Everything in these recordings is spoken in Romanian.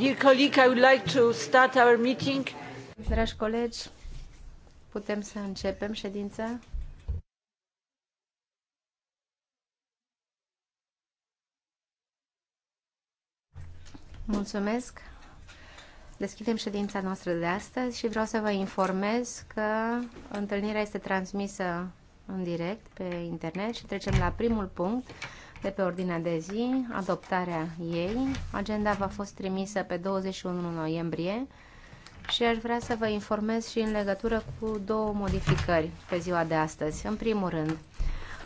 I Dragi colegi, putem să începem ședința? Mulțumesc. Deschidem ședința noastră de astăzi și vreau să vă informez că întâlnirea este transmisă în direct pe internet și trecem la primul punct de pe ordinea de zi, adoptarea ei. Agenda va fost trimisă pe 21 noiembrie și aș vrea să vă informez și în legătură cu două modificări pe ziua de astăzi. În primul rând,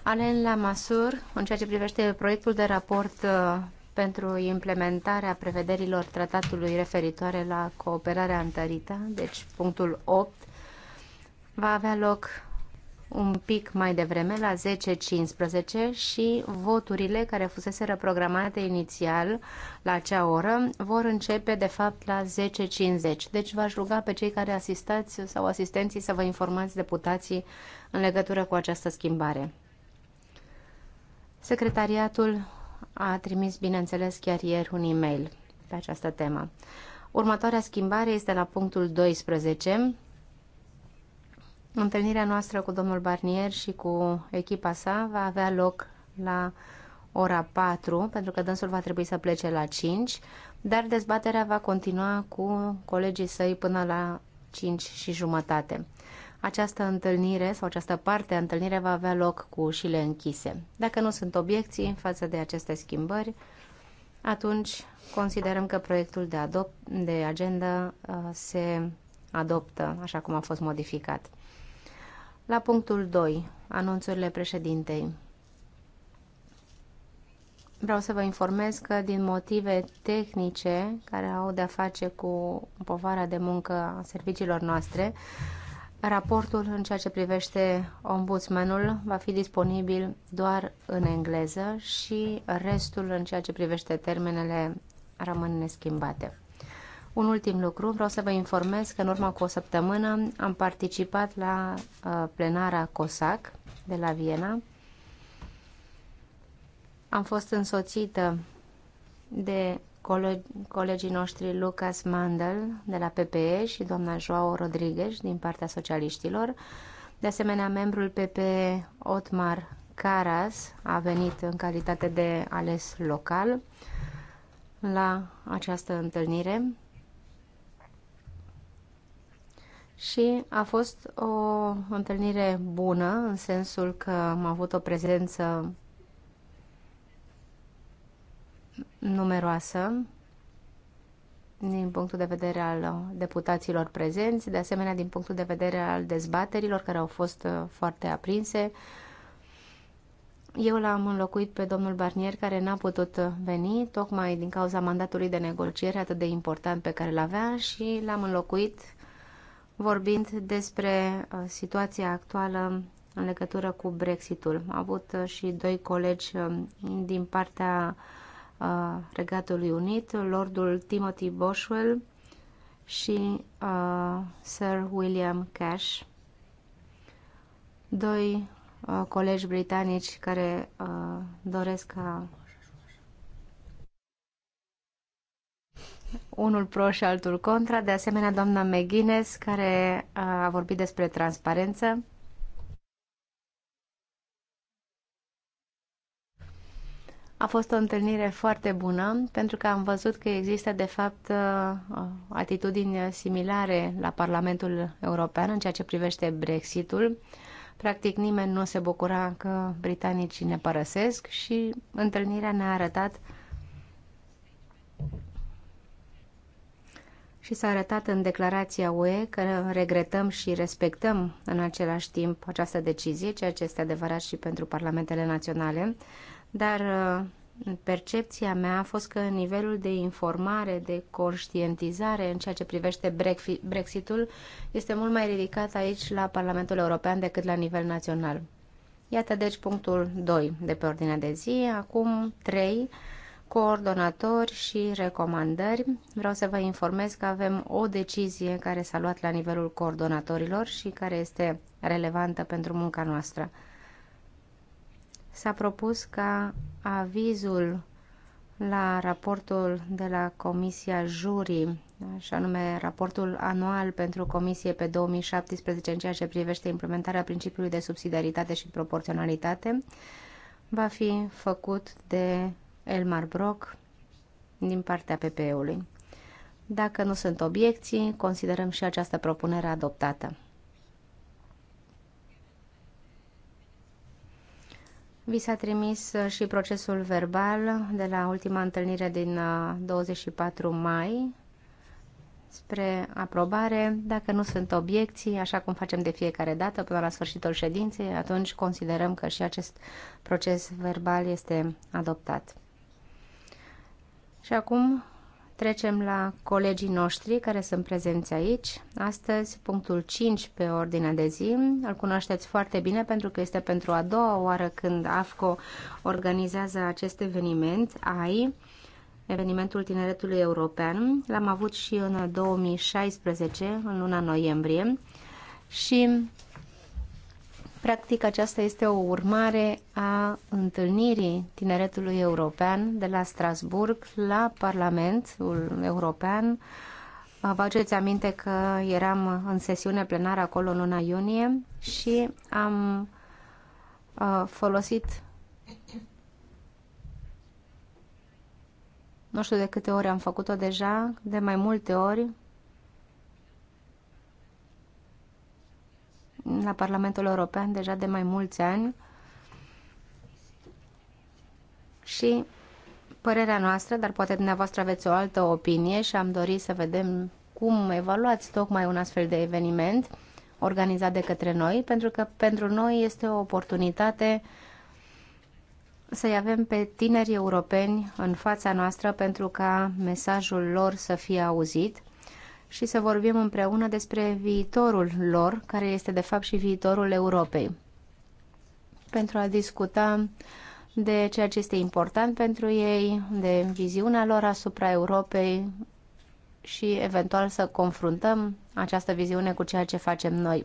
Alen Lamassur, în ceea ce privește proiectul de raport uh, pentru implementarea prevederilor tratatului referitoare la cooperarea întărită, deci punctul 8, va avea loc un pic mai devreme, la 10.15 și voturile care fusese programate inițial la acea oră vor începe de fapt la 10.50. Deci v-aș ruga pe cei care asistați sau asistenții să vă informați deputații în legătură cu această schimbare. Secretariatul a trimis, bineînțeles, chiar ieri un e-mail pe această temă. Următoarea schimbare este la punctul 12, Întâlnirea noastră cu domnul Barnier și cu echipa sa va avea loc la ora 4, pentru că dânsul va trebui să plece la 5, dar dezbaterea va continua cu colegii săi până la 5 și jumătate. Această întâlnire sau această parte a întâlnirea va avea loc cu ușile închise. Dacă nu sunt obiecții față de aceste schimbări, atunci considerăm că proiectul de, adop- de agenda uh, se adoptă așa cum a fost modificat. La punctul 2, anunțurile președintei. Vreau să vă informez că din motive tehnice care au de-a face cu povara de muncă a serviciilor noastre, raportul în ceea ce privește ombudsmanul va fi disponibil doar în engleză și restul în ceea ce privește termenele rămân neschimbate. Un ultim lucru, vreau să vă informez că în urmă cu o săptămână am participat la uh, plenara COSAC de la Viena. Am fost însoțită de colegii noștri Lucas Mandel de la PPE și doamna Joao Rodriguez din partea socialiștilor. De asemenea, membrul PPE Otmar Caras a venit în calitate de ales local la această întâlnire și a fost o întâlnire bună în sensul că am avut o prezență numeroasă din punctul de vedere al deputaților prezenți, de asemenea din punctul de vedere al dezbaterilor care au fost uh, foarte aprinse. Eu l-am înlocuit pe domnul Barnier care n-a putut uh, veni tocmai din cauza mandatului de negociere atât de important pe care l avea și l-am înlocuit vorbind despre uh, situația actuală în legătură cu Brexitul. Am avut uh, și doi colegi uh, din partea Regatului Unit, Lordul Timothy Boswell și uh, Sir William Cash, doi uh, colegi britanici care uh, doresc ca unul pro și altul contra. De asemenea, doamna McGuinness, care a vorbit despre transparență. A fost o întâlnire foarte bună pentru că am văzut că există de fapt atitudini similare la Parlamentul European în ceea ce privește Brexitul. Practic nimeni nu se bucura că britanicii ne părăsesc și întâlnirea ne-a arătat și s-a arătat în declarația UE că regretăm și respectăm în același timp această decizie, ceea ce este adevărat și pentru parlamentele naționale, dar uh, percepția mea a fost că nivelul de informare, de conștientizare în ceea ce privește Brexitul este mult mai ridicat aici la Parlamentul European decât la nivel național. Iată deci punctul 2 de pe ordinea de zi, acum 3 coordonatori și recomandări. Vreau să vă informez că avem o decizie care s-a luat la nivelul coordonatorilor și care este relevantă pentru munca noastră. S-a propus ca avizul la raportul de la Comisia Jurii, și anume raportul anual pentru Comisie pe 2017 în ceea ce privește implementarea principiului de subsidiaritate și proporționalitate, va fi făcut de Elmar Brock din partea PPE-ului. Dacă nu sunt obiecții, considerăm și această propunere adoptată. Vi s-a trimis uh, și procesul verbal de la ultima întâlnire din 24 uh, mai spre aprobare. Dacă nu sunt obiecții, așa cum facem de fiecare dată până la sfârșitul ședinței, atunci considerăm că și acest proces verbal este adoptat. Și acum trecem la colegii noștri care sunt prezenți aici. Astăzi, punctul 5 pe ordinea de zi. Îl cunoașteți foarte bine pentru că este pentru a doua oară când AFCO organizează acest eveniment, AI, evenimentul tineretului european. L-am avut și în 2016, în luna noiembrie. Și Practic, aceasta este o urmare a întâlnirii tineretului european de la Strasburg la Parlamentul European. Vă aduceți aminte că eram în sesiune plenară acolo în luna iunie și am uh, folosit nu știu de câte ori am făcut-o deja, de mai multe ori, la Parlamentul European deja de mai mulți ani și părerea noastră, dar poate dumneavoastră aveți o altă opinie și am dorit să vedem cum evaluați tocmai un astfel de eveniment organizat de către noi, pentru că pentru noi este o oportunitate să-i avem pe tineri europeni în fața noastră pentru ca mesajul lor să fie auzit și să vorbim împreună despre viitorul lor, care este de fapt și viitorul Europei, pentru a discuta de ceea ce este important pentru ei, de viziunea lor asupra Europei și eventual să confruntăm această viziune cu ceea ce facem noi.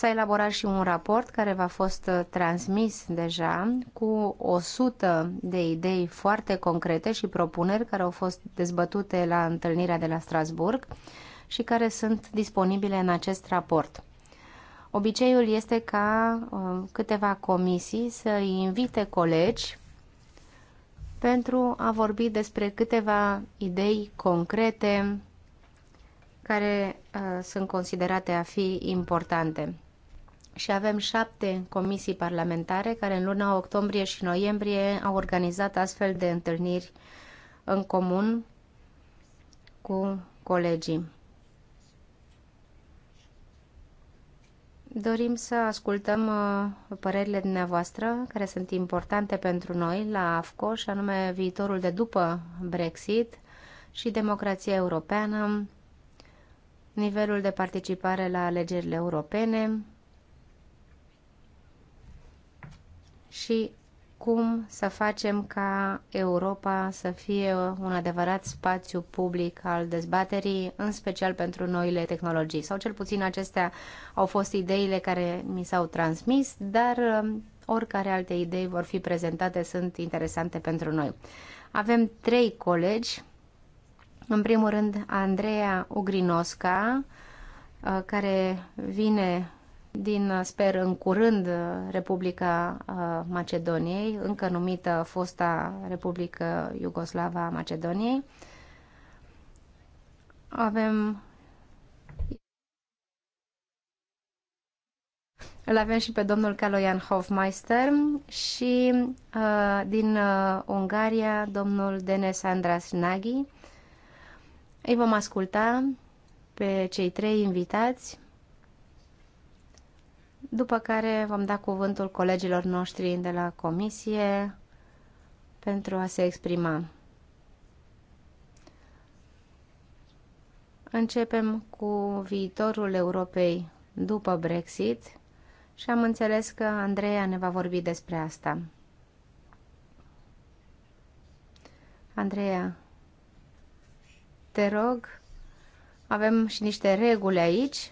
S-a elaborat și un raport care v-a fost uh, transmis deja cu 100 de idei foarte concrete și propuneri care au fost dezbătute la întâlnirea de la Strasburg și care sunt disponibile în acest raport. Obiceiul este ca uh, câteva comisii să invite colegi pentru a vorbi despre câteva idei concrete care uh, sunt considerate a fi importante și avem șapte comisii parlamentare care în luna octombrie și noiembrie au organizat astfel de întâlniri în comun cu colegii. Dorim să ascultăm uh, părerile dumneavoastră, care sunt importante pentru noi la AFCO, și anume viitorul de după Brexit și democrația europeană, nivelul de participare la alegerile europene, și cum să facem ca Europa să fie un adevărat spațiu public al dezbaterii, în special pentru noile tehnologii. Sau cel puțin acestea au fost ideile care mi s-au transmis, dar um, oricare alte idei vor fi prezentate sunt interesante pentru noi. Avem trei colegi. În primul rând, Andreea Ugrinosca, uh, care vine din, uh, sper, în curând uh, Republica uh, Macedoniei, încă numită fosta Republică Iugoslava a Macedoniei. Avem Îl avem și pe domnul Kaloyan Hofmeister și uh, din uh, Ungaria domnul Denes Andras Nagy. Îi vom asculta pe cei trei invitați după care vom da cuvântul colegilor noștri de la comisie pentru a se exprima. Începem cu viitorul Europei după Brexit și am înțeles că Andreea ne va vorbi despre asta. Andreea, te rog, avem și niște reguli aici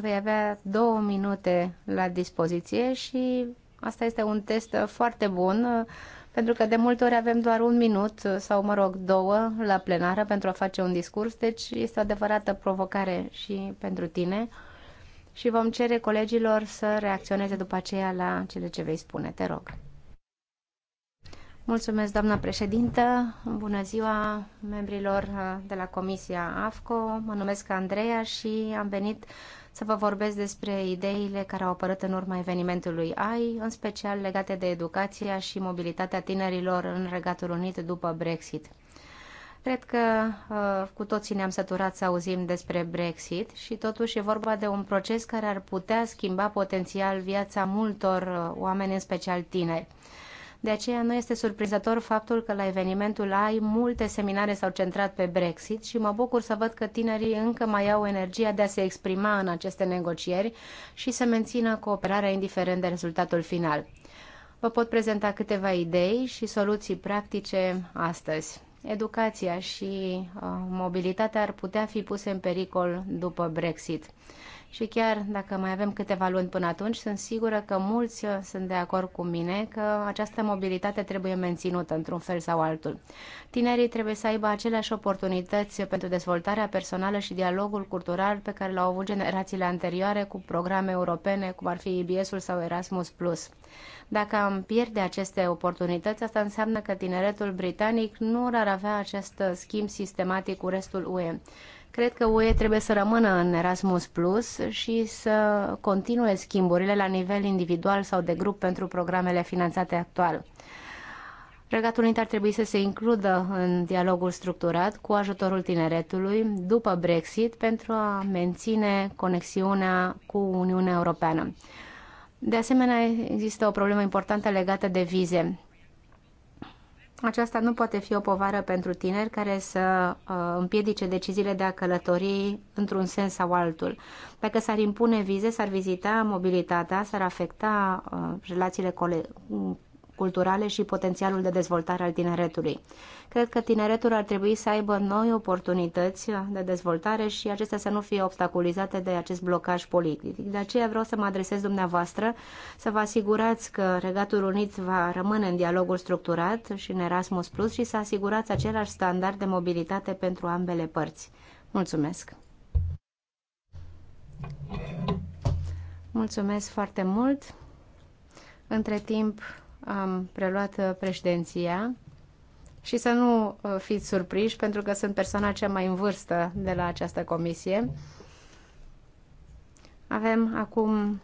vei avea două minute la dispoziție și asta este un test foarte bun pentru că de multe ori avem doar un minut sau, mă rog, două la plenară pentru a face un discurs, deci este o adevărată provocare și pentru tine și vom cere colegilor să reacționeze după aceea la cele ce vei spune. Te rog. Mulțumesc, doamna președintă. Bună ziua membrilor de la Comisia AFCO. Mă numesc Andreea și am venit să vă vorbesc despre ideile care au apărut în urma evenimentului AI, în special legate de educația și mobilitatea tinerilor în Regatul Unit după Brexit. Cred că uh, cu toții ne-am săturat să auzim despre Brexit și totuși e vorba de un proces care ar putea schimba potențial viața multor uh, oameni, în special tineri. Uh, de aceea nu este surprinzător faptul că la evenimentul AI multe seminare s-au centrat pe Brexit și mă bucur să văd că tinerii încă mai au energia de a se exprima în aceste negocieri și să mențină cooperarea indiferent de rezultatul final. Vă pot prezenta câteva idei și soluții practice astăzi. Educația și uh, mobilitatea ar putea fi puse în pericol după Brexit și chiar dacă mai avem câteva luni până atunci, sunt sigură că mulți sunt de acord cu mine că această mobilitate trebuie menținută într-un fel sau altul. Tinerii trebuie să aibă aceleași oportunități pentru dezvoltarea personală și dialogul cultural pe care l-au avut generațiile anterioare cu programe europene, cum ar fi IBS-ul sau Erasmus+. Dacă am pierde aceste oportunități, asta înseamnă că tineretul britanic nu ar avea acest schimb sistematic cu restul UE Cred că UE trebuie să rămână în Erasmus Plus și să continue schimburile la nivel individual sau de grup pentru programele finanțate actual. Regatul Unit ar trebui să se includă în dialogul structurat cu ajutorul tineretului după Brexit pentru a menține conexiunea cu Uniunea Europeană. De asemenea, există o problemă importantă legată de vize. Aceasta nu poate fi o povară pentru tineri care să uh, împiedice deciziile de a călători într-un sens sau altul. Dacă s-ar impune vize, s-ar vizita mobilitatea, s-ar afecta uh, relațiile culturale și potențialul de dezvoltare al tineretului. Cred că tineretul ar trebui să aibă noi oportunități de dezvoltare și acestea să nu fie obstaculizate de acest blocaj politic. De aceea vreau să mă adresez dumneavoastră să vă asigurați că Regatul Unit va rămâne în dialogul structurat și în Erasmus Plus și să asigurați același standard de mobilitate pentru ambele părți. Mulțumesc! Mulțumesc foarte mult! Între timp, am preluat uh, președinția și să nu uh, fiți surprinși pentru că sunt persoana cea mai în vârstă de la această comisie. Avem acum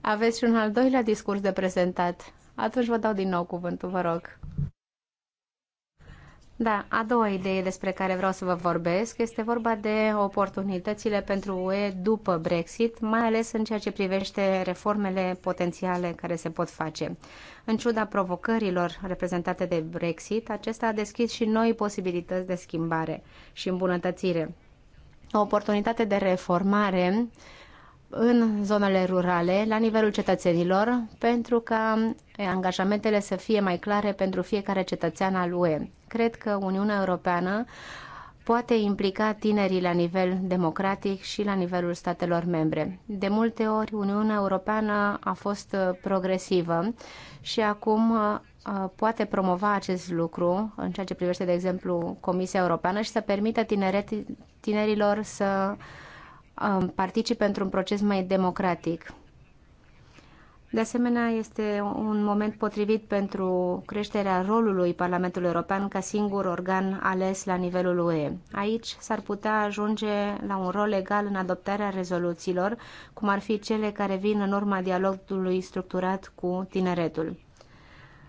Aveți și un al doilea discurs de prezentat. Atunci vă dau din nou cuvântul, vă rog. Da, a doua idee despre care vreau să vă vorbesc este vorba de oportunitățile pentru UE după Brexit, mai ales în ceea ce privește reformele potențiale care se pot face. În ciuda provocărilor reprezentate de Brexit, acesta a deschis și noi posibilități de schimbare și îmbunătățire. O oportunitate de reformare în zonele rurale, la nivelul cetățenilor, pentru ca angajamentele să fie mai clare pentru fiecare cetățean al UE. Cred că Uniunea Europeană poate implica tinerii la nivel democratic și la nivelul statelor membre. De multe ori, Uniunea Europeană a fost progresivă și acum uh, poate promova acest lucru în ceea ce privește, de exemplu, Comisia Europeană și să permită tinerilor să participe într-un proces mai democratic. De asemenea, este un moment potrivit pentru creșterea rolului Parlamentului European ca singur organ ales la nivelul UE. Aici s-ar putea ajunge la un rol legal în adoptarea rezoluțiilor, cum ar fi cele care vin în urma dialogului structurat cu tineretul.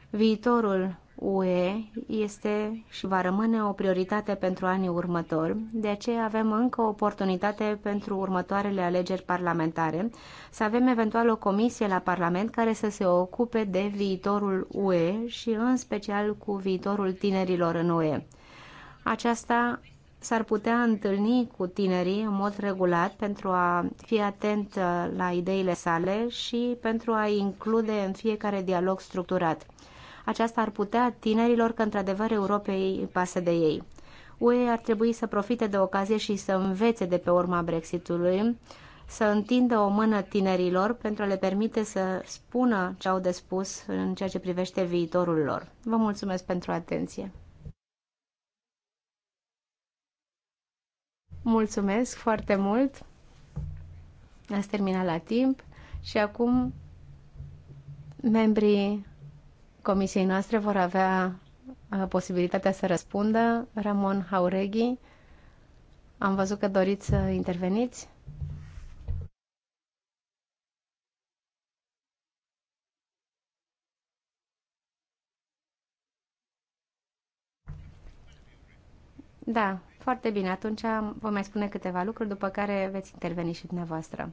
Viitorul UE este și va rămâne o prioritate pentru anii următori, de aceea avem încă o oportunitate pentru următoarele alegeri parlamentare, să avem eventual o comisie la Parlament care să se ocupe de viitorul UE și în special cu viitorul tinerilor în UE. Aceasta s-ar putea întâlni cu tinerii în mod regulat pentru a fi atent la ideile sale și pentru a include în fiecare dialog structurat. Aceasta ar putea tinerilor că într-adevăr Europei pasă de ei. UE ar trebui să profite de ocazie și să învețe de pe urma Brexitului, să întindă o mână tinerilor pentru a le permite să spună ce au de spus în ceea ce privește viitorul lor. Vă mulțumesc pentru atenție! Mulțumesc foarte mult! Ați terminat la timp și acum membrii comisiei noastre vor avea uh, posibilitatea să răspundă. Ramon Haureghi, am văzut că doriți să interveniți. Da, foarte bine. Atunci vă mai spune câteva lucruri, după care veți interveni și dumneavoastră.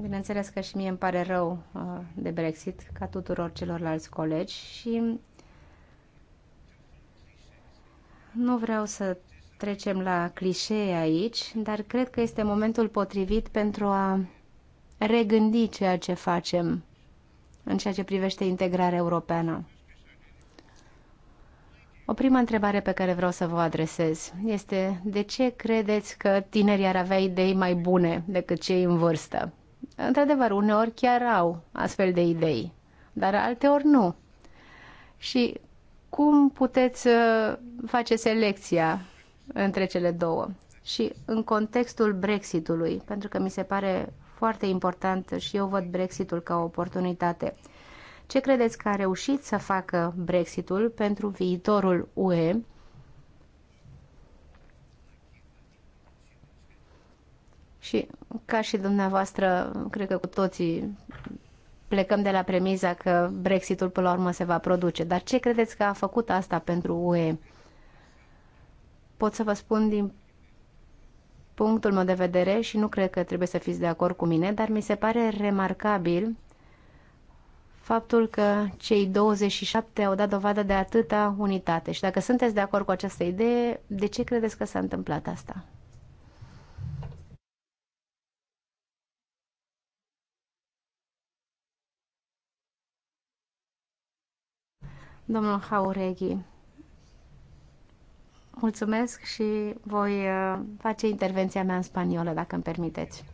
Bineînțeles că și mie îmi pare rău uh, de Brexit, ca tuturor celorlalți colegi și nu vreau să trecem la clișee aici, dar cred că este momentul potrivit pentru a regândi ceea ce facem în ceea ce privește integrarea europeană. O prima întrebare pe care vreau să vă adresez este de ce credeți că tinerii ar avea idei mai bune decât cei în vârstă? într-adevăr, uneori chiar au astfel de idei, dar alteori nu. Și cum puteți uh, face selecția între cele două? Și în contextul Brexitului, pentru că mi se pare foarte important și eu văd Brexitul ca o oportunitate. Ce credeți că a reușit să facă Brexitul pentru viitorul UE Și ca și dumneavoastră, cred că cu toții plecăm de la premiza că Brexitul până la urmă se va produce. Dar ce credeți că a făcut asta pentru UE? Pot să vă spun din punctul meu de vedere și nu cred că trebuie să fiți de acord cu mine, dar mi se pare remarcabil faptul că cei 27 au dat dovadă de atâta unitate. Și dacă sunteți de acord cu această idee, de ce credeți că s-a întâmplat asta? domnul Haureghi. Mulțumesc și voi uh, face intervenția mea în spaniolă, dacă îmi permiteți.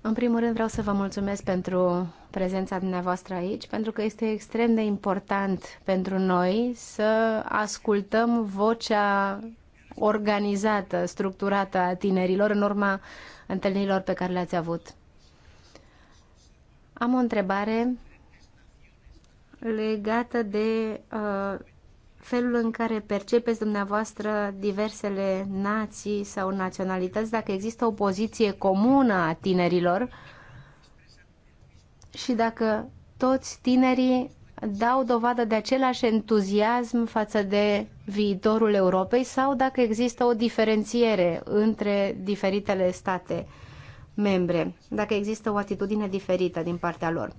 În primul rând vreau să vă mulțumesc pentru prezența dumneavoastră aici, pentru că este extrem de important pentru noi să ascultăm vocea organizată, structurată a tinerilor în urma întâlnirilor pe care le-ați avut. Am o întrebare legată de uh, felul în care percepeți dumneavoastră diversele nații sau naționalități, dacă există o poziție comună a tinerilor și dacă toți tinerii dau dovadă de același entuziasm față de viitorul Europei sau dacă există o diferențiere între diferitele state membre, dacă există o atitudine diferită din partea lor.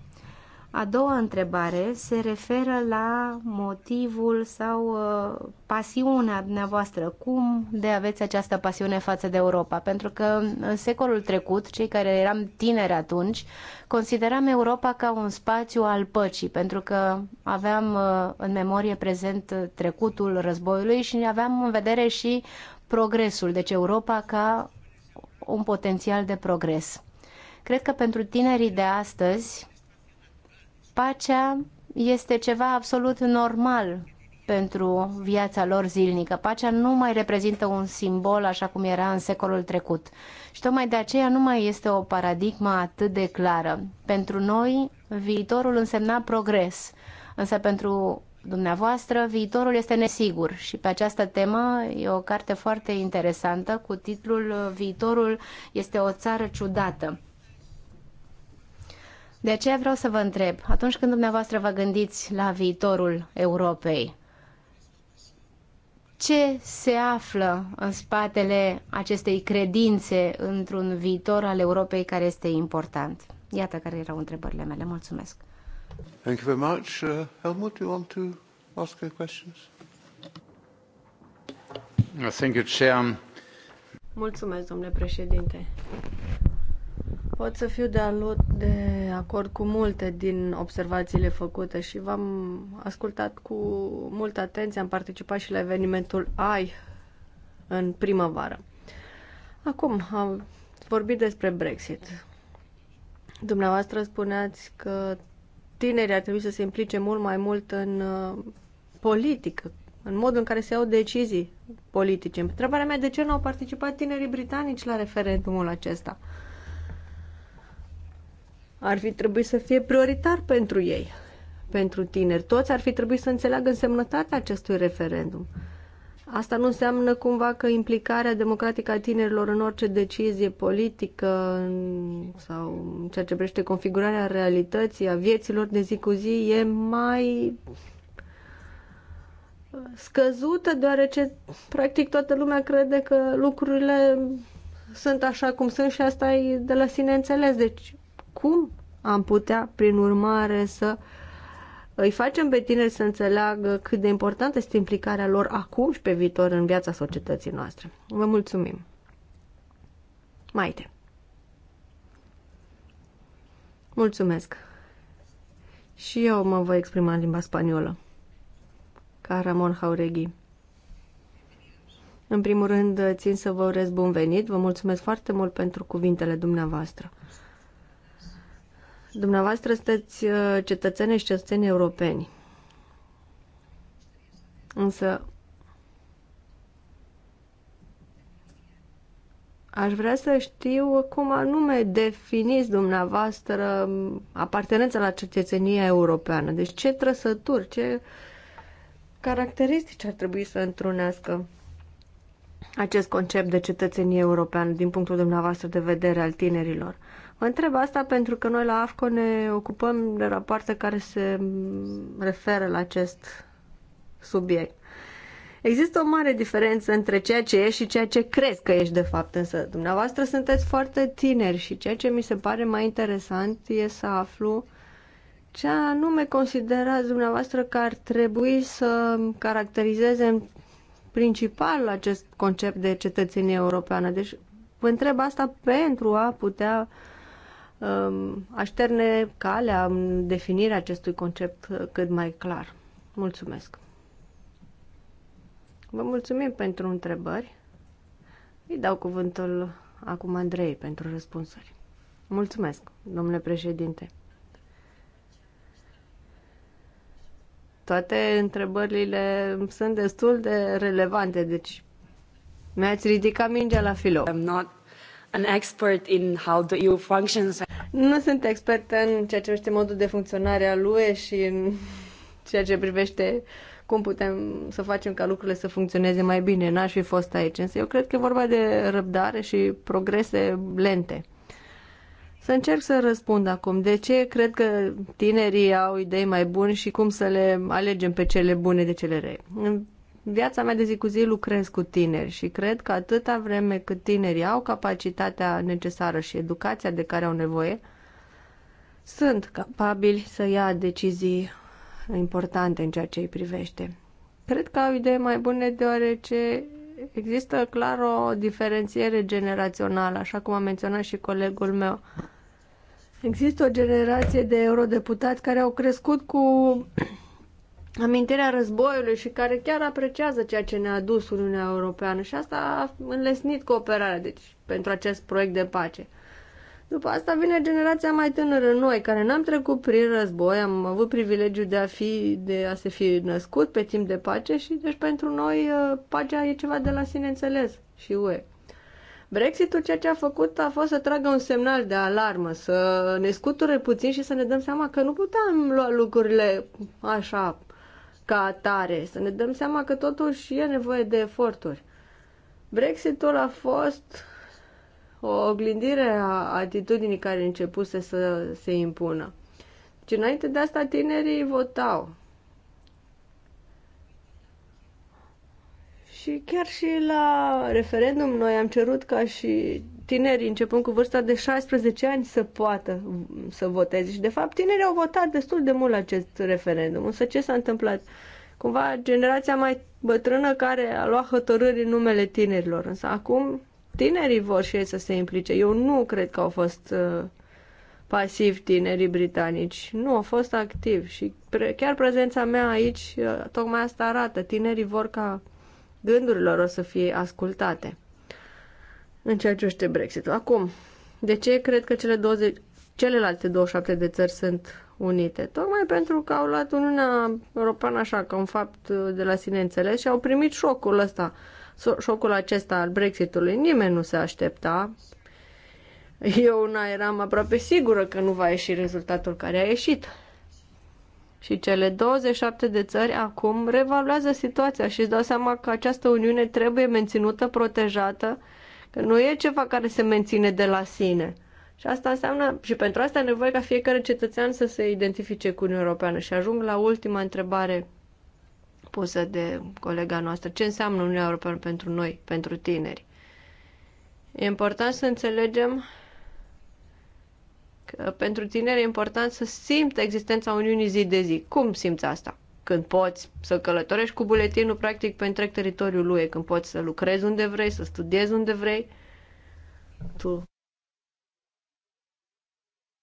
A doua întrebare se referă la motivul sau uh, pasiunea dumneavoastră. Cum de aveți această pasiune față de Europa? Pentru că în secolul trecut, cei care eram tineri atunci, consideram Europa ca un spațiu al păcii, pentru că aveam uh, în memorie prezent trecutul războiului și aveam în vedere și progresul, deci Europa ca un potențial de progres. Cred că pentru tinerii de astăzi, pacea este ceva absolut normal pentru viața lor zilnică. Pacea nu mai reprezintă un simbol așa cum era în secolul trecut. Și tocmai de aceea nu mai este o paradigmă atât de clară. Pentru noi, viitorul însemna progres, însă pentru dumneavoastră, viitorul este nesigur și pe această temă e o carte foarte interesantă cu titlul Viitorul este o țară ciudată. De aceea vreau să vă întreb, atunci când dumneavoastră vă gândiți la viitorul Europei, ce se află în spatele acestei credințe într-un viitor al Europei care este important? Iată care erau întrebările mele. Mulțumesc. Thank you very much. Uh, Helmut, you want to ask your questions? Thank you, Chair. Mulțumesc, domnule președinte pot să fiu de, alut, de acord cu multe din observațiile făcute și v-am ascultat cu multă atenție. Am participat și la evenimentul AI în primăvară. Acum, am vorbit despre Brexit. Dumneavoastră spuneați că tinerii ar trebui să se implice mult mai mult în uh, politică, în modul în care se iau decizii politice. Întrebarea mea, de ce nu au participat tinerii britanici la referendumul acesta? ar fi trebuit să fie prioritar pentru ei, pentru tineri. Toți ar fi trebuit să înțeleagă însemnătatea acestui referendum. Asta nu înseamnă cumva că implicarea democratică a tinerilor în orice decizie politică sau în ceea ce privește configurarea realității, a vieților de zi cu zi, e mai scăzută, deoarece practic toată lumea crede că lucrurile sunt așa cum sunt și asta e de la sine înțeles. Deci cum am putea, prin urmare, să îi facem pe tineri să înțeleagă cât de importantă este implicarea lor acum și pe viitor în viața societății noastre. Vă mulțumim! Maite! Mulțumesc! Și eu mă voi exprima în limba spaniolă, ca Ramon Jauregui. În primul rând, țin să vă urez bun venit, vă mulțumesc foarte mult pentru cuvintele dumneavoastră. Dumneavoastră sunteți uh, cetățene și cetățeni europeni. Însă aș vrea să știu cum anume definiți dumneavoastră apartenența la cetățenia europeană. Deci ce trăsături, ce caracteristici ar trebui să întrunească acest concept de cetățenie europeană din punctul dumneavoastră de vedere al tinerilor. Vă întreb asta pentru că noi la AFCO ne ocupăm de rapoarte care se referă la acest subiect. Există o mare diferență între ceea ce ești și ceea ce crezi că ești de fapt, însă dumneavoastră sunteți foarte tineri și ceea ce mi se pare mai interesant e să aflu ce anume considerați dumneavoastră că ar trebui să caracterizeze în principal acest concept de cetățenie europeană. Deci vă întreb asta pentru a putea uh, Um, așterne calea în definirea acestui concept cât mai clar. Mulțumesc! Vă mulțumim pentru întrebări. Îi dau cuvântul acum Andrei pentru răspunsuri. Mulțumesc, domnule președinte. Toate întrebările sunt destul de relevante, deci mi-ați ridicat mingea la filo. I'm not an expert in how the EU functions. Nu sunt expert în ceea ce privește modul de funcționare al UE și în ceea ce privește cum putem să facem ca lucrurile să funcționeze mai bine. N-aș fi fost aici, însă eu cred că e vorba de răbdare și progrese lente. Să încerc să răspund acum. De ce cred că tinerii au idei mai bune și cum să le alegem pe cele bune de cele rei? viața mea de zi cu zi lucrez cu tineri și cred că atâta vreme cât tinerii au capacitatea necesară și educația de care au nevoie, sunt capabili să ia decizii importante în ceea ce îi privește. Cred că au idei mai bune deoarece există clar o diferențiere generațională, așa cum a menționat și colegul meu. Există o generație de eurodeputați care au crescut cu amintirea războiului și care chiar apreciază ceea ce ne-a adus Uniunea Europeană și asta a înlesnit cooperarea deci, pentru acest proiect de pace. După asta vine generația mai tânără, noi, care n-am trecut prin război, am avut privilegiul de a, fi, de a se fi născut pe timp de pace și deci pentru noi uh, pacea e ceva de la sine înțeles și UE. Brexitul ceea ce a făcut a fost să tragă un semnal de alarmă, să ne scuture puțin și să ne dăm seama că nu putem lua lucrurile așa ca atare, să ne dăm seama că totuși e nevoie de eforturi. Brexitul a fost o oglindire a atitudinii care începuse să se impună. Deci înainte de asta tinerii votau. Și chiar și la referendum noi am cerut ca și tinerii, începând cu vârsta de 16 ani, să poată să voteze. Și, de fapt, tinerii au votat destul de mult la acest referendum. Însă ce s-a întâmplat? Cumva generația mai bătrână care a luat hotărâri în numele tinerilor. Însă acum tinerii vor și ei să se implice. Eu nu cred că au fost uh, pasiv tinerii britanici. Nu, au fost activi și pre- chiar prezența mea aici uh, tocmai asta arată. Tinerii vor ca gândurilor o să fie ascultate în ceea ce este Brexitul. Acum, de ce cred că cele 20, celelalte 27 de țări sunt unite? Tocmai pentru că au luat Uniunea Europeană așa, ca un fapt de la sine înțeles și au primit șocul ăsta, șocul acesta al Brexitului. Nimeni nu se aștepta. Eu una eram aproape sigură că nu va ieși rezultatul care a ieșit. Și cele 27 de țări acum revaluează situația și își dau seama că această uniune trebuie menținută, protejată că nu e ceva care se menține de la sine. Și asta înseamnă, și pentru asta e nevoie ca fiecare cetățean să se identifice cu Uniunea Europeană. Și ajung la ultima întrebare pusă de colega noastră. Ce înseamnă Uniunea Europeană pentru noi, pentru tineri? E important să înțelegem că pentru tineri e important să simtă existența Uniunii zi de zi. Cum simți asta? când poți să călătorești cu buletinul practic pe întreg teritoriul lui, când poți să lucrezi unde vrei, să studiezi unde vrei, tu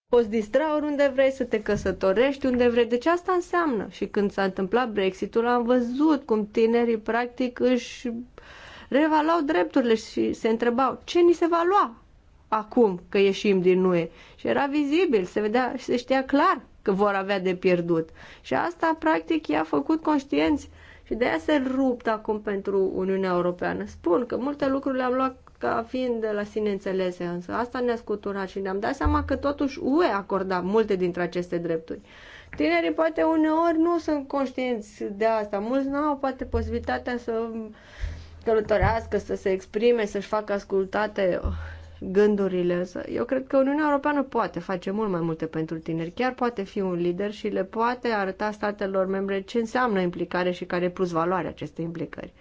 poți distra oriunde vrei, să te căsătorești unde vrei. Deci asta înseamnă. Și când s-a întâmplat Brexitul, am văzut cum tinerii practic își revalau drepturile și se întrebau ce ni se va lua acum că ieșim din UE. Și era vizibil, se vedea și se știa clar că vor avea de pierdut. Și asta, practic, i-a făcut conștienți și de aia se rupt acum pentru Uniunea Europeană. Spun că multe lucruri le-am luat ca fiind de la sine înțelese, însă asta ne-a scuturat și ne-am dat seama că totuși UE acorda multe dintre aceste drepturi. Tinerii poate uneori nu sunt conștienți de asta, mulți nu au poate posibilitatea să călătorească, să se exprime, să-și facă ascultate gândurile, însă eu cred că Uniunea Europeană poate face mult mai multe pentru tineri, chiar poate fi un lider și le poate arăta statelor membre ce înseamnă implicare și care e plus valoare acestei implicări.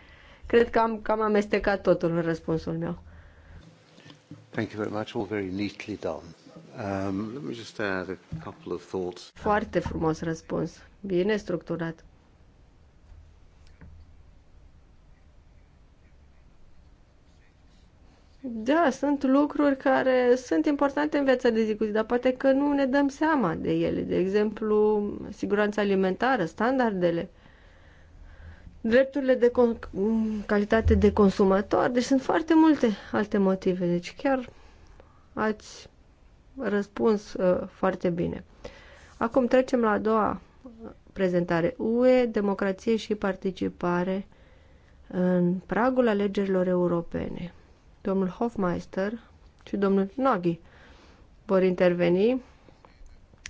Cred că am cam amestecat totul în răspunsul meu. Thank you very much, all very neatly done. Um, let me just add a couple of thoughts. Foarte frumos răspuns, bine structurat. Da, sunt lucruri care sunt importante în viața de zi cu zi, dar poate că nu ne dăm seama de ele. De exemplu, siguranța alimentară, standardele, drepturile de calitate de consumator. Deci sunt foarte multe alte motive. Deci chiar ați răspuns uh, foarte bine. Acum trecem la a doua prezentare. UE, democrație și participare în pragul alegerilor europene domnul Hofmeister și domnul Nagy vor interveni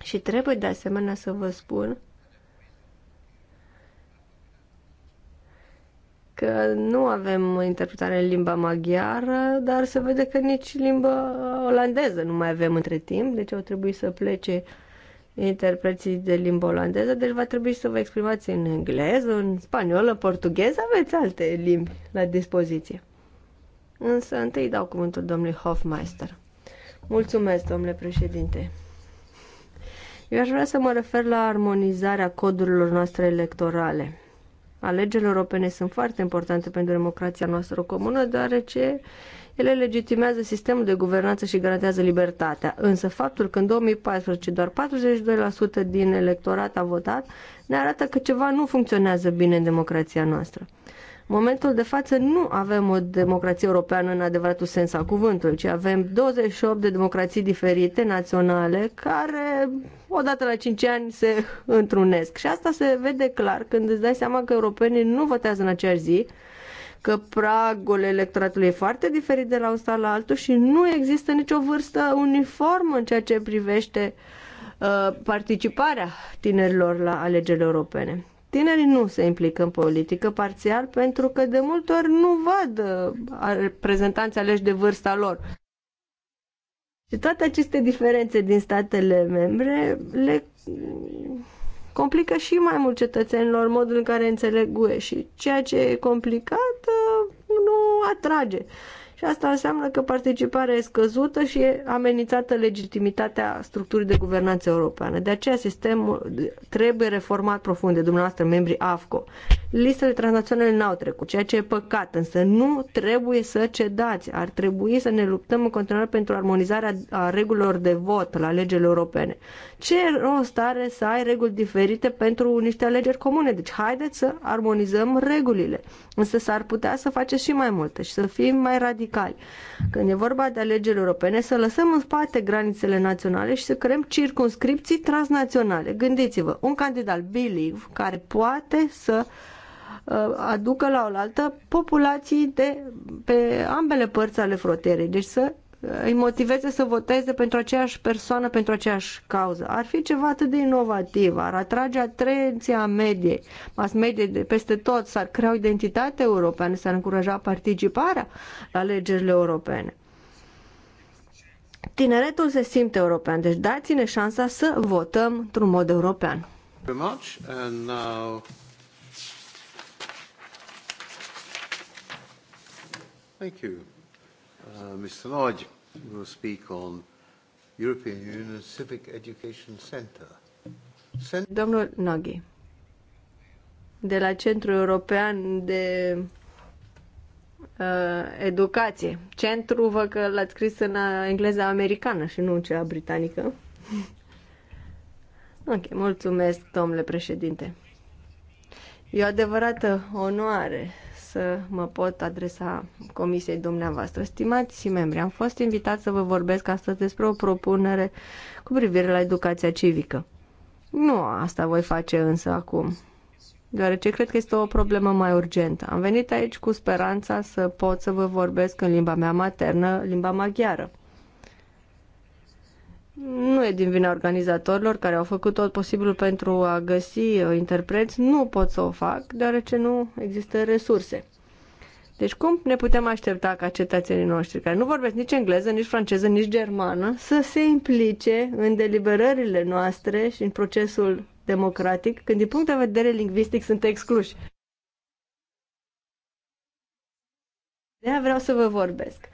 și trebuie de asemenea să vă spun că nu avem interpretare în limba maghiară, dar se vede că nici limba olandeză nu mai avem între timp, deci au trebuit să plece interpreții de limba olandeză, deci va trebui să vă exprimați în engleză, în spaniolă, portugheză, aveți alte limbi la dispoziție. Însă întâi dau cuvântul domnului Hofmeister. Mulțumesc, domnule președinte. Eu aș vrea să mă refer la armonizarea codurilor noastre electorale. Alegerile europene sunt foarte importante pentru democrația noastră comună, deoarece ele legitimează sistemul de guvernanță și garantează libertatea. Însă faptul că în 2014 doar 42% din electorat a votat ne arată că ceva nu funcționează bine în democrația noastră momentul de față nu avem o democrație europeană în adevăratul sens al cuvântului, ci avem 28 de democrații diferite, naționale, care odată la 5 ani se întrunesc. Și asta se vede clar când îți dai seama că europenii nu votează în aceeași zi, că pragul electoratului e foarte diferit de la un stat la altul și nu există nicio vârstă uniformă în ceea ce privește uh, participarea tinerilor la alegerile europene. Tinerii nu se implică în politică parțial pentru că de multe ori nu văd uh, reprezentanții aleși de vârsta lor. Și toate aceste diferențe din statele membre le mm, complică și mai mult cetățenilor modul în care înțeleg UE și ceea ce e complicat uh, nu atrage și asta înseamnă că participarea e scăzută și e amenințată legitimitatea structurii de guvernanță europeană. De aceea sistemul trebuie reformat profund de dumneavoastră, membrii AFCO. Listele transnaționale n-au trecut, ceea ce e păcat, însă nu trebuie să cedați. Ar trebui să ne luptăm în continuare pentru armonizarea a regulilor de vot la legile europene. Ce rost are să ai reguli diferite pentru niște alegeri comune? Deci haideți să armonizăm regulile. Însă s-ar putea să faceți și mai multe și să fim mai radicali radicali. Când e vorba de alegeri europene, să lăsăm în spate granițele naționale și să creăm circunscripții transnaționale. Gândiți-vă, un candidat believe care poate să uh, aducă la oaltă populații de pe ambele părți ale frontierei, deci să îi motiveze să voteze pentru aceeași persoană, pentru aceeași cauză. Ar fi ceva atât de inovativ, ar atrage atenția mediei, mass media de peste tot, s-ar crea o identitate europeană, s-ar încuraja participarea la alegerile europene. Tineretul se simte european, deci dați-ne șansa să votăm într-un mod european. Thank you. Uh, Mr. Lodge will speak on European Union Civic Education Center. Cent- Domnul Noghi, de la Centrul European de uh, Educație. Centru, vă că l-ați scris în uh, engleza americană și nu în cea britanică. ok, mulțumesc, domnule președinte. E o adevărată onoare să mă pot adresa comisiei dumneavoastră. Stimați membri, am fost invitat să vă vorbesc astăzi despre o propunere cu privire la educația civică. Nu asta voi face însă acum, deoarece cred că este o problemă mai urgentă. Am venit aici cu speranța să pot să vă vorbesc în limba mea maternă, limba maghiară nu e din vina organizatorilor care au făcut tot posibilul pentru a găsi uh, interpreți, nu pot să o fac deoarece nu există resurse. Deci cum ne putem aștepta ca cetățenii noștri care nu vorbesc nici engleză, nici franceză, nici germană să se implice în deliberările noastre și în procesul democratic când din punct de vedere lingvistic sunt excluși? De vreau să vă vorbesc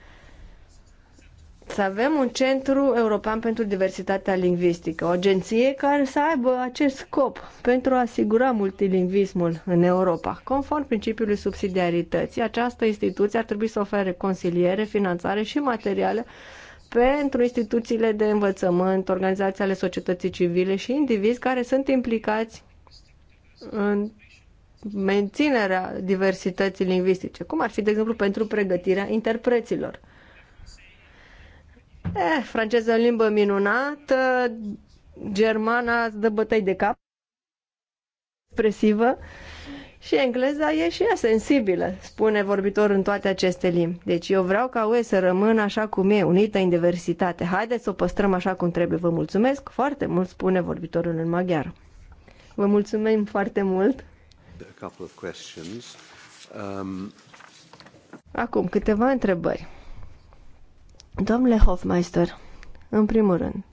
să avem un centru european pentru diversitatea lingvistică, o agenție care să aibă acest scop pentru a asigura multilingvismul în Europa. Conform principiului subsidiarității, această instituție ar trebui să ofere consiliere, finanțare și materiale pentru instituțiile de învățământ, organizații ale societății civile și indivizi care sunt implicați în menținerea diversității lingvistice, cum ar fi, de exemplu, pentru pregătirea interpreților. Eh, franceză în limbă minunată, germana îți dă bătăi de cap, expresivă și engleza e și ea sensibilă, spune vorbitor în toate aceste limbi. Deci eu vreau ca UE să rămână așa cum e, unită în diversitate. Haideți să o păstrăm așa cum trebuie. Vă mulțumesc foarte mult, spune vorbitorul în maghiar. Vă mulțumim foarte mult. Um, Acum câteva întrebări. Domnule Hofmeister, în primul rând,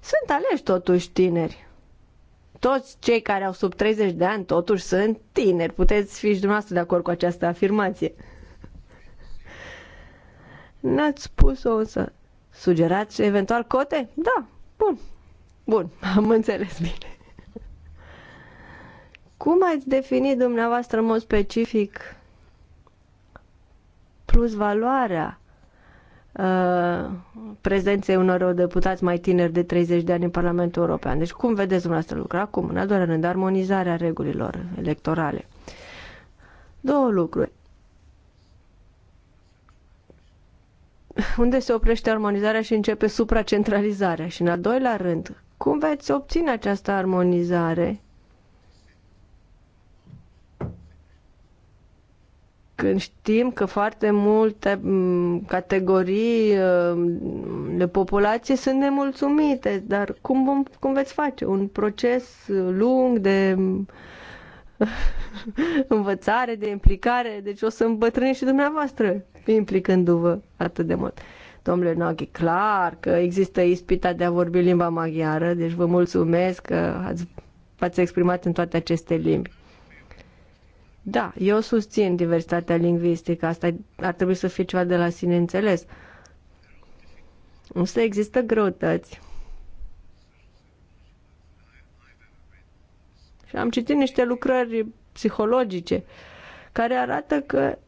sunt aleși totuși tineri. Toți cei care au sub 30 de ani totuși sunt tineri. Puteți fi și dumneavoastră de acord cu această afirmație. N-ați spus-o însă. Sugerați eventual cote? Da, bun. Bun, am înțeles bine. Cum ați definit dumneavoastră în mod specific plus valoarea Uh, prezenței unor deputați mai tineri de 30 de ani în Parlamentul European. Deci cum vedeți dumneavoastră lucrul acum? În al doilea rând, armonizarea regulilor electorale. Două lucruri. Unde se oprește armonizarea și începe supracentralizarea? Și în al doilea rând, cum veți obține această armonizare când știm că foarte multe categorii uh, de populație sunt nemulțumite, dar cum, vom, cum veți face? Un proces lung de învățare, de implicare, deci o să îmbătrâniți și dumneavoastră implicându-vă atât de mult. Domnule Noghi, clar că există ispita de a vorbi limba maghiară, deci vă mulțumesc că ați, v-ați exprimat în toate aceste limbi. Da, eu susțin diversitatea lingvistică, asta ar trebui să fie ceva de la sine înțeles. Însă există greutăți. Și am citit niște lucrări psihologice care arată că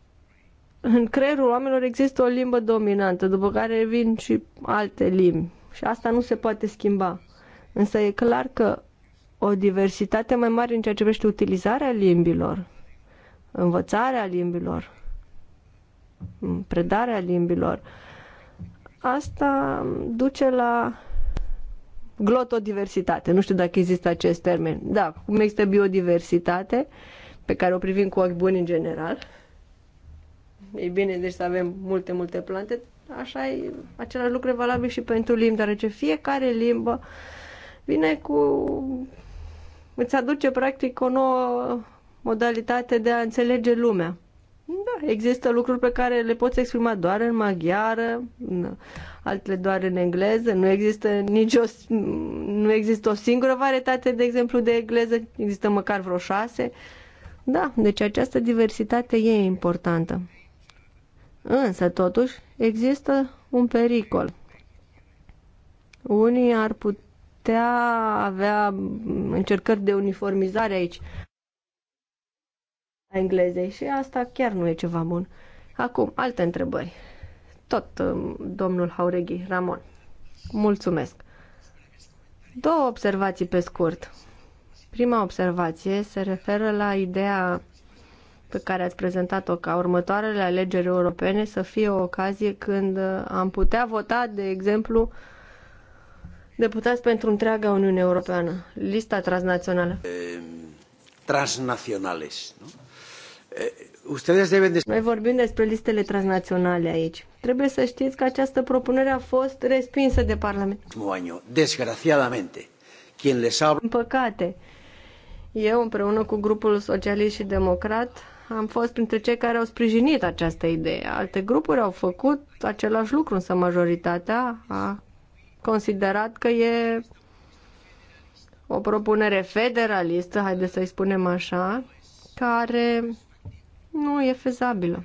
în creierul oamenilor există o limbă dominantă, după care vin și alte limbi. Și asta nu se poate schimba. Însă e clar că o diversitate mai mare în ceea ce privește utilizarea limbilor învățarea limbilor, predarea limbilor, asta duce la glotodiversitate. Nu știu dacă există acest termen. Da, cum există biodiversitate, pe care o privim cu ochi buni în general. E bine, deci să avem multe, multe plante. Așa e, același lucru e valabil și pentru limbi, deoarece fiecare limbă vine cu... îți aduce practic o nouă modalitate de a înțelege lumea. Da, există lucruri pe care le poți exprima doar în maghiară, altele doar în engleză. Nu există nicio, nu există o singură varietate, de exemplu, de engleză, există măcar vreo șase. Da, deci această diversitate e importantă. Însă, totuși, există un pericol. Unii ar putea avea încercări de uniformizare aici englezei și asta chiar nu e ceva bun. Acum, alte întrebări. Tot um, domnul Haureghi, Ramon. Mulțumesc. Două observații pe scurt. Prima observație se referă la ideea pe care ați prezentat-o ca următoarele alegeri europene să fie o ocazie când uh, am putea vota, de exemplu, deputați pentru întreaga Uniune Europeană, lista transnațională. Transnaționale, transnaționales, nu? Eh, Noi vorbim despre listele transnaționale aici. Trebuie să știți că această propunere a fost respinsă de Parlament. desgraciadamente, quien les habla... În păcate, eu împreună cu grupul socialist și democrat am fost printre cei care au sprijinit această idee. Alte grupuri au făcut același lucru, însă majoritatea a considerat că e o propunere federalistă, haideți să-i spunem așa, care nu e fezabilă.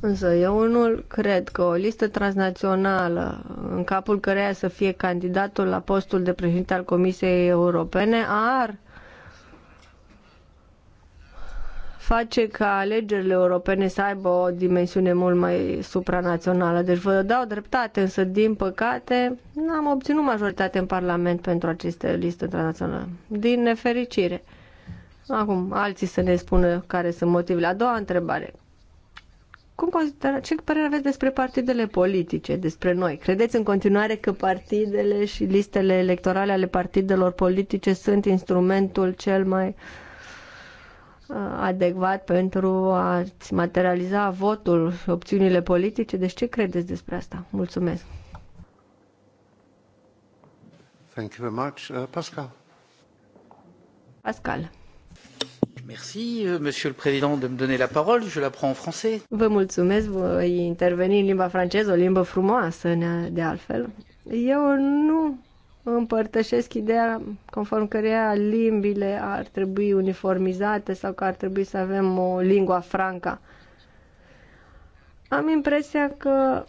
Însă eu nu cred că o listă transnațională în capul căreia să fie candidatul la postul de președinte al Comisiei Europene ar face ca alegerile europene să aibă o dimensiune mult mai supranațională. Deci vă dau dreptate, însă din păcate n-am obținut majoritate în Parlament pentru aceste liste transnaționale. Din nefericire. Acum, alții să ne spună care sunt motivele. A doua întrebare. Cum considera, ce părere aveți despre partidele politice, despre noi? Credeți în continuare că partidele și listele electorale ale partidelor politice sunt instrumentul cel mai uh, adecvat pentru a-ți materializa votul și opțiunile politice? Deci ce credeți despre asta? Mulțumesc! Thank you very much. Uh, Pascal. Pascal. Vă mulțumesc, voi interveni în limba franceză, o limbă frumoasă de altfel. Eu nu împărtășesc ideea conform căreia limbile ar trebui uniformizate sau că ar trebui să avem o lingua franca. Am impresia că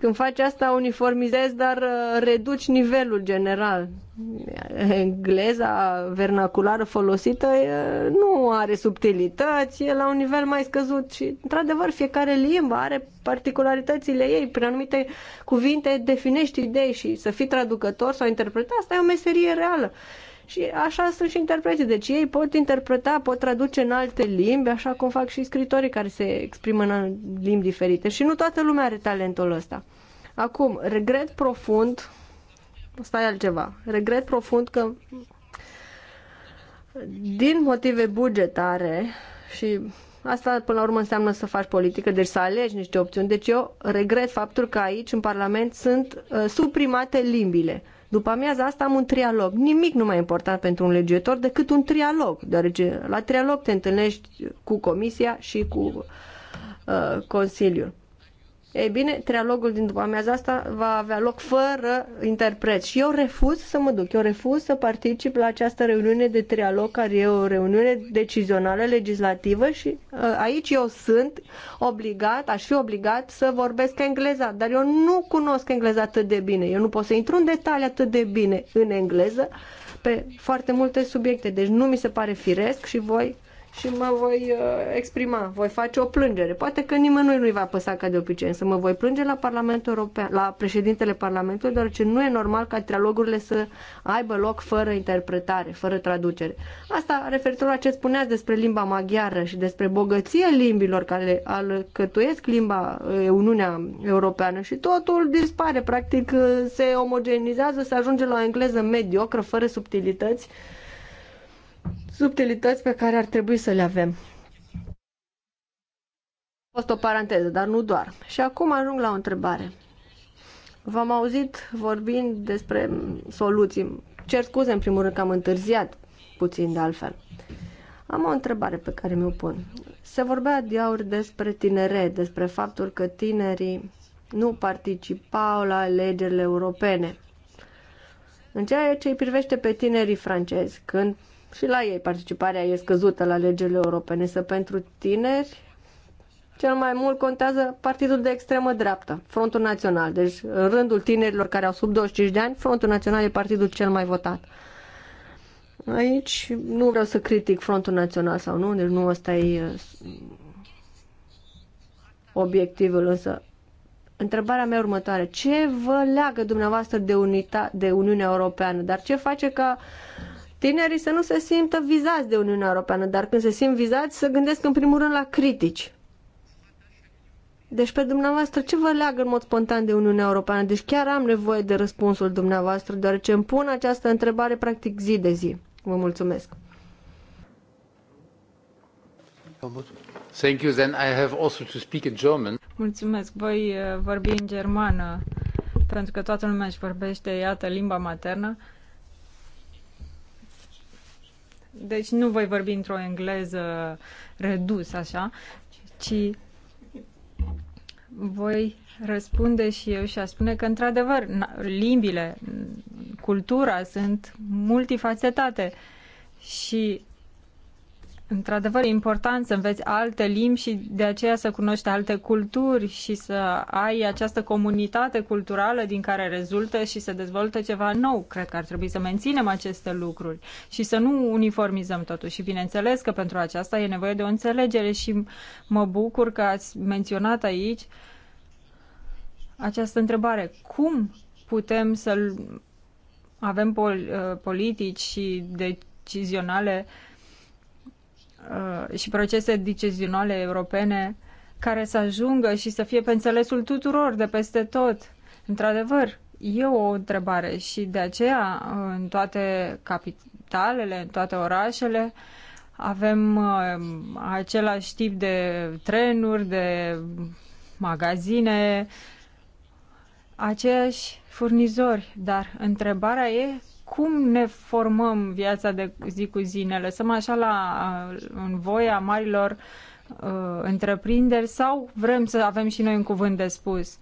când faci asta uniformizezi, dar uh, reduci nivelul general. Engleza vernaculară folosită nu are subtilități, e la un nivel mai scăzut și, într-adevăr, fiecare limbă are particularitățile ei. Prin anumite cuvinte definești idei și să fii traducător sau interpretat, asta e o meserie reală. Și așa sunt și interpreții. Deci ei pot interpreta, pot traduce în alte limbi, așa cum fac și scritorii care se exprimă în limbi diferite. Și nu toată lumea are talentul ăsta. Acum, regret profund, asta e altceva, regret profund că din motive bugetare și asta până la urmă înseamnă să faci politică, deci să alegi niște opțiuni. Deci eu regret faptul că aici în Parlament sunt uh, suprimate limbile. Uh, după amiaza asta am un trialog. Nimic nu mai important pentru un legiuitor decât un trialog, deoarece la trialog te întâlnești cu Comisia și cu uh, Consiliul. Ei bine, trialogul din după amiaza asta va avea loc fără interpret și eu refuz să mă duc, eu refuz să particip la această reuniune de trialog care e o reuniune decizională, legislativă și uh, aici eu sunt obligat, aș fi obligat să vorbesc engleza, dar eu nu cunosc engleza atât de bine, eu nu pot să intru în detalii atât de bine în engleză pe foarte multe subiecte, deci nu mi se pare firesc și voi și mă voi uh, exprima, voi face o plângere. Poate că nimănui nu-i va păsa ca de obicei, însă mă voi plânge la Parlamentul European, la președintele Parlamentului, deoarece nu e normal ca trialogurile să aibă loc fără interpretare, fără traducere. Asta referitor la ce spuneați despre limba maghiară și despre bogăția limbilor care alcătuiesc limba uh, Uniunea Europeană și totul dispare, practic uh, se omogenizează, se ajunge la o engleză mediocră, fără subtilități, subtilități pe care ar trebui să le avem. A fost o paranteză, dar nu doar. Și acum ajung la o întrebare. V-am auzit vorbind despre soluții. Cer scuze, în primul rând, că am întârziat puțin de altfel. Am o întrebare pe care mi-o pun. Se vorbea de aur despre tinere, despre faptul că tinerii nu participau la alegerile europene. În ceea ce îi privește pe tinerii francezi, când și la ei participarea e scăzută la legile europene, să pentru tineri cel mai mult contează partidul de extremă dreaptă, Frontul Național. Deci, în rândul tinerilor care au sub 25 de ani, Frontul Național e partidul cel mai votat. Aici nu vreau să critic Frontul Național sau nu, deci nu ăsta e uh, obiectivul, însă întrebarea mea următoare. Ce vă leagă dumneavoastră de, unita, de Uniunea Europeană? Dar ce face ca uh, tinerii să nu se simtă vizați de Uniunea Europeană, dar când se simt vizați, să gândesc în primul rând la critici. Deci pe dumneavoastră ce vă leagă în mod spontan de Uniunea Europeană? Deci chiar am nevoie de răspunsul dumneavoastră, deoarece îmi pun această întrebare practic zi de zi. Vă mulțumesc. Thank you. Then I have also to speak in German. Mulțumesc. Voi uh, vorbi în germană, pentru că toată lumea își vorbește, iată, limba maternă. Uh, deci nu voi vorbi într-o engleză redus așa, ci voi răspunde și eu și a spune că, într-adevăr, limbile, cultura sunt multifacetate și într-adevăr important să înveți alte limbi și de aceea să cunoști alte culturi și să ai această comunitate culturală din care rezultă și să dezvoltă ceva nou. Cred că ar trebui să menținem aceste lucruri și să nu uniformizăm totul. Și bineînțeles că pentru aceasta e nevoie de o înțelegere și mă bucur că ați menționat aici această întrebare. Cum putem să avem uh, politici și decizionale uh, Uh, și procese decizionale europene care să ajungă și să fie pe înțelesul tuturor de peste tot. Într-adevăr, e o întrebare și de aceea în toate capitalele, în toate orașele, avem uh, același tip de trenuri, de magazine, aceiași furnizori, dar întrebarea e cum ne formăm viața de zi cu zi? Ne lăsăm așa la, uh, în voia marilor uh, întreprinderi sau vrem să avem și noi un cuvânt de spus?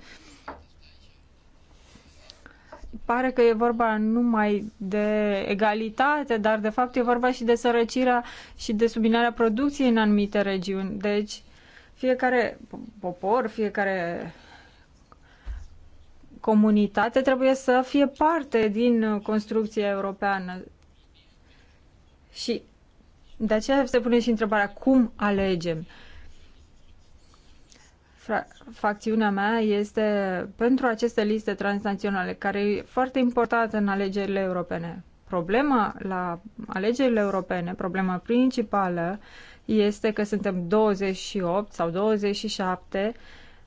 Pare că e vorba numai de egalitate, dar de fapt e vorba și de sărăcirea și de subinarea producției în anumite regiuni. Deci, fiecare popor, fiecare comunitate trebuie să fie parte din construcția europeană. Și de aceea se pune și întrebarea cum alegem. Fra- facțiunea mea este pentru aceste liste transnaționale, care e foarte importantă în alegerile europene. Problema la alegerile europene, problema principală, este că suntem 28 sau 27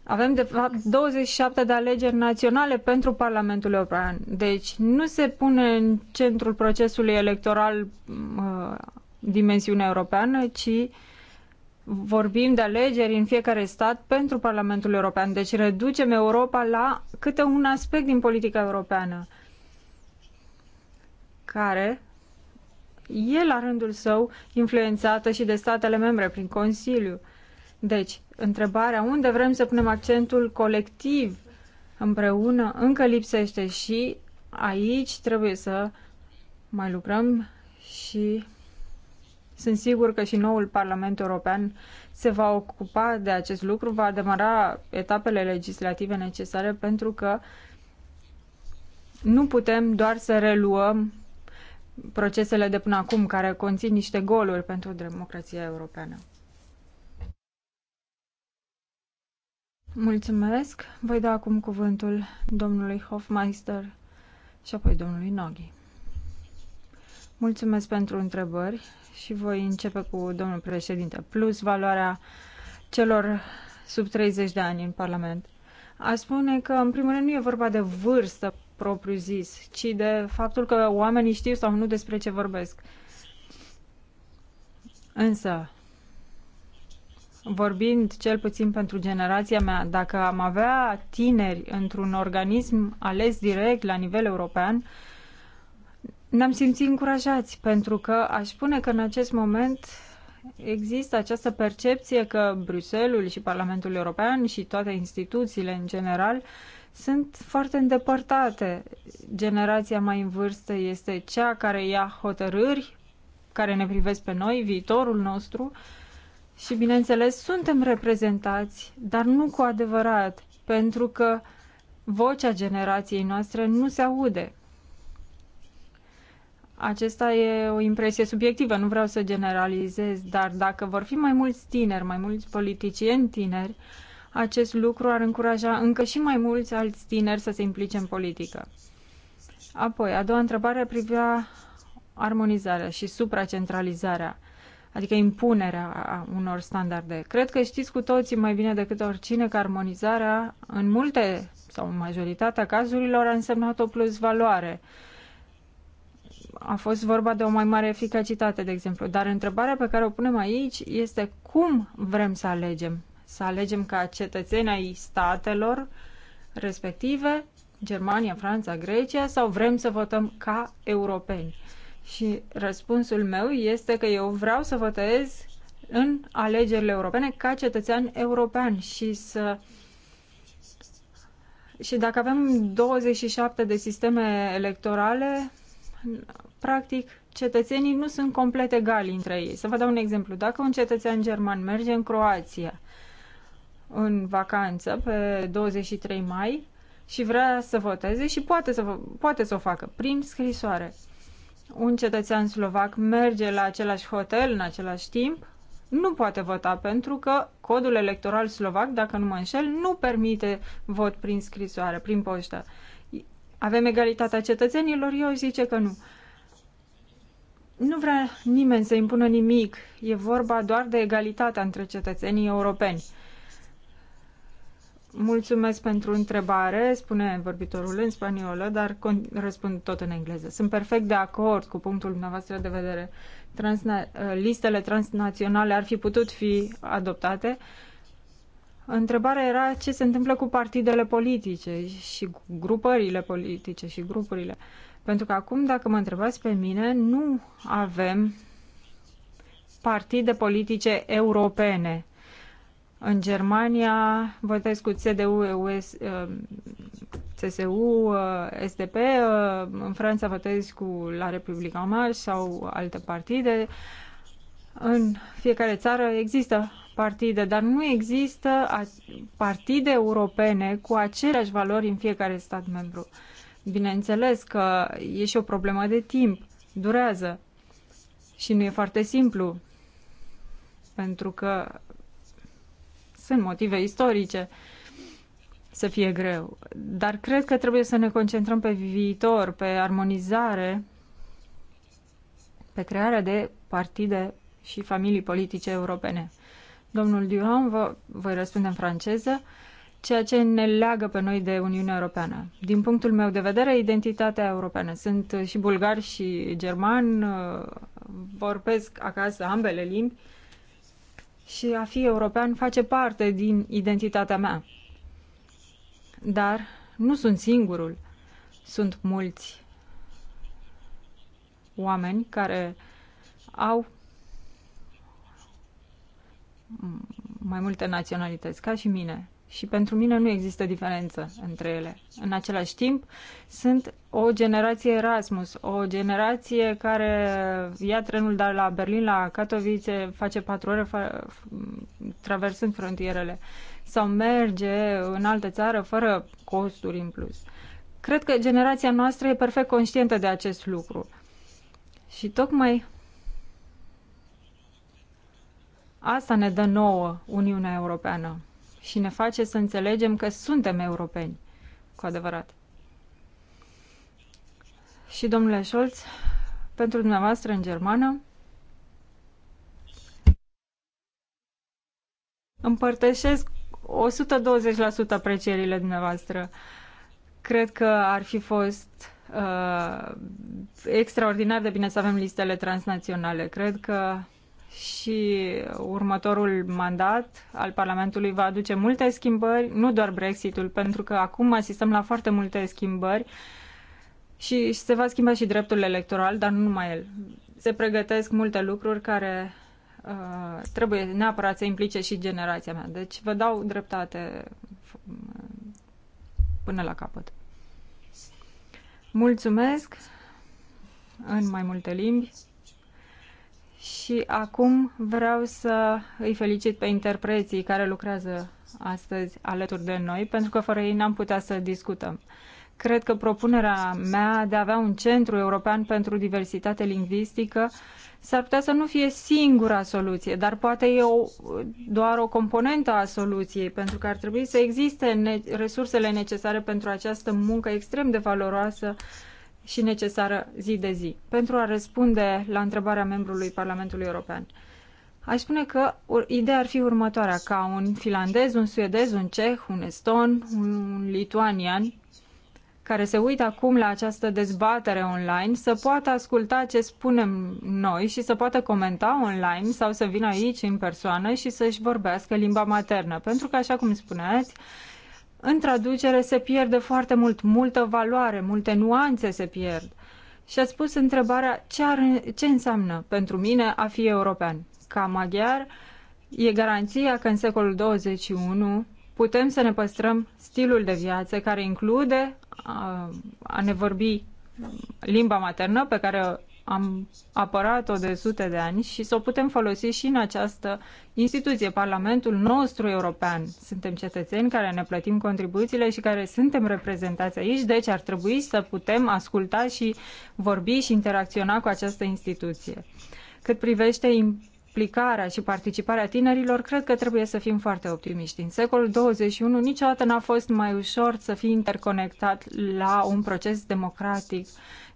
avem, de fapt, 27 de alegeri naționale pentru Parlamentul European. Deci nu se pune în centrul procesului electoral uh, dimensiunea europeană, ci vorbim de alegeri în fiecare stat pentru Parlamentul European. Deci reducem Europa la câte un aspect din politica europeană care e la rândul său influențată și de statele membre prin Consiliu. Deci, întrebarea unde vrem să punem accentul colectiv împreună încă lipsește și aici trebuie să mai lucrăm și sunt sigur că și noul Parlament European se va ocupa de acest lucru, va demara etapele legislative necesare pentru că nu putem doar să reluăm procesele de până acum care conțin niște goluri pentru democrația europeană. Mulțumesc. Voi da acum cuvântul domnului Hofmeister și apoi domnului Noghi. Mulțumesc pentru întrebări și voi începe cu domnul președinte. Plus valoarea celor sub 30 de ani în Parlament. a spune că, în primul rând, nu e vorba de vârstă propriu-zis, ci de faptul că oamenii știu sau nu despre ce vorbesc. Însă, vorbind cel puțin pentru generația mea, dacă am avea tineri într-un organism ales direct la nivel european, ne-am simțit încurajați, pentru că aș spune că în acest moment există această percepție că Bruselul și Parlamentul European și toate instituțiile în general sunt foarte îndepărtate. Generația mai în vârstă este cea care ia hotărâri care ne privesc pe noi, viitorul nostru, uh, și, bineînțeles, suntem reprezentați, dar nu cu adevărat, pentru că vocea generației noastre nu se aude. Acesta e o impresie subiectivă, nu vreau să generalizez, dar dacă vor fi mai mulți tineri, mai mulți politicieni tineri, acest lucru ar încuraja încă și mai mulți alți tineri să se implice în politică. Apoi, a doua întrebare privea armonizarea și supracentralizarea adică impunerea unor standarde. Cred că știți cu toții mai bine decât oricine că armonizarea în multe sau în majoritatea cazurilor a însemnat o plus valoare. A fost vorba de o mai mare eficacitate, de exemplu. Dar întrebarea pe care o punem aici este cum vrem să alegem? Să alegem ca cetățeni ai statelor respective, Germania, Franța, Grecia, sau vrem să votăm ca europeni? Și răspunsul meu este că eu vreau să votez în alegerile europene ca cetățean european și să și dacă avem 27 de sisteme electorale, practic cetățenii nu sunt complet egali între ei. Să vă dau un exemplu. Dacă un cetățean german merge în Croația în vacanță pe 23 mai și vrea să voteze și poate să, poate să o facă prin scrisoare un cetățean slovac merge la același hotel în același timp, nu poate vota pentru că codul electoral slovac, dacă nu mă înșel, nu permite vot prin scrisoare, prin poștă. Avem egalitatea cetățenilor? Eu zice că nu. Nu vrea nimeni să impună nimic. E vorba doar de egalitatea între cetățenii europeni. Mulțumesc pentru întrebare, spune vorbitorul în spaniolă, dar răspund tot în engleză. Sunt perfect de acord cu punctul dumneavoastră de vedere. Transna- uh, listele transnaționale ar fi putut fi adoptate. Întrebarea era ce se întâmplă cu partidele politice și grupările politice și grupurile. Pentru că acum, dacă mă întrebați pe mine, nu avem partide politice europene în Germania votez cu CDU, US, uh, CSU, uh, SDP, uh, în Franța votez cu La Republica Mare sau alte partide. În fiecare țară există partide, dar nu există partide europene cu aceleași valori în fiecare stat membru. Bineînțeles că e și o problemă de timp, durează și nu e foarte simplu, pentru că sunt motive istorice să fie greu. Dar cred că trebuie să ne concentrăm pe viitor, pe armonizare, pe crearea de partide și familii politice europene. Domnul Duham, vă voi răspunde în franceză, ceea ce ne leagă pe noi de Uniunea Europeană. Din punctul meu de vedere, identitatea europeană. Sunt și bulgar și german, vorbesc acasă ambele limbi, și a fi european face parte din identitatea mea. Dar nu sunt singurul. Sunt mulți oameni care au mai multe naționalități, ca și mine și pentru mine nu există diferență între ele. În același timp, sunt o generație Erasmus, o generație care ia trenul de la Berlin la Katowice, face patru ore fa- traversând frontierele sau merge în altă țară fără costuri în plus. Cred că generația noastră e perfect conștientă de acest lucru. Și tocmai asta ne dă nouă Uniunea Europeană și ne face să înțelegem că suntem europeni, cu adevărat. Și, domnule Scholz, pentru dumneavoastră în germană, împărtășesc 120% aprecierile dumneavoastră. Cred că ar fi fost uh, extraordinar de bine să avem listele transnaționale. Cred că și următorul mandat al Parlamentului va aduce multe schimbări, nu doar Brexitul, pentru că acum asistăm la foarte multe schimbări și se va schimba și dreptul electoral, dar nu numai el. Se pregătesc multe lucruri care uh, trebuie neapărat să implice și generația mea. Deci vă dau dreptate uh, până la capăt. Mulțumesc în mai multe limbi. Și acum vreau să îi felicit pe interpreții care lucrează astăzi alături de noi, pentru că fără ei n-am putea să discutăm. Cred că propunerea mea de a avea un centru european pentru diversitate lingvistică s-ar putea să nu fie singura soluție, dar poate e o, doar o componentă a soluției, pentru că ar trebui să existe ne- resursele necesare pentru această muncă extrem de valoroasă uh, și necesară zi de zi, pentru a răspunde la întrebarea membrului Parlamentului European. Aș spune că ideea ar fi următoarea, ca un finlandez, un suedez, un ceh, un eston, un lituanian, care se uită acum la această dezbatere online, să poată asculta ce spunem noi și să poată comenta online sau să vină aici în persoană și să-și vorbească limba maternă. Pentru că, așa cum spuneați, în traducere se pierde foarte mult, multă valoare, multe nuanțe se pierd. Și a spus întrebarea ce, ar, ce înseamnă pentru mine a fi european. Ca maghiar, e garanția că în secolul 21 putem să ne păstrăm stilul de viață care include a, a ne vorbi limba maternă pe care am apărat-o de sute de ani și să o putem folosi și în această instituție, Parlamentul nostru european. Suntem cetățeni care ne plătim contribuțiile și care suntem reprezentați aici, deci ar trebui să putem asculta și vorbi și interacționa cu această instituție. Cât privește implicarea și participarea tinerilor, cred că trebuie să fim foarte optimiști. În secolul 21 niciodată n-a fost mai ușor să fii interconectat la un proces democratic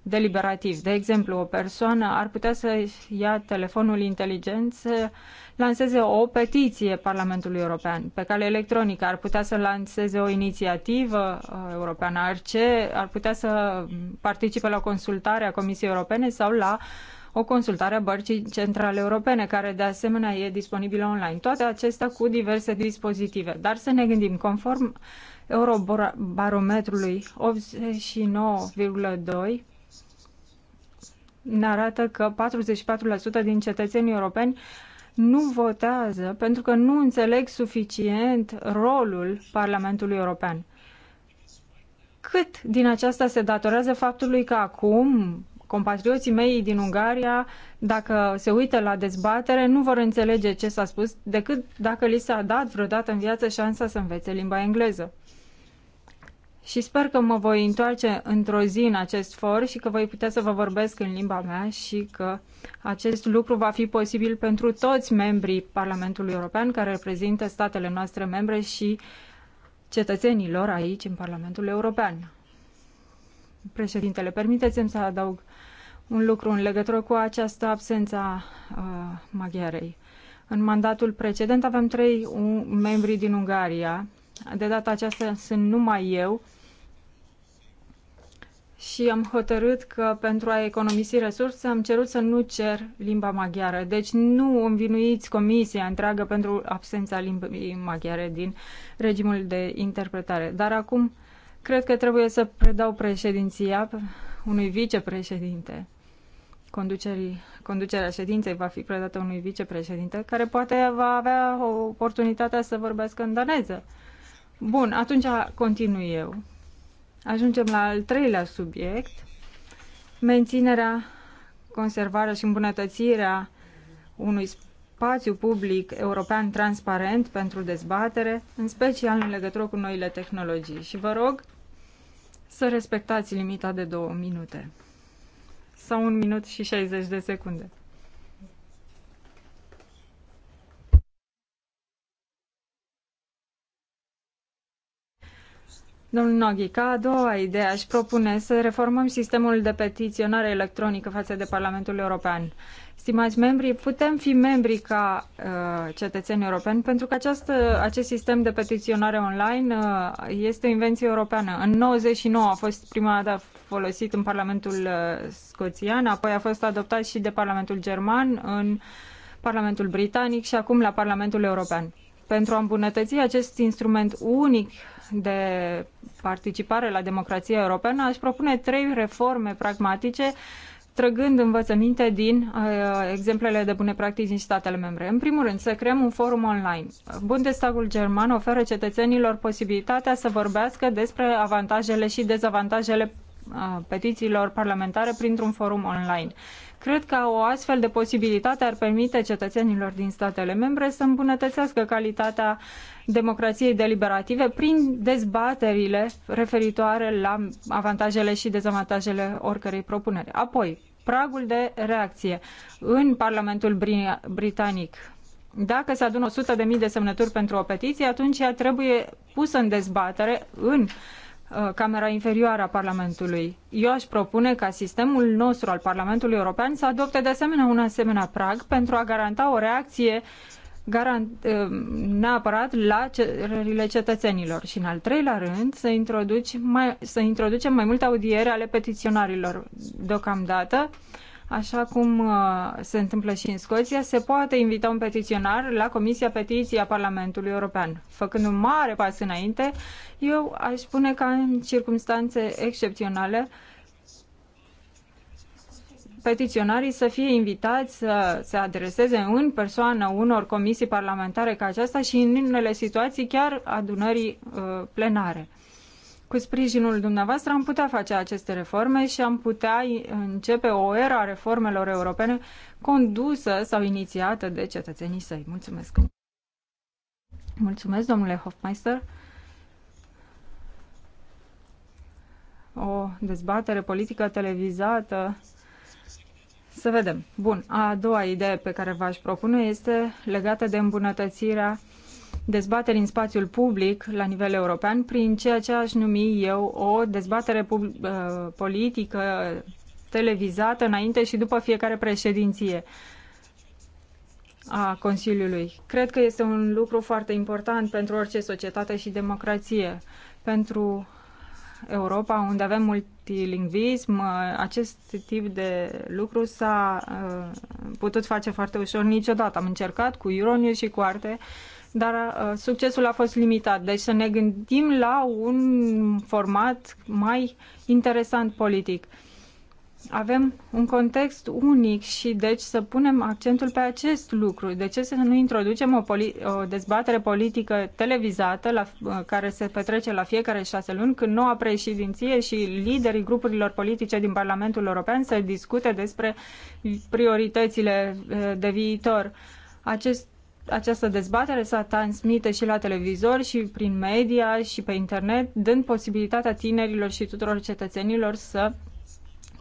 deliberativ. De exemplu, o persoană ar putea să ia telefonul inteligent să lanseze o petiție Parlamentului European pe cale electronică, ar putea să lanseze o inițiativă uh, europeană, ar, ce, ar putea să participe la consultarea Comisiei Europene sau la o consultare a Bărcii Centrale Europene, care de asemenea e disponibilă online. Toate acestea cu diverse dispozitive. Dar să ne gândim, conform Eurobarometrului 89,2 ne arată că 44% din cetățenii europeni nu votează pentru că nu înțeleg suficient rolul Parlamentului European. Cât din aceasta se datorează faptului că acum compatrioții mei din Ungaria, dacă se uită la dezbatere, nu vor înțelege ce s-a spus decât dacă li s-a dat vreodată în viață șansa să învețe limba engleză și sper că mă voi întoarce într-o zi în acest for și că voi putea să vă vorbesc în limba mea și că acest lucru va fi posibil pentru toți membrii Parlamentului European care reprezintă statele noastre membre și cetățenilor aici în Parlamentul European. Președintele, permiteți-mi să adaug un lucru în legătură cu această absență a uh, maghiarei. În mandatul precedent avem trei membri din Ungaria. De data aceasta sunt numai eu și am hotărât că pentru a economisi resurse am cerut să nu cer limba maghiară. Deci nu învinuiți comisia întreagă pentru absența limbii maghiare din regimul de interpretare. Dar acum cred că trebuie să predau președinția unui vicepreședinte. Conducerii, conducerea ședinței va fi predată unui vicepreședinte care poate va avea oportunitatea să vorbească în daneză. Bun, atunci continui eu. Ajungem la al treilea subiect, menținerea, conservarea și îmbunătățirea unui spațiu public european transparent pentru dezbatere, în special în legătură cu noile tehnologii. Și vă rog să respectați limita de două minute sau un minut și 60 de secunde. Domnul Noghi, ca a doua idee aș propune să reformăm sistemul de petiționare electronică față de Parlamentul European. Stimați membri, putem fi membri ca uh, cetățeni europeni pentru că această, acest sistem de petiționare online uh, este o invenție europeană. În 99 a fost prima dată folosit în Parlamentul uh, Scoțian, apoi a fost adoptat și de Parlamentul German, în Parlamentul Britanic și acum la Parlamentul European pentru a îmbunătăți acest instrument unic de participare la democrația europeană, aș propune trei reforme pragmatice trăgând învățăminte din uh, exemplele de bune practici din statele membre. În primul rând, să creăm un forum online. Bundestagul german oferă cetățenilor posibilitatea să vorbească despre avantajele și dezavantajele uh, petițiilor parlamentare printr-un forum online. Cred că o astfel de posibilitate ar permite cetățenilor din statele membre să îmbunătățească calitatea democrației deliberative prin dezbaterile referitoare la avantajele și dezavantajele oricărei propuneri. Apoi, pragul de reacție în Parlamentul Britanic. Dacă se adună 100.000 de semnături pentru o petiție, atunci ea trebuie pusă în dezbatere în Uh, Camera Inferioară a Parlamentului. Eu aș propune ca sistemul nostru al Parlamentului European să adopte de asemenea un asemenea prag pentru a garanta o reacție garant, uh, neapărat la cererile cetățenilor. Și în al treilea rând, să, introduci mai, să introducem mai multe audiere ale petiționarilor. Deocamdată, așa cum uh, se întâmplă și în Scoția, se poate invita un petiționar la Comisia Petiției a Parlamentului European. Făcând un mare pas înainte, eu aș spune că în circunstanțe excepționale petiționarii să fie invitați să se adreseze în persoană unor comisii parlamentare ca aceasta și în unele situații chiar adunării uh, plenare. Cu sprijinul dumneavoastră am putea face aceste reforme și am putea începe o era a reformelor europene condusă sau inițiată de cetățenii săi. Mulțumesc! Mulțumesc, domnule Hofmeister! O dezbatere politică televizată să vedem. Bun, a doua idee pe care v-aș propune este legată de îmbunătățirea dezbateri în spațiul public la nivel european prin ceea ce aș numi eu o dezbatere uh, politică televizată înainte și după fiecare președinție a Consiliului. Cred că este un lucru foarte important pentru orice societate și democrație. Pentru Europa, unde avem multilingvism, uh, acest tip de lucru s-a uh, putut face foarte ușor niciodată. Am încercat cu Euronews și cu Arte dar uh, succesul a fost limitat. Deci să ne gândim la un format mai interesant politic. Avem un context unic și deci să punem accentul pe acest lucru. De ce să nu introducem o, poli- o dezbatere politică televizată la, uh, care se petrece la fiecare șase luni când noua președinție și liderii grupurilor politice din Parlamentul European să discute despre prioritățile uh, de viitor? Acest această dezbatere să transmite și la televizor și prin media și pe internet, dând posibilitatea tinerilor și tuturor cetățenilor să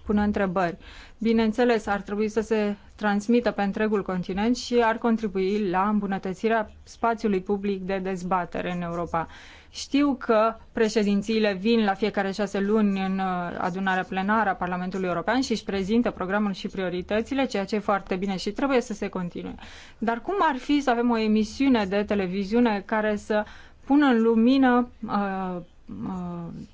pună întrebări. Bineînțeles, ar trebui să se transmită pe întregul continent și ar contribui la îmbunătățirea spațiului public de dezbatere în Europa. Știu că președințiile vin la fiecare șase luni în uh, adunarea plenară a Parlamentului European și își prezintă programul și prioritățile, ceea ce e foarte bine și trebuie să se continue. Dar cum ar fi să avem o emisiune de televiziune care să pună în lumină uh, uh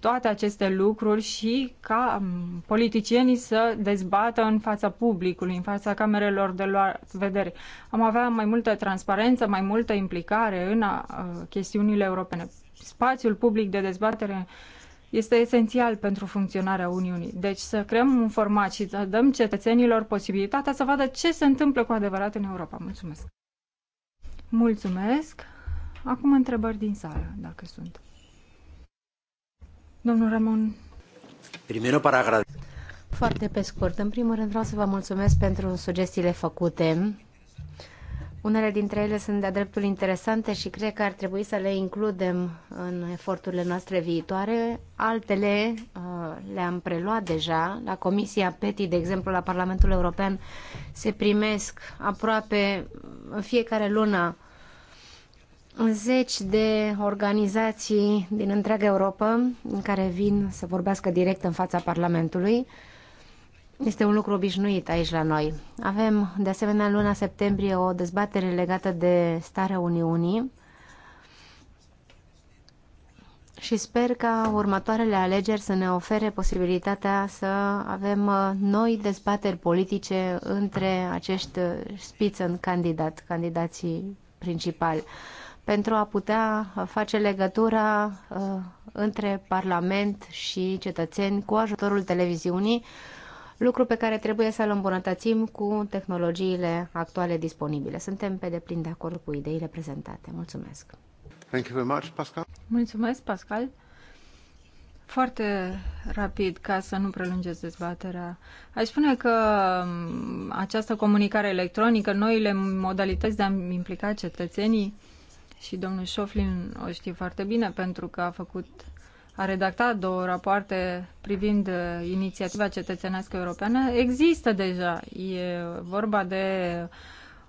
toate aceste lucruri și ca um, politicienii să dezbată în fața publicului, în fața camerelor de luat vedere. Am avea mai multă transparență, mai multă implicare în a, uh, a, chestiunile europene spațiul public de dezbatere este esențial pentru funcționarea Uniunii. Deci să creăm un format și să dăm cetățenilor posibilitatea să vadă ce se întâmplă cu adevărat în Europa. Mulțumesc! Mulțumesc! Acum întrebări din sală, dacă sunt. Domnul Ramon. Primero para agradecer. Foarte pe scurt. În primul rând vreau să vă mulțumesc pentru sugestiile făcute unele dintre ele sunt de-a dreptul interesante și cred că ar trebui să le includem în eforturile noastre viitoare. Altele uh, le-am preluat deja. La Comisia PETI, de exemplu, la Parlamentul European, se primesc aproape în fiecare lună zeci de organizații din întreaga Europa în care vin să vorbească direct în fața Parlamentului. Uh, este un lucru obișnuit aici la noi. Avem, de asemenea, în luna septembrie o dezbatere legată de starea Uniunii și sper ca următoarele alegeri să ne ofere posibilitatea să avem uh, noi dezbateri politice între acești spițăn candidat, candidații principali, pentru a putea uh, face legătura uh, între Parlament și cetățeni cu ajutorul televiziunii lucru pe care trebuie să-l îmbunătățim cu tehnologiile actuale disponibile. Suntem pe deplin de acord cu ideile prezentate. Mulțumesc! Thank you very much, Pascal. Mulțumesc, Pascal! Foarte rapid, ca să nu prelungeți dezbaterea. Aș spune că um, această comunicare electronică, noile modalități de a implica cetățenii, și domnul Șoflin o știe foarte bine pentru că a făcut a redactat două rapoarte privind uh, inițiativa cetățenească europeană, există deja. E vorba de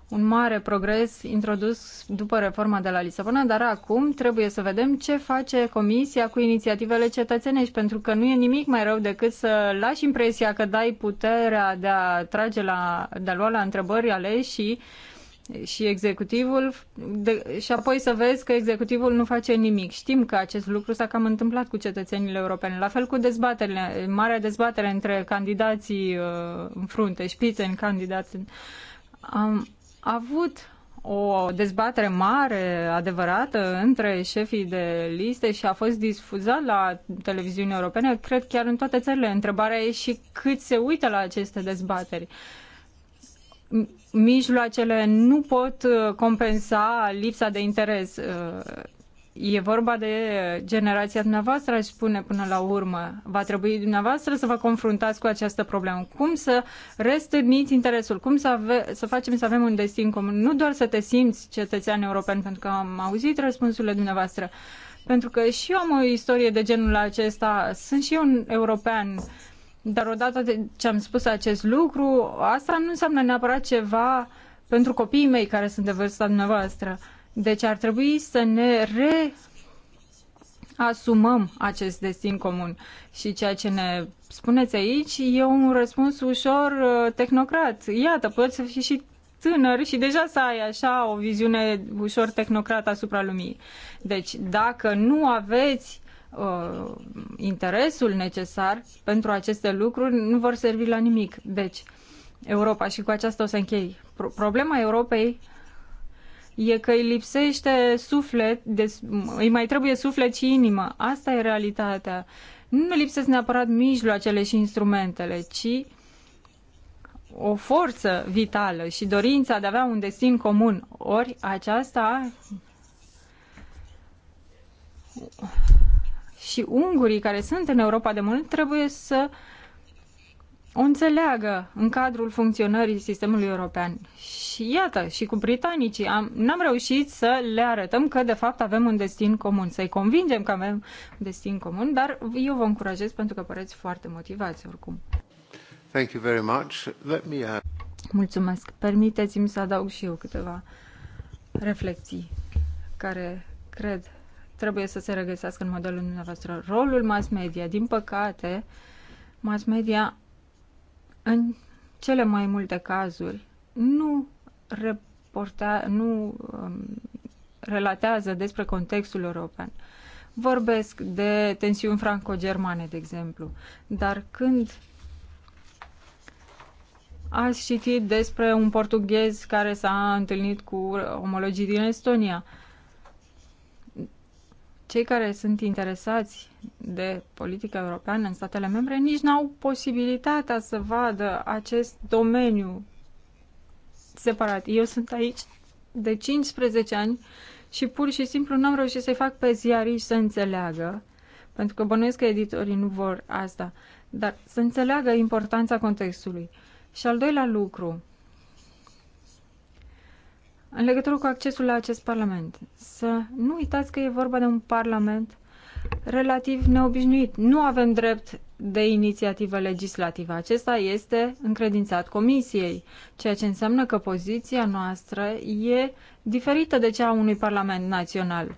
un mare progres introdus după reforma de la Lisabona, dar acum trebuie să vedem ce face Comisia cu inițiativele cetățenești, pentru că nu e nimic mai rău decât să lași impresia că dai puterea de a trage la, de a lua la întrebări aleși și și executivul de, și apoi să vezi că executivul nu face nimic. Știm că acest lucru s-a cam întâmplat cu cetățenii europeni. La fel cu dezbaterile, marea dezbatere între candidații uh, în frunte, șpițe în candidați. Am avut o dezbatere mare, adevărată, între șefii de liste și a fost difuzat la televiziunea europene, cred chiar în toate țările. Întrebarea e și cât se uită la aceste dezbateri. Uh, mijloacele nu pot uh, compensa lipsa de interes. Uh, e vorba de generația dumneavoastră, aș spune până la urmă. Va trebui dumneavoastră să vă confruntați cu această problemă. Cum să restârniți interesul? Cum să, ave- să facem să avem un destin comun? Nu doar să te simți cetățean european, pentru că am auzit răspunsurile dumneavoastră. Pentru că și eu am o istorie de genul acesta. Sunt și eu un european dar odată ce am spus acest lucru, asta nu înseamnă neapărat ceva pentru copiii mei care sunt de vârsta dumneavoastră. Deci ar trebui să ne reasumăm acest destin comun. Și ceea ce ne spuneți aici e un răspuns ușor uh, tehnocrat. Iată, poți să fii și tânăr și deja să ai așa o viziune ușor tehnocrată asupra lumii. Deci, dacă nu aveți uh, interesul necesar pentru aceste lucruri, nu vor servi la nimic. Deci, Europa, și cu aceasta o să închei. Pro problema Europei e că îi lipsește suflet, de, îi mai trebuie suflet și inimă. Asta e realitatea. Nu lipsesc neapărat mijloacele și instrumentele, ci o forță vitală și dorința de a avea un destin comun. Ori aceasta și ungurii care sunt în Europa de mult trebuie să o înțeleagă în cadrul funcționării sistemului european. Și iată, și cu britanicii am, n-am reușit să le arătăm că de fapt avem un destin comun, să-i convingem că avem un destin comun, dar eu vă încurajez pentru că păreți foarte motivați oricum. Thank you very much. Let me add... Mulțumesc. Permiteți-mi să adaug și eu câteva reflexii care cred trebuie să se regăsească în modelul dumneavoastră. Rolul mass media, din păcate, mass media în cele mai multe cazuri nu, reportea, nu um, relatează despre contextul european. Vorbesc de tensiuni franco-germane, de exemplu, dar când ați citit despre un portughez care s-a întâlnit cu omologii din Estonia, uh, cei care sunt interesați de politica europeană în statele membre nici n-au posibilitatea să vadă acest domeniu separat. Eu sunt aici de 15 ani și pur și simplu n-am reușit să-i fac pe ziariști să înțeleagă, pentru că bănuiesc că editorii nu vor asta, dar să înțeleagă importanța contextului. Și al doilea lucru, în legătură cu accesul la acest parlament. Să nu uitați că e vorba de un parlament relativ neobișnuit. Nu avem drept de inițiativă legislativă. Acesta este încredințat Comisiei, ceea ce înseamnă că poziția noastră e diferită de cea a unui Parlament național.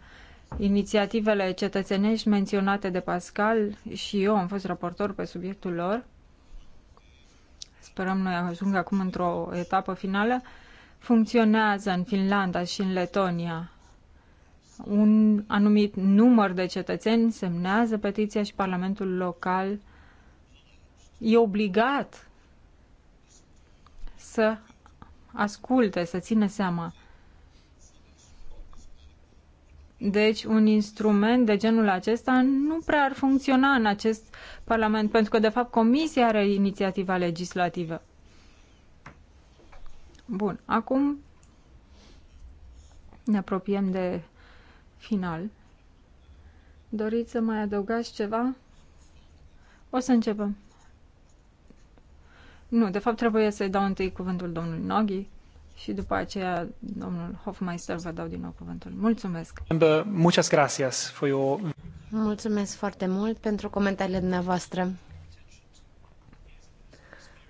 Inițiativele cetățenești menționate de Pascal și eu am fost raportor pe subiectul lor, sperăm noi ajung acum într-o etapă finală, uh, funcționează în Finlanda și în Letonia. Un anumit număr de cetățeni semnează petiția și Parlamentul local e obligat să asculte, să țină seama. Deci, un instrument de genul acesta nu prea ar funcționa în acest Parlament, pentru că, de fapt, Comisia are inițiativa legislativă. Bun, acum ne apropiem de final. Doriți să mai adăugați ceva? O să începem. Nu, de fapt trebuie să-i dau întâi cuvântul domnului Noghi și după aceea domnul Hofmeister vă dau din nou cuvântul. Mulțumesc! Muchas gracias Mulțumesc foarte mult pentru comentariile dumneavoastră.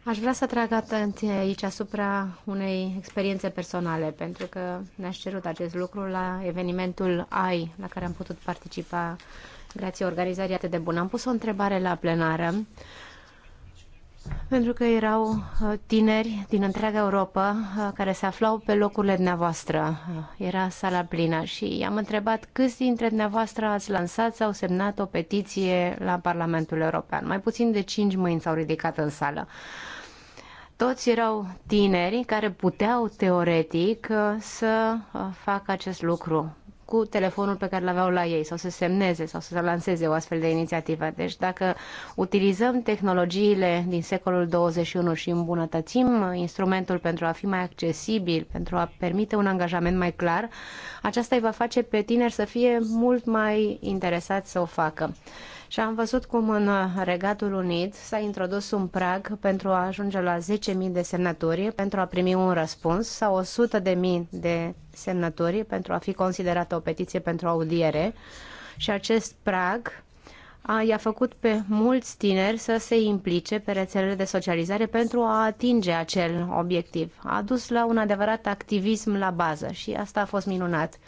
Aș vrea să trag atenție aici asupra unei experiențe personale, pentru că ne-aș cerut acest lucru la evenimentul AI, la care am putut participa grație organizării atât de bună. Am pus o întrebare la plenară, pentru că erau uh, tineri din întreaga Europa uh, care se aflau pe locurile dumneavoastră. Uh, era sala plină și i-am întrebat câți dintre dumneavoastră ați lansat sau semnat o petiție la Parlamentul European. Mai puțin de cinci mâini s-au ridicat în sală. Toți erau tineri care puteau teoretic uh, să uh, facă acest lucru cu telefonul pe care l-aveau la ei sau să semneze sau să lanseze o astfel de inițiativă. Deci dacă utilizăm tehnologiile din secolul 21 și îmbunătățim uh, instrumentul pentru a fi mai accesibil, pentru a permite un angajament mai clar, aceasta îi va face pe tineri să fie mult mai interesați să o facă. Și am văzut cum în Regatul Unit s-a introdus un prag pentru a ajunge la 10.000 de semnături pentru a primi un răspuns sau 100.000 de semnături pentru a fi considerată o petiție pentru audiere. Și acest prag i-a făcut pe mulți tineri să se implice pe rețelele de socializare pentru a atinge acel obiectiv. A dus la un adevărat activism la bază și asta a fost minunat.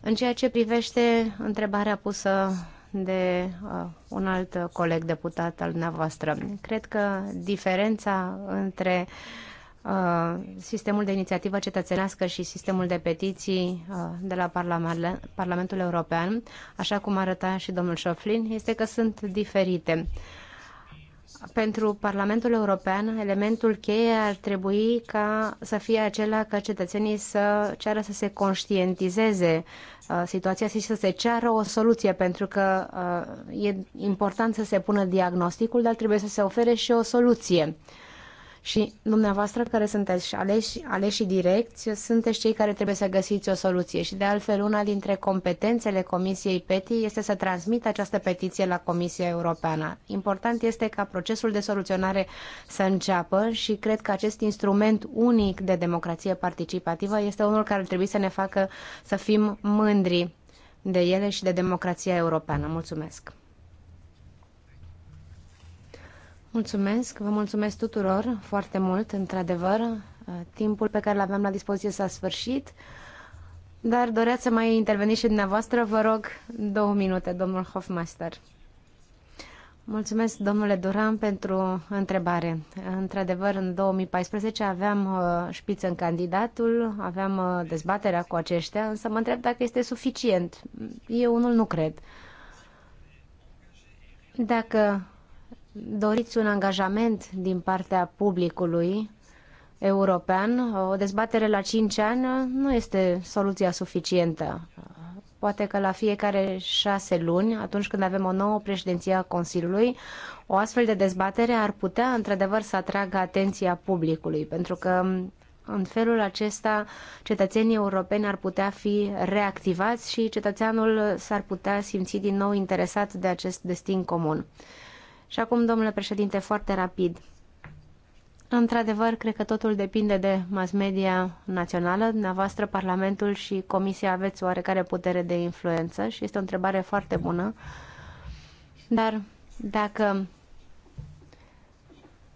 În ceea ce privește întrebarea pusă de uh, un alt coleg deputat al dumneavoastră. Cred că diferența între uh, sistemul de inițiativă cetățenească și sistemul de petiții uh, de la Parlament, Parlamentul European, așa cum arăta și domnul Șoflin, este că sunt diferite. Uh, pentru Parlamentul European, elementul cheie ar trebui ca să fie acela ca cetățenii să ceară să se conștientizeze uh, situația și să se ceară o soluție, pentru că uh, e important să se pună diagnosticul, dar trebuie să se ofere și o soluție. Uh, și dumneavoastră care sunteți aleși, aleși direcți, sunteți cei care trebuie să găsiți o soluție. Și de altfel, una dintre competențele Comisiei PETI este să transmită această petiție la Comisia Europeană. Important este ca procesul de soluționare să înceapă și cred că acest instrument unic de democrație participativă este unul care ar trebui să ne facă să fim mândri de ele și de democrația europeană. Mulțumesc! Mulțumesc, vă mulțumesc tuturor foarte mult, într-adevăr. Uh, timpul pe care l-aveam la dispoziție s-a sfârșit, dar doreați să mai interveniți și dumneavoastră, vă rog, două minute, domnul Hofmeister. Mulțumesc, domnule Duran, pentru întrebare. Într-adevăr, în 2014 aveam uh, șpiță în candidatul, aveam uh, dezbaterea cu aceștia, însă mă întreb dacă este suficient. Eu unul nu cred. Dacă doriți un angajament din partea publicului european, o dezbatere la 5 ani nu este soluția suficientă. Poate că la fiecare șase luni, atunci când avem o nouă președinție a Consiliului, o astfel de dezbatere ar putea într-adevăr să atragă atenția publicului, pentru că în felul acesta cetățenii europeni ar putea fi reactivați și cetățeanul s-ar putea simți din nou interesat de acest destin comun. Și acum, domnule președinte, foarte rapid. Într-adevăr, cred că totul depinde de mass media națională. Dumneavoastră, Parlamentul și Comisia aveți oarecare putere de influență și este o întrebare foarte bună. Dar dacă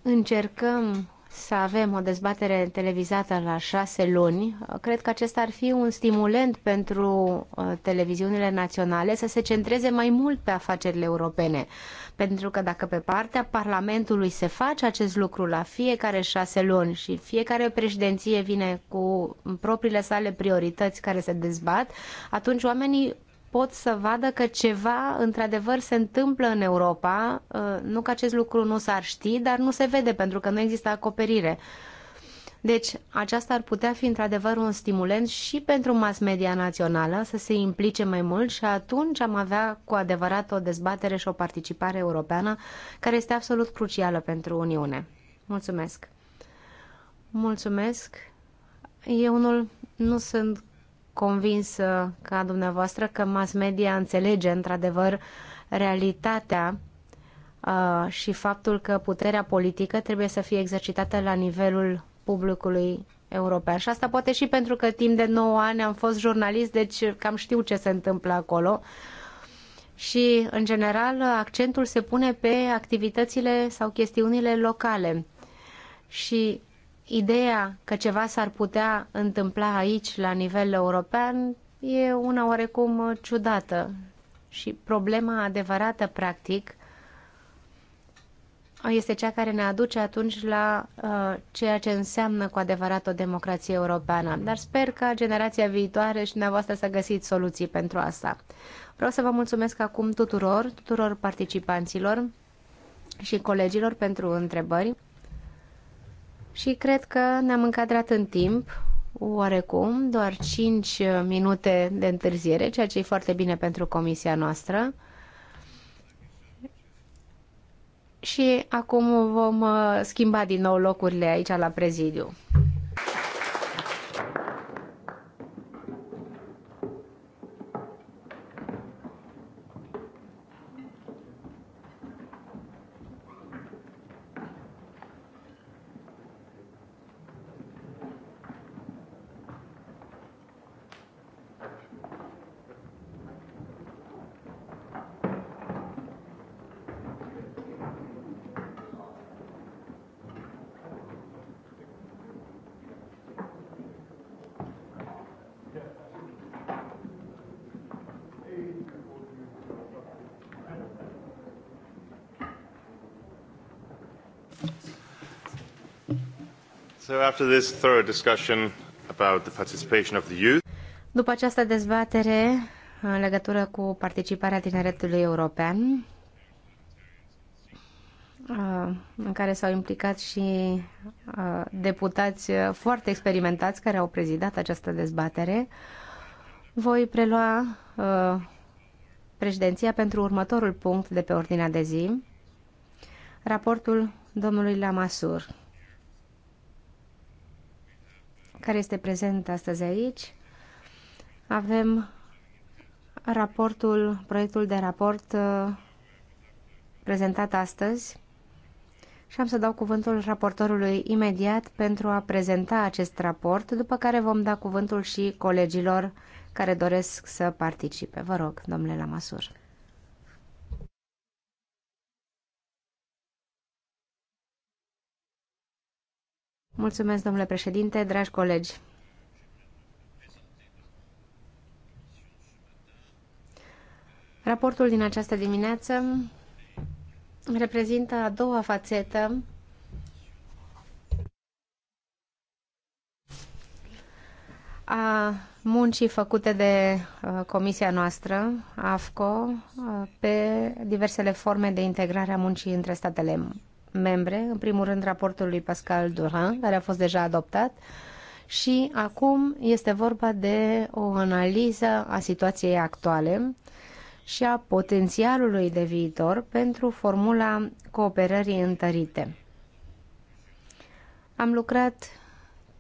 încercăm să avem o dezbatere televizată la șase luni, cred că acesta ar fi un stimulent pentru uh, televiziunile naționale să se centreze mai mult pe afacerile europene. Pentru că dacă pe partea Parlamentului se face acest lucru la fiecare șase luni și fiecare președinție vine cu propriile sale priorități care se dezbat, atunci oamenii pot să vadă că ceva într-adevăr se întâmplă în Europa, uh, nu că acest lucru nu s-ar ști, dar nu se vede pentru că nu există acoperire. Deci, aceasta ar putea fi într-adevăr un stimulent și pentru mass media națională să se implice mai mult și atunci am avea cu adevărat o dezbatere și o participare europeană care este absolut crucială pentru Uniune. Mulțumesc! Mulțumesc! Eu unul nu sunt convinsă ca dumneavoastră că mass media înțelege într-adevăr realitatea uh, și faptul că puterea politică trebuie să fie exercitată la nivelul publicului european. Și asta poate și pentru că timp de 9 ani am fost jurnalist, deci cam știu ce se întâmplă acolo. Și, în general, accentul se pune pe activitățile sau chestiunile locale. Și ideea că ceva s-ar putea întâmpla aici, la nivel european, e una oarecum ciudată. Și problema adevărată, practic, este cea care ne aduce atunci la uh, ceea ce înseamnă cu adevărat o democrație europeană. Dar sper ca generația viitoare și dumneavoastră să găsiți soluții pentru asta. Vreau să vă mulțumesc acum tuturor, tuturor participanților și colegilor pentru întrebări și cred că ne-am încadrat în timp, oarecum, doar 5 minute de întârziere, ceea ce e foarte bine pentru comisia noastră. și acum vom uh, schimba din nou locurile aici la prezidiu. after this thorough discussion about the participation of the youth. După această dezbatere în legătură cu participarea tineretului european, uh, în care s-au implicat și uh, deputați foarte experimentați care au prezidat această dezbatere, voi prelua uh, președinția pentru următorul punct de pe ordinea de zi, raportul domnului Lamasur care este prezent astăzi aici. Avem raportul, proiectul de raport uh, prezentat astăzi și am să dau cuvântul raportorului imediat pentru a prezenta acest raport, după care vom da cuvântul și colegilor care doresc să participe. Vă rog, domnule Lamasur. Mulțumesc, domnule președinte, dragi colegi. Raportul din această dimineață reprezintă a doua fațetă a muncii făcute de uh, comisia noastră, AFCO, uh, pe diversele forme de integrare a muncii între statele membre, în primul rând raportul lui Pascal Durin, care a fost deja adoptat, și acum este vorba de o analiză a situației actuale și a potențialului de viitor pentru formula cooperării întărite. Am lucrat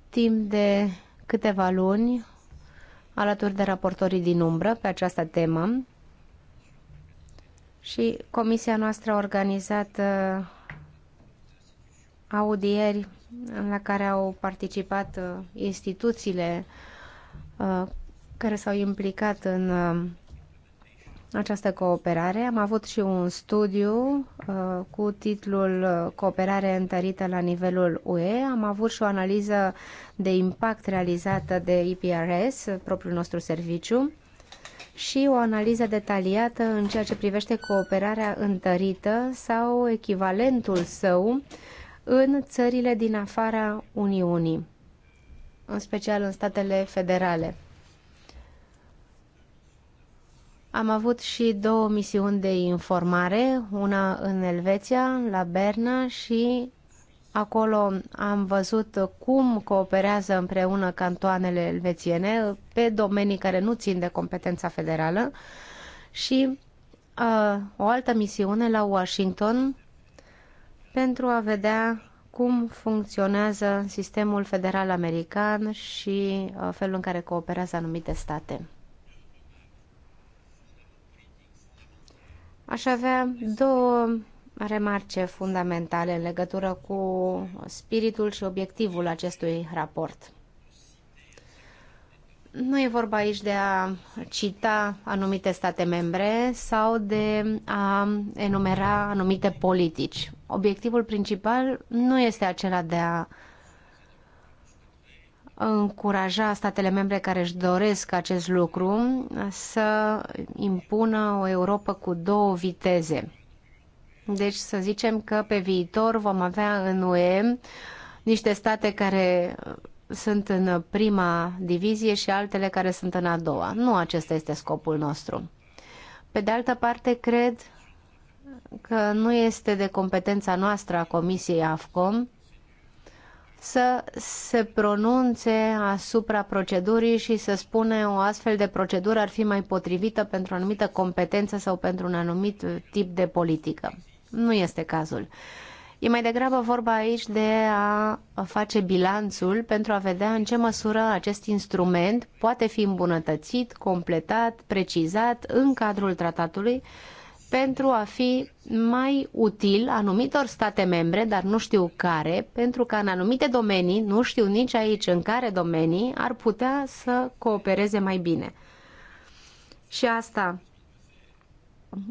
timp de câteva luni alături de raportorii din umbră pe această temă și comisia noastră a organizat uh, audieri la care au participat uh, instituțiile uh, care s-au implicat în uh, această cooperare. Am avut și un studiu uh, cu titlul Cooperare întărită la nivelul UE. Am avut și o analiză de impact realizată de IPRS, propriul nostru serviciu, și o analiză detaliată în ceea ce privește cooperarea întărită sau echivalentul său uh, în țările din afara Uniunii, în special în statele federale. Am avut și două misiuni de informare, una în Elveția, la Berna și acolo am văzut cum cooperează împreună cantoanele elvețiene pe domenii care nu țin de competența federală și uh, o altă misiune la Washington pentru a vedea cum funcționează sistemul federal american și uh, felul în care cooperează anumite state. Aș avea două remarce fundamentale în legătură cu spiritul și obiectivul acestui raport. Nu e vorba aici de a cita anumite state membre sau de a enumera anumite politici obiectivul principal nu este acela de a încuraja statele membre care își doresc acest lucru să impună o Europa cu două viteze. Deci să zicem că pe viitor vom avea în UE niște state care sunt în prima divizie și altele care sunt în a doua. Nu acesta este scopul nostru. Pe de altă parte, cred că nu este de competența noastră a Comisiei AFCOM să se pronunțe asupra procedurii și să spune o astfel de procedură ar fi mai potrivită pentru o anumită competență sau pentru un anumit tip de politică. Nu este cazul. E mai degrabă vorba aici de a face bilanțul pentru a vedea în ce măsură acest instrument poate fi îmbunătățit, completat, precizat în cadrul tratatului pentru a fi mai util anumitor state membre, dar nu știu care, pentru că în anumite domenii, nu știu nici aici în care domenii, ar putea să coopereze mai bine. Și asta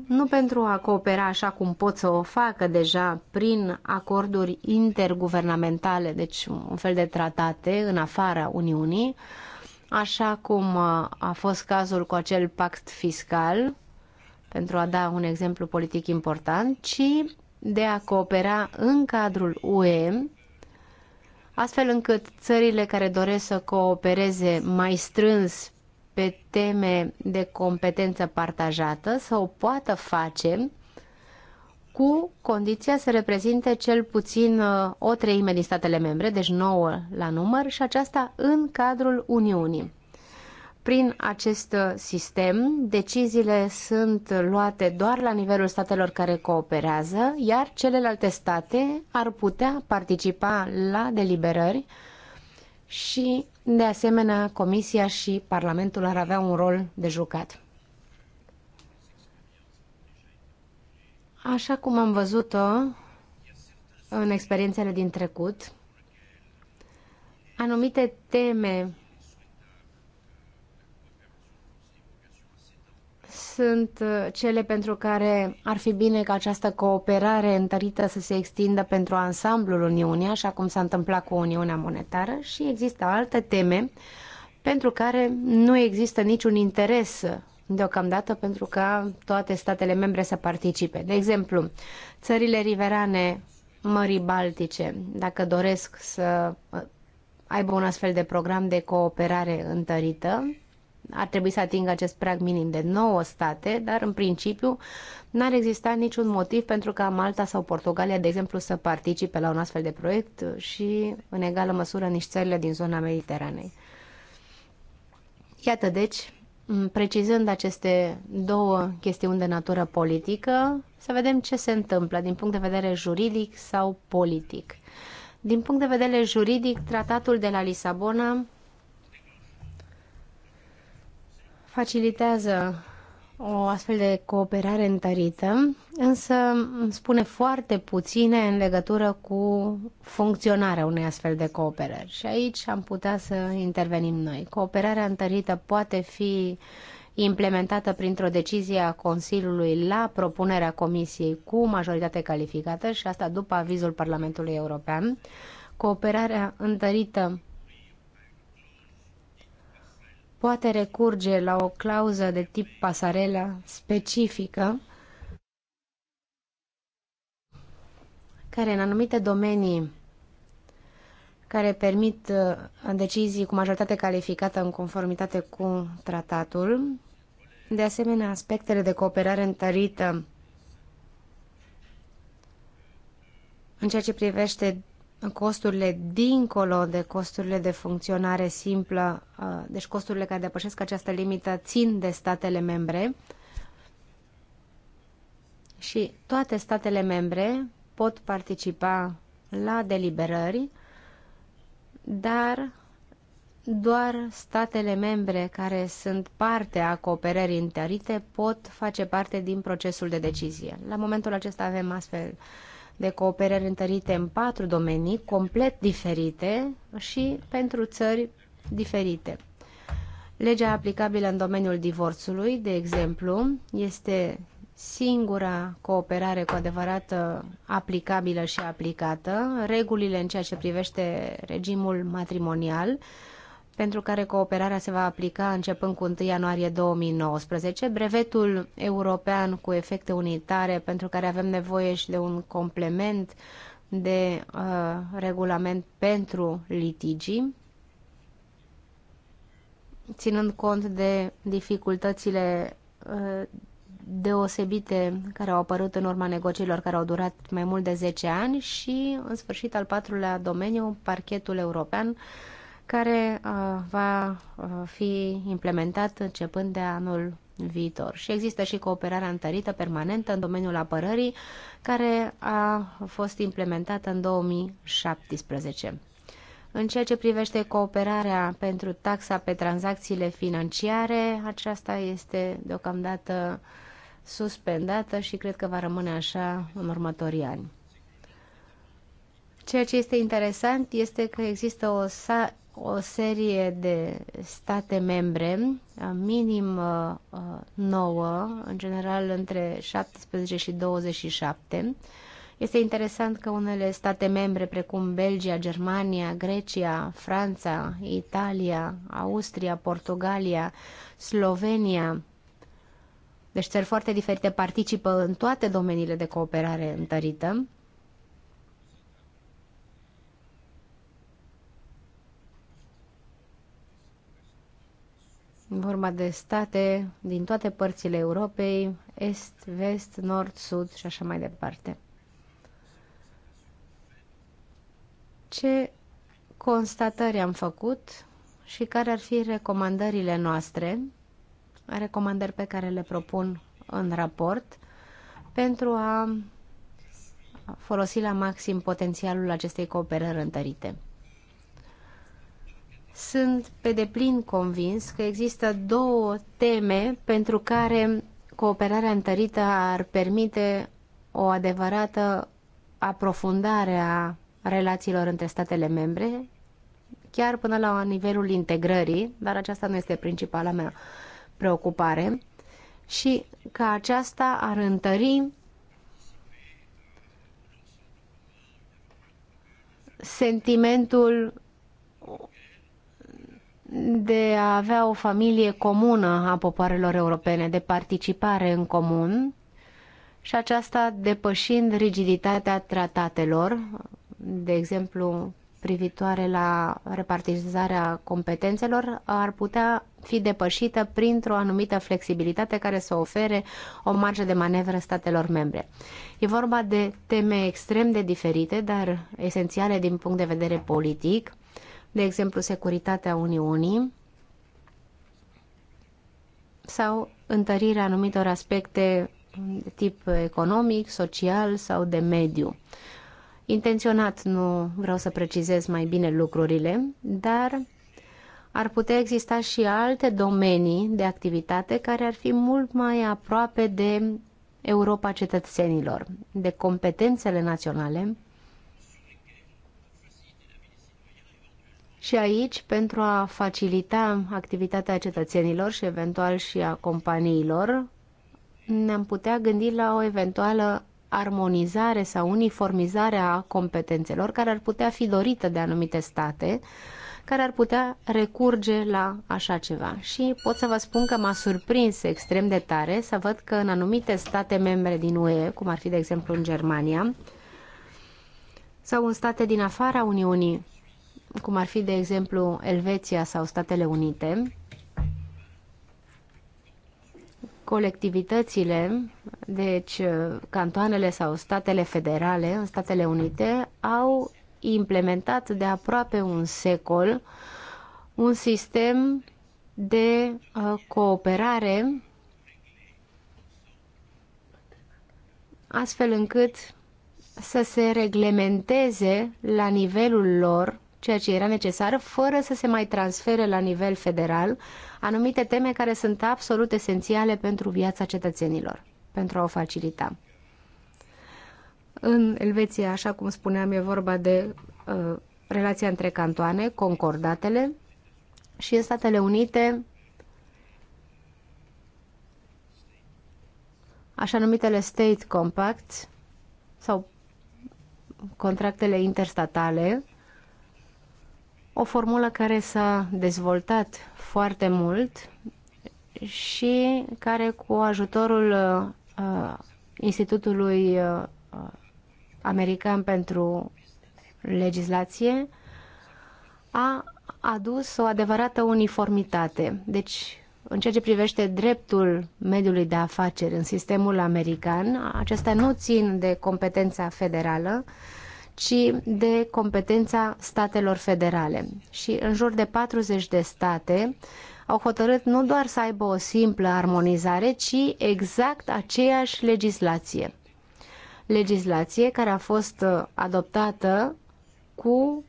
nu pentru a coopera așa cum pot să o facă deja prin acorduri interguvernamentale, deci un fel de tratate în afara Uniunii, așa cum a fost cazul cu acel pact fiscal, pentru a da un exemplu politic important, ci de a coopera în cadrul UE, astfel încât țările care doresc să coopereze mai strâns pe teme de competență partajată să o poată face cu condiția să reprezinte cel puțin uh, o treime din statele membre, deci nouă la număr, și aceasta în cadrul Uniunii prin acest uh, sistem, deciziile sunt luate doar la nivelul statelor care cooperează, iar celelalte state ar putea participa la deliberări și, de asemenea, Comisia și Parlamentul ar avea un rol de jucat. Așa cum am văzut-o în experiențele din trecut, anumite teme sunt uh, cele pentru care ar fi bine ca această cooperare întărită să se extindă pentru ansamblul Uniunii, așa cum s-a întâmplat cu Uniunea Monetară și există alte teme pentru care nu există niciun interes deocamdată pentru ca toate statele membre să participe. De exemplu, țările riverane Mării Baltice, dacă doresc să uh, aibă un astfel de program de cooperare întărită, ar trebui să atingă acest prag minim de 9 state, dar în principiu n-ar exista niciun motiv pentru ca Malta sau Portugalia, de exemplu, să participe la un astfel de proiect și, în egală măsură, nici țările din zona Mediteranei. Iată, deci, precizând aceste două chestiuni de natură politică, să vedem ce se întâmplă din punct de vedere juridic sau politic. Din punct de vedere juridic, tratatul de la Lisabona facilitează o astfel de cooperare întărită, însă spune foarte puține în legătură cu funcționarea unei astfel de cooperări. Și aici am putea să intervenim noi. Cooperarea întărită poate fi implementată printr-o decizie a Consiliului la propunerea Comisiei cu majoritate calificată și asta după avizul Parlamentului European. Cooperarea întărită poate recurge la o clauză de tip pasarela specifică care în anumite domenii care permit uh, decizii cu majoritate calificată în conformitate cu tratatul, de asemenea aspectele de cooperare întărită în ceea ce privește costurile dincolo de costurile de funcționare simplă, uh, deci costurile care depășesc această limită țin de statele membre și toate statele membre pot participa la deliberări, dar doar statele membre care sunt parte a cooperării întărite pot face parte din procesul de decizie. La momentul acesta avem astfel uh, de cooperări întărite în patru domenii complet diferite și pentru țări diferite. Legea aplicabilă în domeniul divorțului, de exemplu, este singura cooperare cu adevărat uh, aplicabilă și aplicată, regulile în ceea ce privește regimul matrimonial, pentru care cooperarea se va aplica începând cu 1 ianuarie 2019, brevetul european cu efecte unitare, pentru care avem nevoie și de un complement de uh, regulament pentru litigii, ținând cont de dificultățile uh, deosebite care au apărut în urma negocierilor care au durat mai mult de 10 ani și, în sfârșit, al patrulea domeniu, parchetul european, uh, care uh, va uh, fi implementat începând de anul viitor. Și există și cooperarea întărită permanentă în domeniul apărării, care a fost implementată în 2017. În ceea ce privește cooperarea pentru taxa pe tranzacțiile financiare, aceasta este deocamdată suspendată și cred că va rămâne așa în următorii ani. Ceea ce este interesant este că există o o serie de state membre, minim 9, uh, uh, în general între 17 și 27. Este interesant că unele state membre, precum Belgia, Germania, Grecia, Franța, Italia, Austria, Portugalia, Slovenia, deci țări foarte diferite participă în toate domeniile de cooperare întărită. vorba de state din toate părțile Europei, est, vest, nord, sud și așa mai departe. Ce constatări am făcut și care ar fi recomandările noastre, recomandări pe care le propun în raport, pentru a folosi la maxim potențialul acestei cooperări întărite. Sunt pe deplin convins că există două teme pentru care cooperarea întărită ar permite o adevărată aprofundare a relațiilor între statele membre, chiar până la nivelul integrării, dar aceasta nu este principala mea preocupare, și că aceasta ar întări sentimentul de a avea o familie comună a popoarelor europene, de participare în comun și aceasta depășind rigiditatea tratatelor, de exemplu privitoare la repartizarea competențelor, ar putea fi depășită printr-o anumită flexibilitate care să ofere o marge de manevră statelor membre. E vorba de teme extrem de diferite, dar esențiale din punct de vedere politic, de exemplu securitatea Uniunii sau întărirea anumitor aspecte de tip economic, social sau de mediu. Intenționat nu vreau să precizez mai bine lucrurile, dar ar putea exista și alte domenii de activitate care ar fi mult mai aproape de Europa cetățenilor, de competențele naționale Și aici, pentru a facilita activitatea cetățenilor și eventual și a companiilor, ne-am putea gândi la o eventuală armonizare sau uniformizare a competențelor care ar putea fi dorită de anumite state, care ar putea recurge la așa ceva. Și pot să vă spun că m-a surprins extrem de tare să văd că în anumite state membre din UE, cum ar fi de exemplu în Germania, sau în state din afara Uniunii cum ar fi, de exemplu, Elveția sau Statele Unite, colectivitățile, deci uh, cantoanele sau statele federale în Statele Unite, au implementat de aproape un secol un sistem de uh, cooperare astfel încât să se reglementeze la nivelul lor ceea ce era necesar, fără să se mai transfere la nivel federal anumite teme care sunt absolut esențiale pentru viața cetățenilor, pentru a o facilita. În Elveția, așa cum spuneam, e vorba de uh, relația între cantoane, concordatele, și în Statele Unite așa numitele state compact sau contractele interstatale o formulă care s-a dezvoltat foarte mult și care cu ajutorul uh, uh Institutului uh, uh, American pentru Legislație a adus o adevărată uniformitate. Deci, în ceea ce privește dreptul mediului de afaceri în sistemul american, acestea nu țin de competența federală, uh, ci de competența statelor federale. Și în jur de 40 de state au hotărât nu doar să aibă o simplă armonizare, ci exact aceeași legislație. Legislație care a fost uh, adoptată cu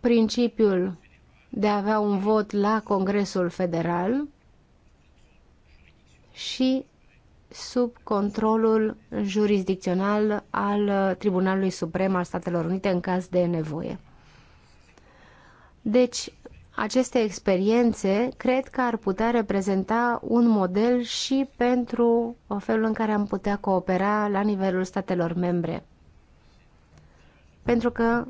principiul de a avea un vot la Congresul Federal și sub controlul jurisdicțional al Tribunalului Suprem al Statelor Unite în caz de nevoie. Deci, aceste experiențe cred că ar putea reprezenta un model și pentru o felul în care am putea coopera la nivelul statelor membre. Pentru că,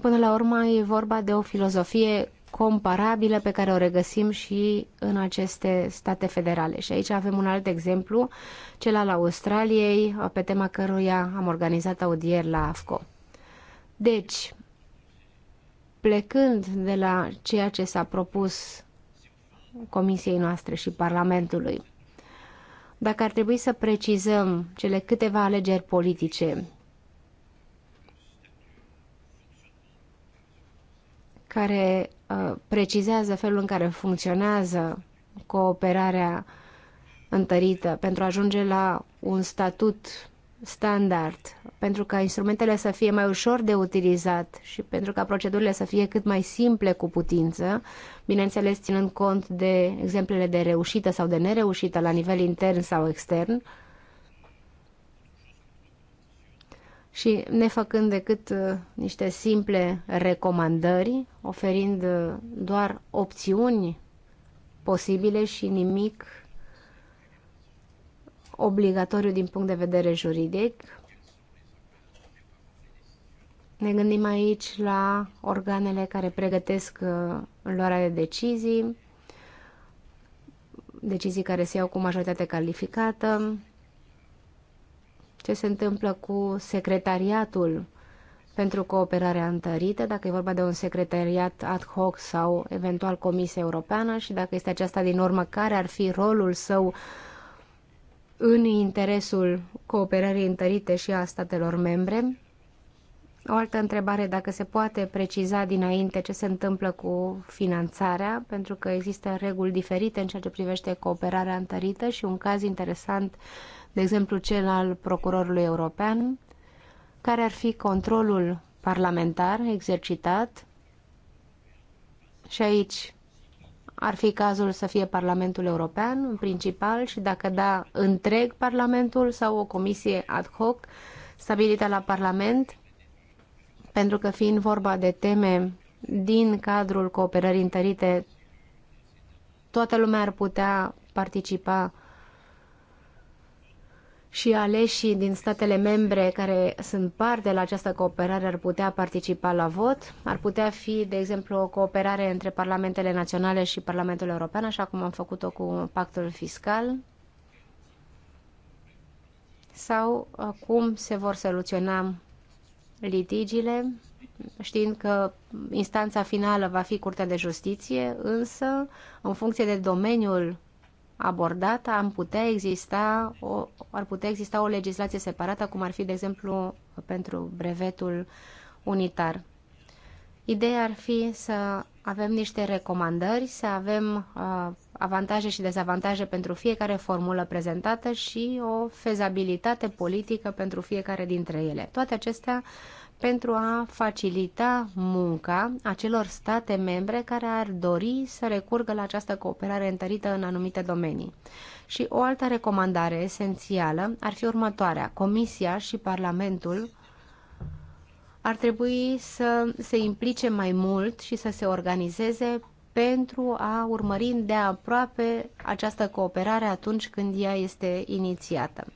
până la urmă, e vorba de o filozofie comparabilă pe care o regăsim și în aceste state federale. Și aici avem un alt exemplu, cel al Australiei, pe tema căruia am organizat audieri la AFCO. Deci, plecând de la ceea ce s-a propus Comisiei noastre și Parlamentului, dacă ar trebui să precizăm cele câteva alegeri politice care uh, precizează felul în care funcționează cooperarea întărită pentru a ajunge la un statut standard, pentru ca instrumentele să fie mai ușor de utilizat și pentru ca procedurile să fie cât mai simple cu putință, bineînțeles ținând cont de exemplele de reușită sau de nereușită la nivel intern sau extern, și ne făcând decât uh, niște simple recomandări, oferind uh, doar opțiuni posibile și nimic obligatoriu din punct de vedere juridic. Ne gândim aici la organele care pregătesc uh, luarea de decizii, decizii care se iau cu majoritate calificată, ce se întâmplă cu secretariatul pentru cooperarea întărită, dacă e vorba de un secretariat ad hoc sau eventual Comisia Europeană și dacă este aceasta din urmă, care ar fi rolul său în interesul cooperării întărite și a statelor membre. O altă întrebare, dacă se poate preciza dinainte ce se întâmplă cu finanțarea, pentru că există reguli diferite în ceea ce privește cooperarea întărită și un caz interesant uh, de exemplu cel al procurorului european, care ar fi controlul parlamentar exercitat și aici ar fi cazul să fie Parlamentul European în principal și dacă da, întreg Parlamentul sau o comisie ad hoc stabilită la Parlament, pentru că fiind vorba de teme din cadrul cooperării întărite, toată lumea ar putea participa și aleșii din statele membre care sunt parte la această cooperare ar putea participa la vot. Ar putea fi, de exemplu, o cooperare între parlamentele naționale și Parlamentul European, așa cum am făcut-o cu pactul fiscal, sau uh, cum se vor soluționa litigiile, știind că instanța finală va fi Curtea de Justiție, însă, în funcție de domeniul abordată, am putea exista o, ar putea exista o legislație separată, cum ar fi, de exemplu, pentru brevetul unitar. Ideea ar fi să avem niște recomandări, să avem uh, avantaje și dezavantaje pentru fiecare formulă prezentată și o fezabilitate politică pentru fiecare dintre ele. Toate acestea uh, pentru a facilita munca acelor state membre care ar dori să recurgă la această cooperare întărită în anumite domenii. Și o altă recomandare esențială ar fi următoarea. Comisia și Parlamentul ar trebui să se implice mai mult și să se organizeze pentru a urmări de aproape această cooperare atunci când ea este inițiată.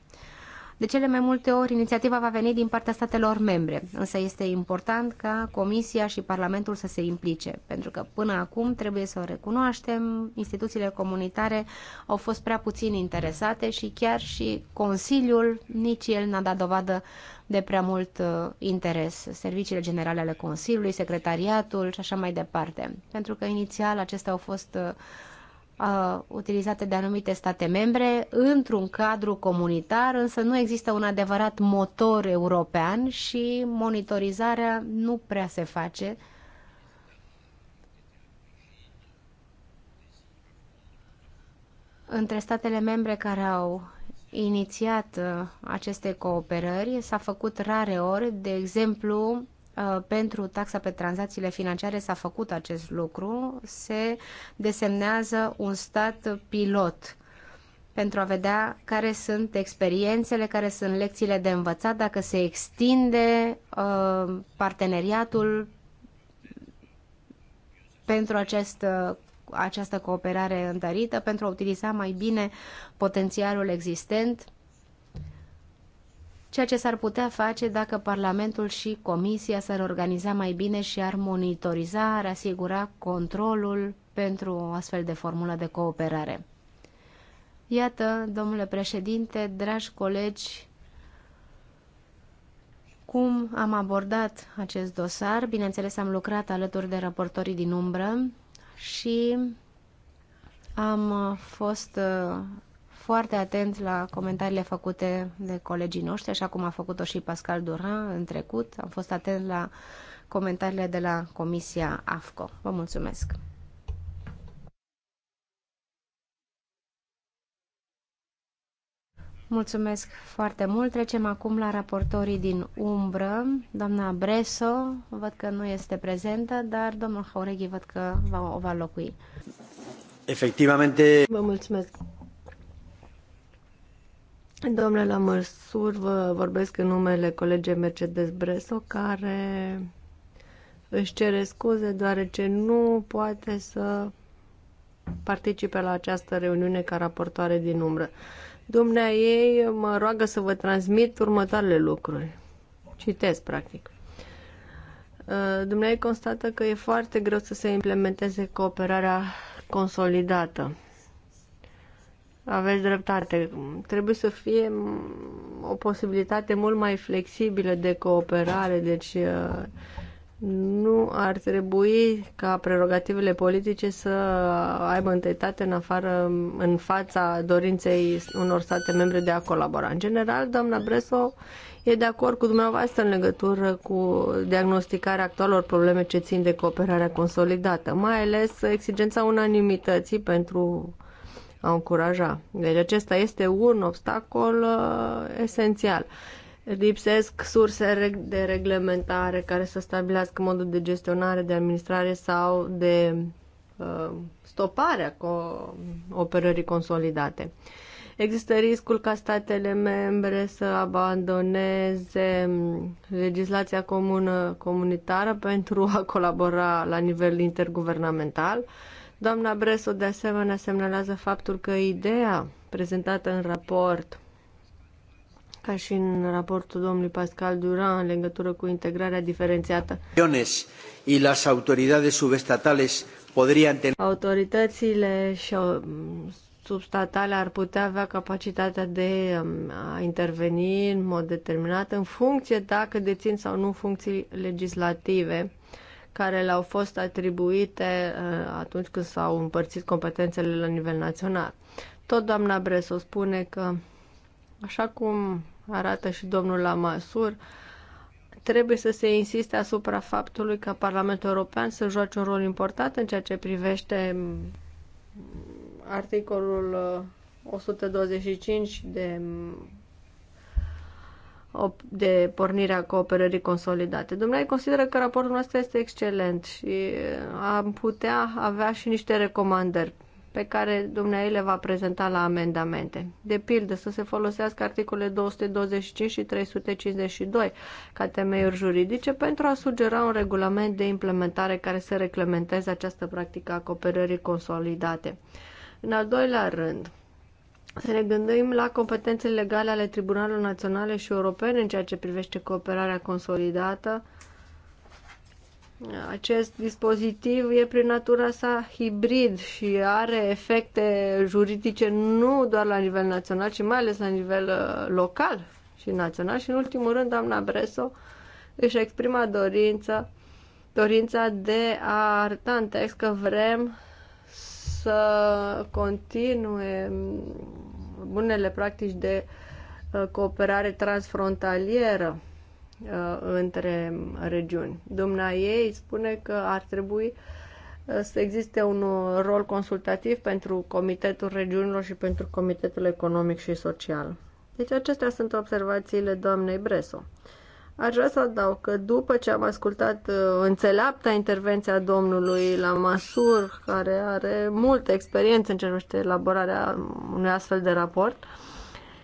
De cele mai multe ori, inițiativa va veni din partea statelor membre, însă este important ca Comisia și Parlamentul să se implice, pentru că până acum, trebuie să o recunoaștem, instituțiile comunitare au fost prea puțin interesate și chiar și Consiliul, nici el n-a dat dovadă de prea mult uh, interes. Serviciile generale ale Consiliului, secretariatul și așa mai departe. Pentru că inițial acestea au fost uh, Uh, utilizate de anumite state membre într-un cadru comunitar, însă nu există un adevărat motor european și monitorizarea nu prea se face. Între statele membre care au inițiat uh, aceste cooperări s-a făcut rare ori, de exemplu, Uh, pentru taxa pe tranzacțiile financiare s-a făcut acest lucru, se desemnează un stat pilot pentru a vedea care sunt experiențele, care sunt lecțiile de învățat, dacă se extinde uh, parteneriatul pentru acest, uh, această cooperare întărită, pentru a utiliza mai bine potențialul existent ceea ce s-ar putea face dacă Parlamentul și Comisia s-ar organiza mai bine și ar monitoriza, ar asigura controlul pentru o astfel de formulă de cooperare. Iată, domnule președinte, dragi colegi, cum am abordat acest dosar. Bineînțeles, am lucrat alături de raportorii din umbră și am fost foarte atent la comentariile făcute de colegii noștri, așa cum a făcut-o și Pascal Duran în trecut. Am fost atent la comentariile de la Comisia AFCO. Vă mulțumesc! Mulțumesc foarte mult. Trecem acum la raportorii din umbră. Doamna Breso, văd că nu este prezentă, dar domnul Haureghi văd că va, o va locui. Efectivamente. Vă mulțumesc. Domnule la măsur, vă vorbesc în numele colegei Mercedes Breso, care își cere scuze deoarece nu poate să participe la această reuniune ca raportoare din umbră. Dumnea ei mă roagă să vă transmit următoarele lucruri. Citesc, practic. Uh, Dumnezeu constată că e foarte greu să se implementeze cooperarea consolidată aveți dreptate. Trebuie să fie o posibilitate mult mai flexibilă de cooperare, deci uh, nu ar trebui ca prerogativele politice să aibă întâietate în, afară, în fața dorinței unor state membre de a colabora. În general, doamna Breso e de acord cu dumneavoastră în legătură cu diagnosticarea actualor probleme ce țin de cooperarea consolidată, mai ales exigența unanimității pentru a încuraja. Deci acesta este un obstacol uh, esențial. Lipsesc surse de reglementare care să stabilească modul de gestionare, de administrare sau de uh, stopare a co- operării consolidate. Există riscul ca statele membre să abandoneze mm, legislația comună comunitară pentru a colabora la nivel interguvernamental. Uh, Doamna Bresu de asemenea semnalează faptul că ideea prezentată în raport ca și în raportul domnului Pascal Duran în legătură cu integrarea diferențiată. Y las autoridades subestatales podrían tener... Autoritățile și substatale ar putea avea capacitatea de um, a interveni în mod determinat în funcție dacă dețin sau nu funcții legislative care le-au fost atribuite uh, atunci când s-au împărțit competențele la nivel național. Tot doamna Breso spune că, așa cum arată și domnul Lamasur, trebuie să se insiste asupra faptului că Parlamentul European să joace un rol important în ceea ce privește mm, articolul 125 uh, de mm, de pornirea cooperării consolidate. Dumnezeu consideră că raportul nostru este excelent și uh, am putea avea și niște recomandări pe care Dumnezeu le va prezenta la amendamente. De pildă, să se folosească articolele 225 și 352 ca temeiuri juridice pentru a sugera un regulament de implementare care să reglementeze această practică a cooperării consolidate. În al doilea rând, să ne gândim la competențele legale ale tribunalului Naționale și Europene în ceea ce privește cooperarea consolidată. Acest dispozitiv e prin natura sa hibrid și are efecte juridice nu doar la nivel național, ci mai ales la nivel uh, local și național. Și în ultimul rând, doamna Breso își exprima dorința, dorința de a arăta în text că vrem să continue bunele practici de uh, cooperare transfrontalieră uh, între regiuni. Dumna ei spune că ar trebui uh, să existe un rol consultativ pentru Comitetul Regiunilor și pentru Comitetul Economic și Social. Deci acestea sunt observațiile doamnei Breso. Aș vrea să adaug că după ce am ascultat uh, înțeleapta intervenția domnului la Masur, care are multă experiență în ce privește elaborarea unui astfel de raport,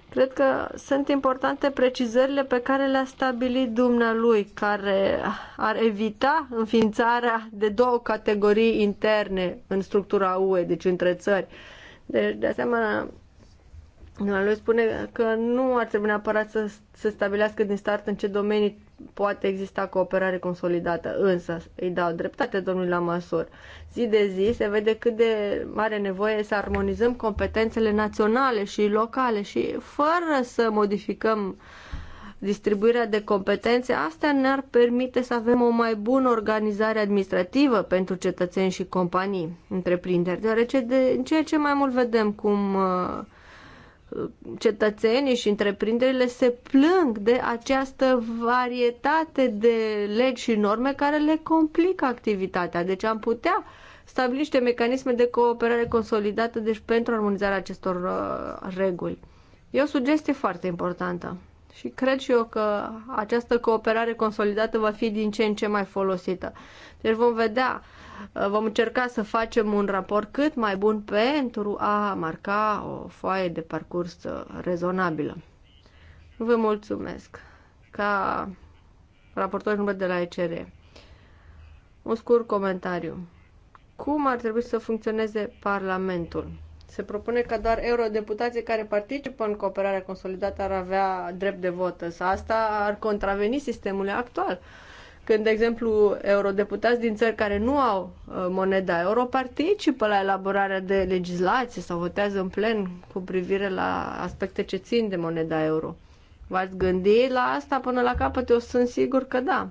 cred că sunt importante precizările pe care le-a stabilit dumnealui, care ar evita înființarea de două categorii interne în structura UE, deci între țări. Deci, de asemenea, lui spune că nu ar trebui neapărat să se stabilească din start în ce domenii poate exista cooperare consolidată, însă îi dau dreptate domnului Lamasor. Zi de zi se vede cât de mare nevoie să armonizăm competențele naționale și locale și fără să modificăm distribuirea de competențe, asta ne-ar permite să avem o mai bună organizare administrativă pentru cetățeni și companii, întreprinderi, deoarece de, în ceea ce mai mult vedem cum uh, cetățenii și întreprinderile se plâng de această varietate de legi și norme care le complică activitatea. Deci am putea stabili niște mecanisme de cooperare consolidată deci pentru armonizarea acestor uh, reguli. E o sugestie foarte importantă și cred și eu că această cooperare consolidată va fi din ce în ce mai folosită. Deci vom vedea Vom încerca să facem un raport cât mai bun pentru a marca o foaie de parcurs uh, rezonabilă. Vă mulțumesc ca raportor număr de la ECR. Un scurt comentariu. Cum ar trebui să funcționeze Parlamentul? Se propune ca doar eurodeputații care participă în cooperarea consolidată ar avea drept de vot, însă asta ar contraveni sistemului actual. Uh, când, de exemplu, eurodeputați din țări care nu au uh, moneda euro participă la elaborarea de legislație sau votează în plen cu privire la aspecte ce țin de moneda euro. V-ați gândit la asta până la capăt? Eu sunt sigur că da.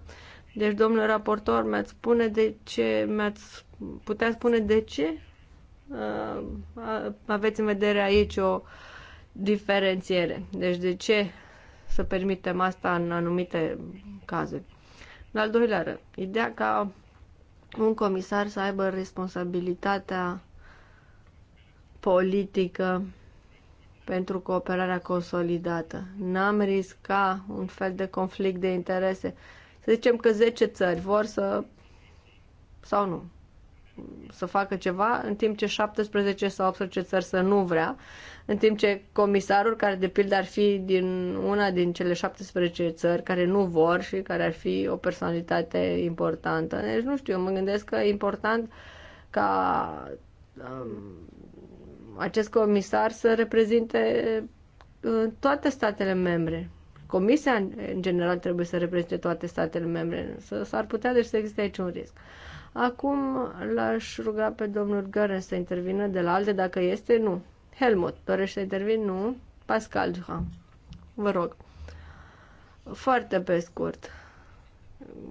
Deci, domnule raportor, mi-ați spune de ce, mi-ați putea spune de ce uh, aveți în vedere aici o diferențiere. Deci, de ce să permitem asta în anumite cazuri? În al doilea rând, ideea ca un comisar să aibă responsabilitatea politică pentru cooperarea consolidată. N-am risca un fel de conflict de interese. Să zicem că 10 țări vor să sau nu să facă ceva, în timp ce 17 sau 18 țări să nu vrea în timp ce comisarul, care de pildă ar fi din una din cele 17 țări care nu vor și care ar fi o personalitate importantă. Deci, nu știu, mă gândesc că e important ca um, acest comisar să reprezinte uh, toate statele membre. Comisia, în general, trebuie să reprezinte toate statele membre. S-ar putea, deci, să existe aici un risc. Acum l-aș ruga pe domnul Gărân să intervină de la alte, dacă este, nu. Helmut, dorește să intervin? Nu. Pascal Duran, vă rog. Foarte pe scurt.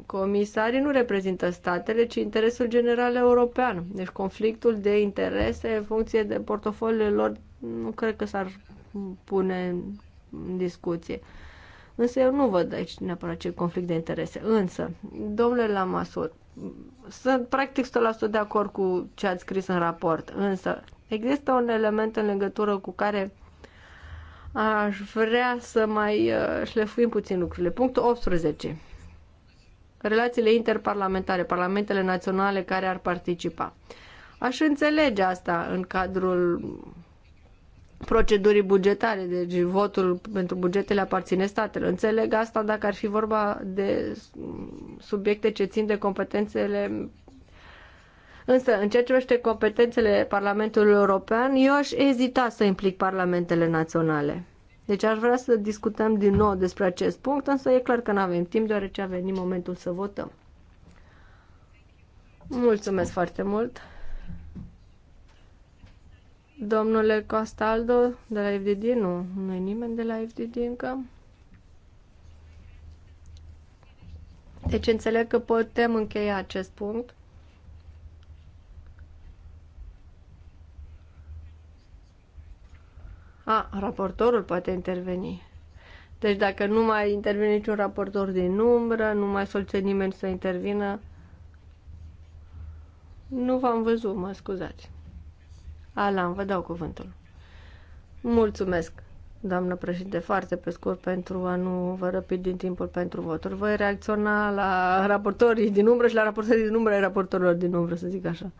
Comisarii nu reprezintă statele, ci interesul general european. Deci conflictul de interese în funcție de portofoliile lor nu cred că s-ar pune în discuție. Însă eu nu văd aici neapărat ce conflict de interese. Însă, domnule Lamasur, sunt practic 100% de acord cu ce ați scris în raport, însă Există un element în legătură cu care aș vrea să mai uh, șlefuim puțin lucrurile. Punctul 18. Relațiile interparlamentare, parlamentele naționale care ar participa. Aș înțelege asta în cadrul procedurii bugetare, deci votul pentru bugetele aparține statelor. Înțeleg asta dacă ar fi vorba de subiecte ce țin de competențele Însă, în ceea ce privește competențele Parlamentului European, eu aș ezita să implic parlamentele naționale. Deci aș vrea să discutăm din nou despre acest punct, însă e clar că nu avem timp, deoarece a venit momentul să votăm. Mulțumesc foarte mult! Domnule Costaldo de la FDD, nu, nu e nimeni de la FDD încă. Deci înțeleg că putem încheia acest punct. A, raportorul poate interveni. Deci dacă nu mai intervine niciun raportor din umbră, nu mai solțe nimeni să intervină, nu v-am văzut, mă scuzați. Alan, vă dau cuvântul. Mulțumesc, doamnă președinte, foarte pe scurt pentru a nu vă răpi din timpul pentru voturi. Voi reacționa la raportorii din umbră și la raportorii din umbră ai raportorilor din umbră, să zic așa.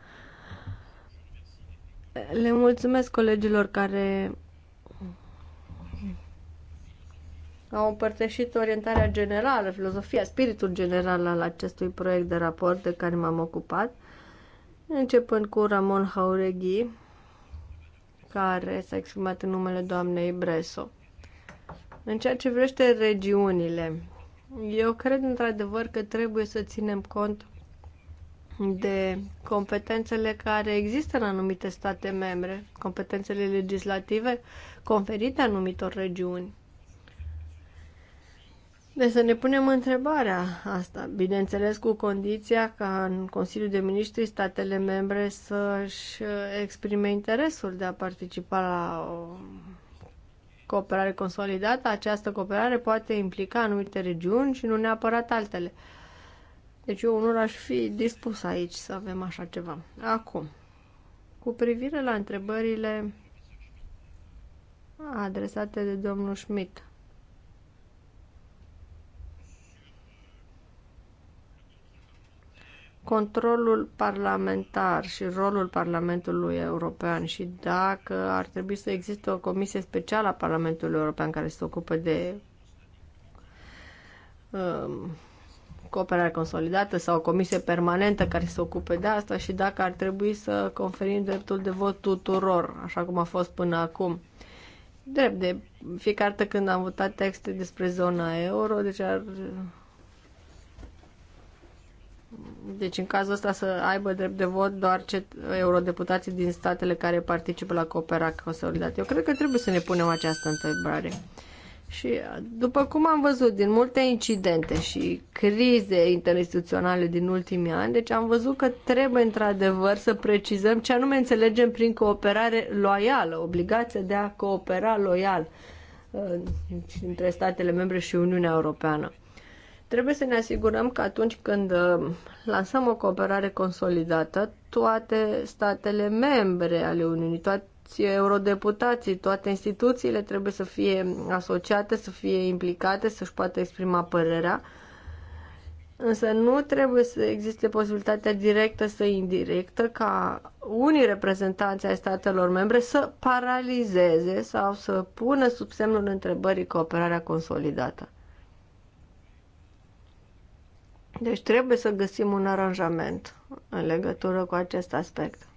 Le mulțumesc colegilor care au împărtășit orientarea generală, filozofia, spiritul general al acestui proiect de raport de care m-am ocupat, începând cu Ramon Jauregui, care s-a exprimat în numele doamnei Breso. În ceea ce vrește regiunile, eu cred într-adevăr că trebuie să ținem cont de competențele care există în anumite state membre, competențele legislative conferite anumitor regiuni. Deci să ne punem întrebarea asta, bineînțeles cu condiția ca în Consiliul de Ministri statele membre să-și exprime interesul de a participa la o cooperare consolidată. Această cooperare poate implica anumite regiuni și nu neapărat altele. Deci eu unul aș fi dispus aici să avem așa ceva. Acum, cu privire la întrebările adresate de domnul Schmidt, controlul parlamentar și rolul Parlamentului European și dacă ar trebui să existe o comisie specială a Parlamentului European care se ocupe de um, cooperare consolidată sau o comisie permanentă care se ocupe de asta și dacă ar trebui să conferim dreptul de vot tuturor, așa cum a fost până acum. Drept de fiecare dată când am votat texte despre zona euro, deci ar deci în cazul ăsta să aibă drept de vot doar ce eurodeputații din statele care participă la coopera consolidată. Eu cred că trebuie să ne punem această întrebare. Și după cum am văzut din multe incidente și crize interinstituționale din ultimii ani, deci am văzut că trebuie într-adevăr să precizăm ce anume înțelegem prin cooperare loială, obligația de a coopera loial între uh, statele membre și Uniunea Europeană. Trebuie să ne asigurăm că atunci când uh, lansăm o cooperare consolidată, toate statele membre ale Uniunii, toate eurodeputații, toate instituțiile trebuie să fie asociate, să fie implicate, să-și poată exprima părerea, însă nu trebuie să existe posibilitatea directă sau indirectă ca unii reprezentanți ai statelor membre să paralizeze sau să pună sub semnul întrebării cooperarea consolidată. Deci trebuie să găsim un aranjament în legătură cu acest aspect.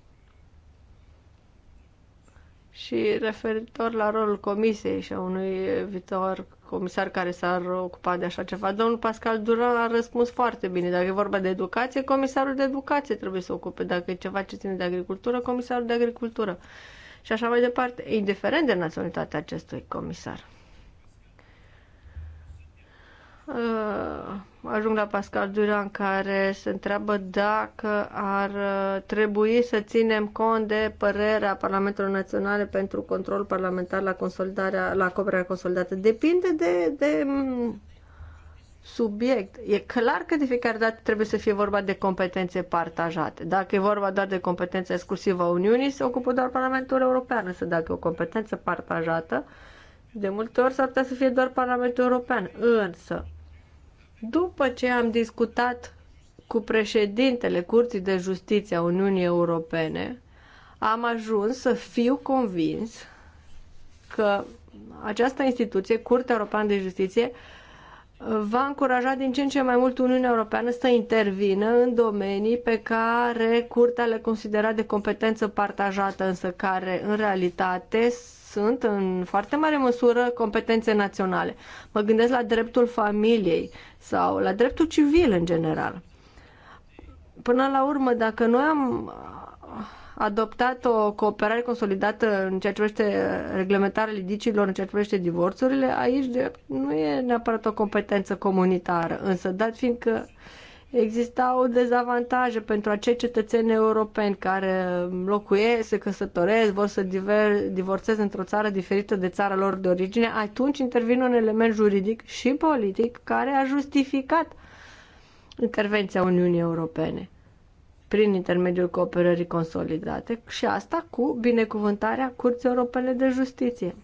Și referitor la rolul comisiei și a unui viitor comisar care s-ar ocupa de așa ceva, domnul Pascal Duran a răspuns foarte bine. Dacă e vorba de educație, comisarul de educație trebuie să ocupe. Dacă e ceva ce ține de agricultură, comisarul de agricultură. Și așa mai departe, indiferent de naționalitatea acestui comisar. Uh, ajung la Pascal Duran care se întreabă dacă ar uh, trebui să ținem cont de părerea Parlamentului Național pentru control parlamentar la consolidarea, la acoperirea consolidată. Depinde de, de mm, subiect. E clar că de fiecare dată trebuie să fie vorba de competențe partajate. Dacă e vorba doar de competență exclusivă a Uniunii, se ocupă doar Parlamentul European, însă dacă e o competență partajată, de multe ori s-ar putea să fie doar Parlamentul European. Însă, după ce am discutat cu președintele Curții de Justiție a Uniunii Europene, am ajuns să fiu convins că această instituție, Curtea Europeană de Justiție, va încuraja din ce în ce mai mult Uniunea Europeană să intervină în domenii pe care Curtea le considera de competență partajată, însă care în realitate sunt în foarte mare măsură competențe naționale. Mă gândesc la dreptul familiei, sau la dreptul civil în general. Până la urmă, dacă noi am adoptat o cooperare consolidată în ceea ce privește reglementarea litigiilor, în ceea ce privește divorțurile, aici nu e neapărat o competență comunitară, însă dat fiindcă uh, Exista o dezavantaje pentru acei cetățeni europeni care locuiesc, se căsătoresc, vor să diver, divorțeze într-o țară diferită de țara lor de origine, atunci intervine un element juridic și politic care a justificat intervenția Uniunii Europene prin intermediul cooperării consolidate și asta cu binecuvântarea Curții Europene de Justiție.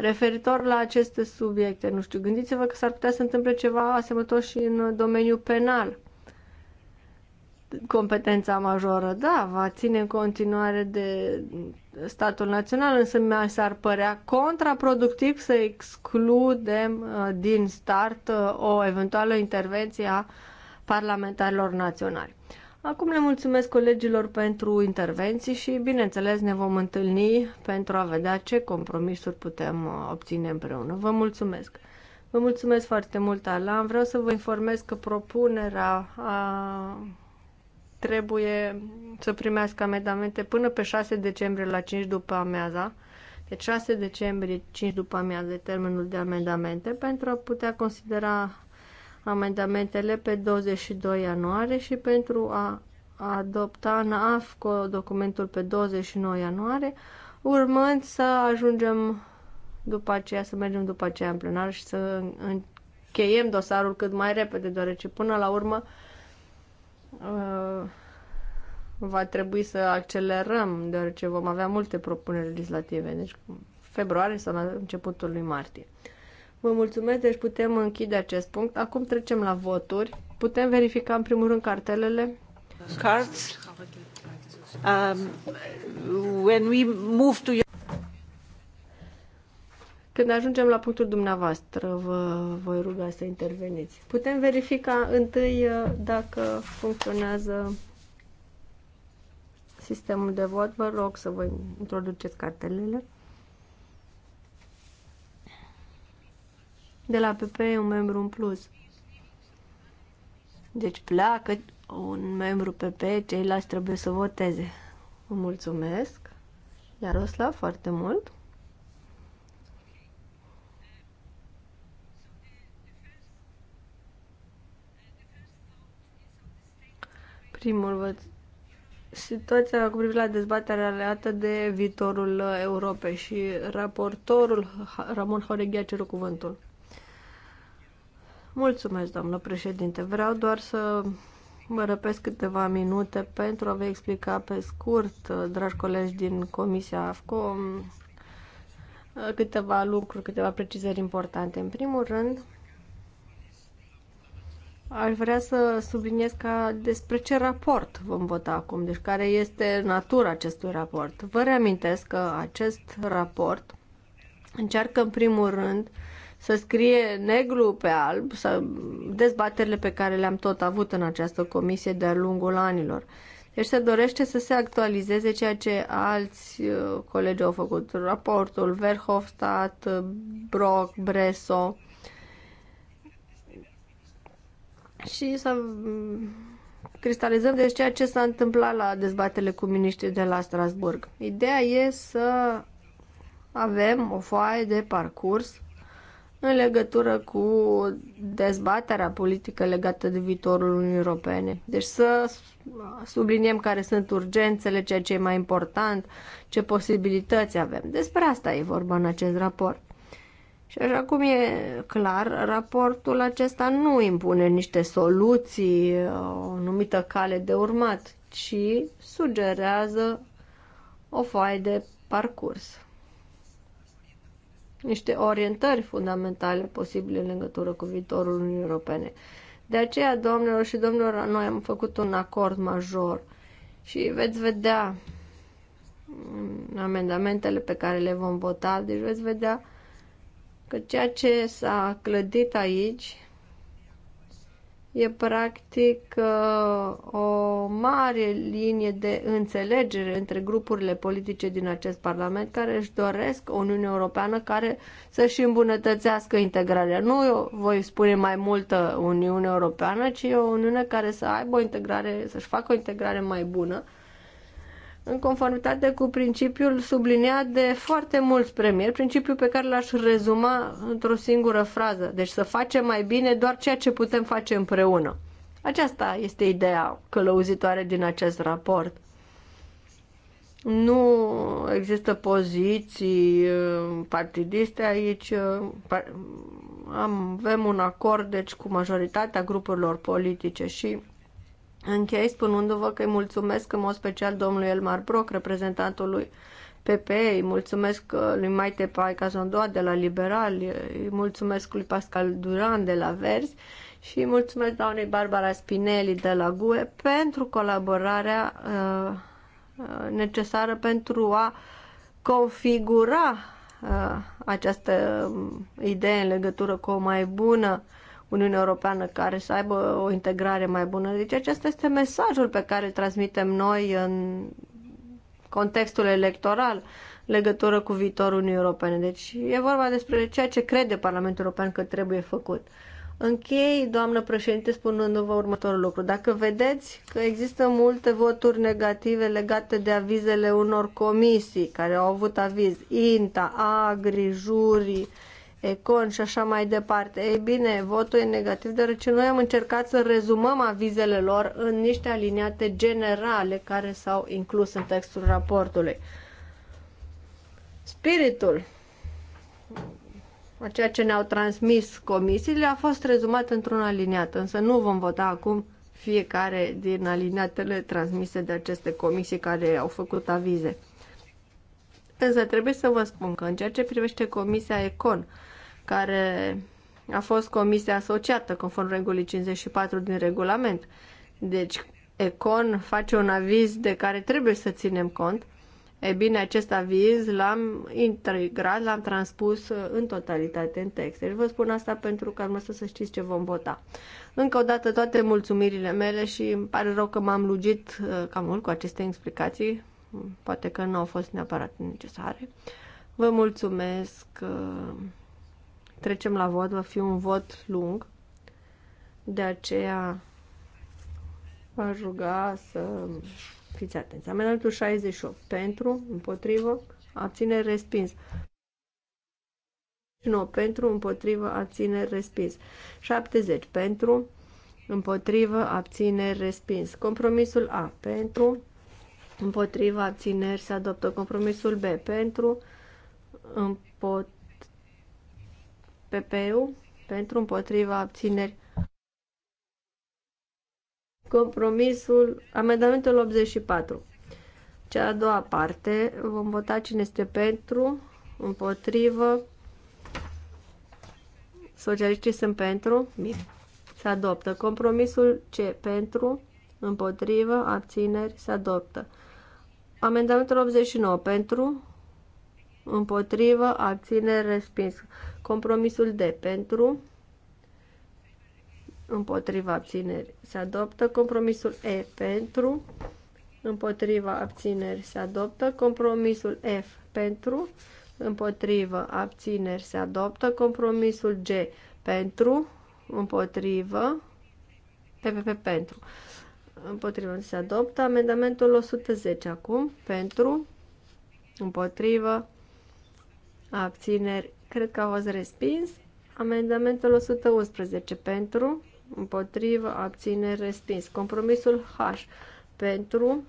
Referitor la aceste subiecte, nu știu, gândiți-vă că s-ar putea să întâmple ceva asemănător și în domeniul penal. Competența majoră, da, va ține în continuare de statul național, însă mi s-ar părea contraproductiv să excludem uh, din start uh, o eventuală intervenție a parlamentarilor naționali. Acum le mulțumesc colegilor pentru intervenții și, bineînțeles, ne vom întâlni pentru a vedea ce compromisuri putem uh, obține împreună. Vă mulțumesc! Vă mulțumesc foarte mult, Alan. Vreau să vă informez că propunerea a... trebuie să primească amendamente până pe 6 decembrie la 5 după amiaza. Deci 6 decembrie, 5 după amiază, termenul de amendamente pentru a putea considera amendamentele pe 22 ianuarie și pentru a adopta în AFCO documentul pe 29 ianuarie, urmând să ajungem după aceea, să mergem după aceea în plenar și să încheiem dosarul cât mai repede, deoarece până la urmă uh, va trebui să accelerăm, deoarece vom avea multe propuneri legislative, deci februarie sau la începutul lui martie. Vă mulțumesc, deci putem închide acest punct. Acum trecem la voturi. Putem verifica în primul rând cartelele? Cards. Um, when we move to your... Când ajungem la punctul dumneavoastră, vă voi ruga să interveniți. Putem verifica întâi uh, dacă funcționează sistemul de vot. Vă rog să vă introduceți cartelele. de la PP e un membru în plus. Deci pleacă un membru PP, ceilalți trebuie să voteze. Vă mulțumesc, iar Iaroslav, foarte mult. Primul văd situația cu privire la dezbaterea legată de viitorul Europei și raportorul Ramon Horeghi a cerut cuvântul. Mulțumesc, doamnă președinte. Vreau doar să mă răpesc câteva minute pentru a vă explica pe scurt, dragi colegi din Comisia AFCO, câteva lucruri, câteva precizări importante. În primul rând, Aș vrea să subliniez ca despre ce raport vom vota acum, deci care este natura acestui raport. Vă reamintesc că acest raport încearcă în primul rând să scrie negru pe alb să dezbaterile pe care le-am tot avut în această comisie de-a lungul anilor. Deci se dorește să se actualizeze ceea ce alți uh, colegi au făcut. Raportul Verhofstadt, uh, Brock, Breso și să mm, cristalizăm deci ceea ce s-a întâmplat la dezbatele cu miniștrii de la Strasburg. Ideea e să avem o foaie de parcurs în legătură cu dezbaterea politică legată de viitorul Uniunii Europene. Deci să subliniem care sunt urgențele, ceea ce e mai important, ce posibilități avem. Despre asta e vorba în acest raport. Și așa cum e clar, raportul acesta nu impune niște soluții, o numită cale de urmat, ci sugerează o foaie de parcurs niște orientări fundamentale posibile în legătură cu viitorul Uniunii Europene. De aceea, domnilor și domnilor, noi am făcut un acord major și veți vedea mm, amendamentele pe care le vom vota, deci veți vedea că ceea ce s-a clădit aici e practic uh, o mare linie de înțelegere între grupurile politice din acest Parlament care își doresc o Uniune Europeană care să-și îmbunătățească integrarea. Nu eu voi spune mai multă Uniune Europeană, ci o Uniune care să aibă o integrare, să-și facă o integrare mai bună în conformitate cu principiul subliniat de foarte mulți premieri, principiul pe care l-aș rezuma într-o singură frază. Deci să facem mai bine doar ceea ce putem face împreună. Aceasta este ideea călăuzitoare din acest raport. Nu există poziții uh, partidiste aici. Uh, avem un acord deci, cu majoritatea grupurilor politice și Închei spunându-vă că îi mulțumesc în mod special domnului Elmar Broc, lui PPE, îi mulțumesc uh, lui Maite Pai Cazondoa de la Liberali, îi mulțumesc lui Pascal Duran de la Verzi și îi mulțumesc doamnei Barbara Spinelli de la GUE pentru colaborarea uh, uh, necesară pentru a configura această um, idee în legătură cu o mai bună Uniunea Europeană care să aibă o integrare mai bună. Deci acesta este mesajul pe care îl transmitem noi în contextul electoral legătură cu viitorul Uniunii Europene. Deci e vorba despre ceea ce crede Parlamentul European că trebuie făcut. Închei, doamnă președinte, spunându-vă următorul lucru. Dacă vedeți că există multe voturi negative legate de avizele unor comisii care au avut aviz, INTA, AGRI, Jurii, Econ și așa mai departe. Ei bine, votul e negativ, deoarece noi am încercat să rezumăm avizele lor în niște aliniate generale care s-au inclus în textul raportului. Spiritul a ceea ce ne-au transmis comisiile a fost rezumat într-un aliniat, însă nu vom vota acum fiecare din aliniatele transmise de aceste comisii care au făcut avize. Însă trebuie să vă spun că în ceea ce privește Comisia Econ, care a fost comisia asociată conform regulii 54 din regulament. Deci Econ face un aviz de care trebuie să ținem cont. E bine, acest aviz l-am integrat, l-am transpus uh, în totalitate în text. Deci vă spun asta pentru că am să știți ce vom vota. Încă o dată toate mulțumirile mele și îmi pare rău că m-am lugit uh, cam mult cu aceste explicații. Poate că nu au fost neapărat necesare. Vă mulțumesc uh, trecem la vot, va fi un vot lung. De aceea vă ruga să fiți atenți. Amendamentul 68. Pentru, împotrivă, abține, respins. 9. Pentru, împotrivă, abține, respins. 70. Pentru, împotrivă, abține, respins. Compromisul A. Pentru, împotrivă, abțineri, se adoptă. Compromisul B. Pentru, împotrivă, PPU pentru împotriva abțineri. Compromisul, amendamentul 84. Cea a doua parte, vom vota cine este pentru, împotrivă, socialiștii sunt pentru, bine, se adoptă. Compromisul ce pentru, împotrivă, abțineri, se adoptă. Amendamentul 89 pentru, împotrivă, abțineri, respins. Compromisul D pentru, împotriva abțineri. Se adoptă compromisul E pentru, împotriva abțineri. Se adoptă compromisul F pentru, împotrivă, abțineri. Se adoptă compromisul G pentru, împotrivă, PPP pentru. Împotrivă se adoptă amendamentul 110 acum pentru, împotrivă, abțineri, cred că a fost respins. Amendamentul 111 pentru, împotrivă, abțineri, respins. Compromisul H pentru,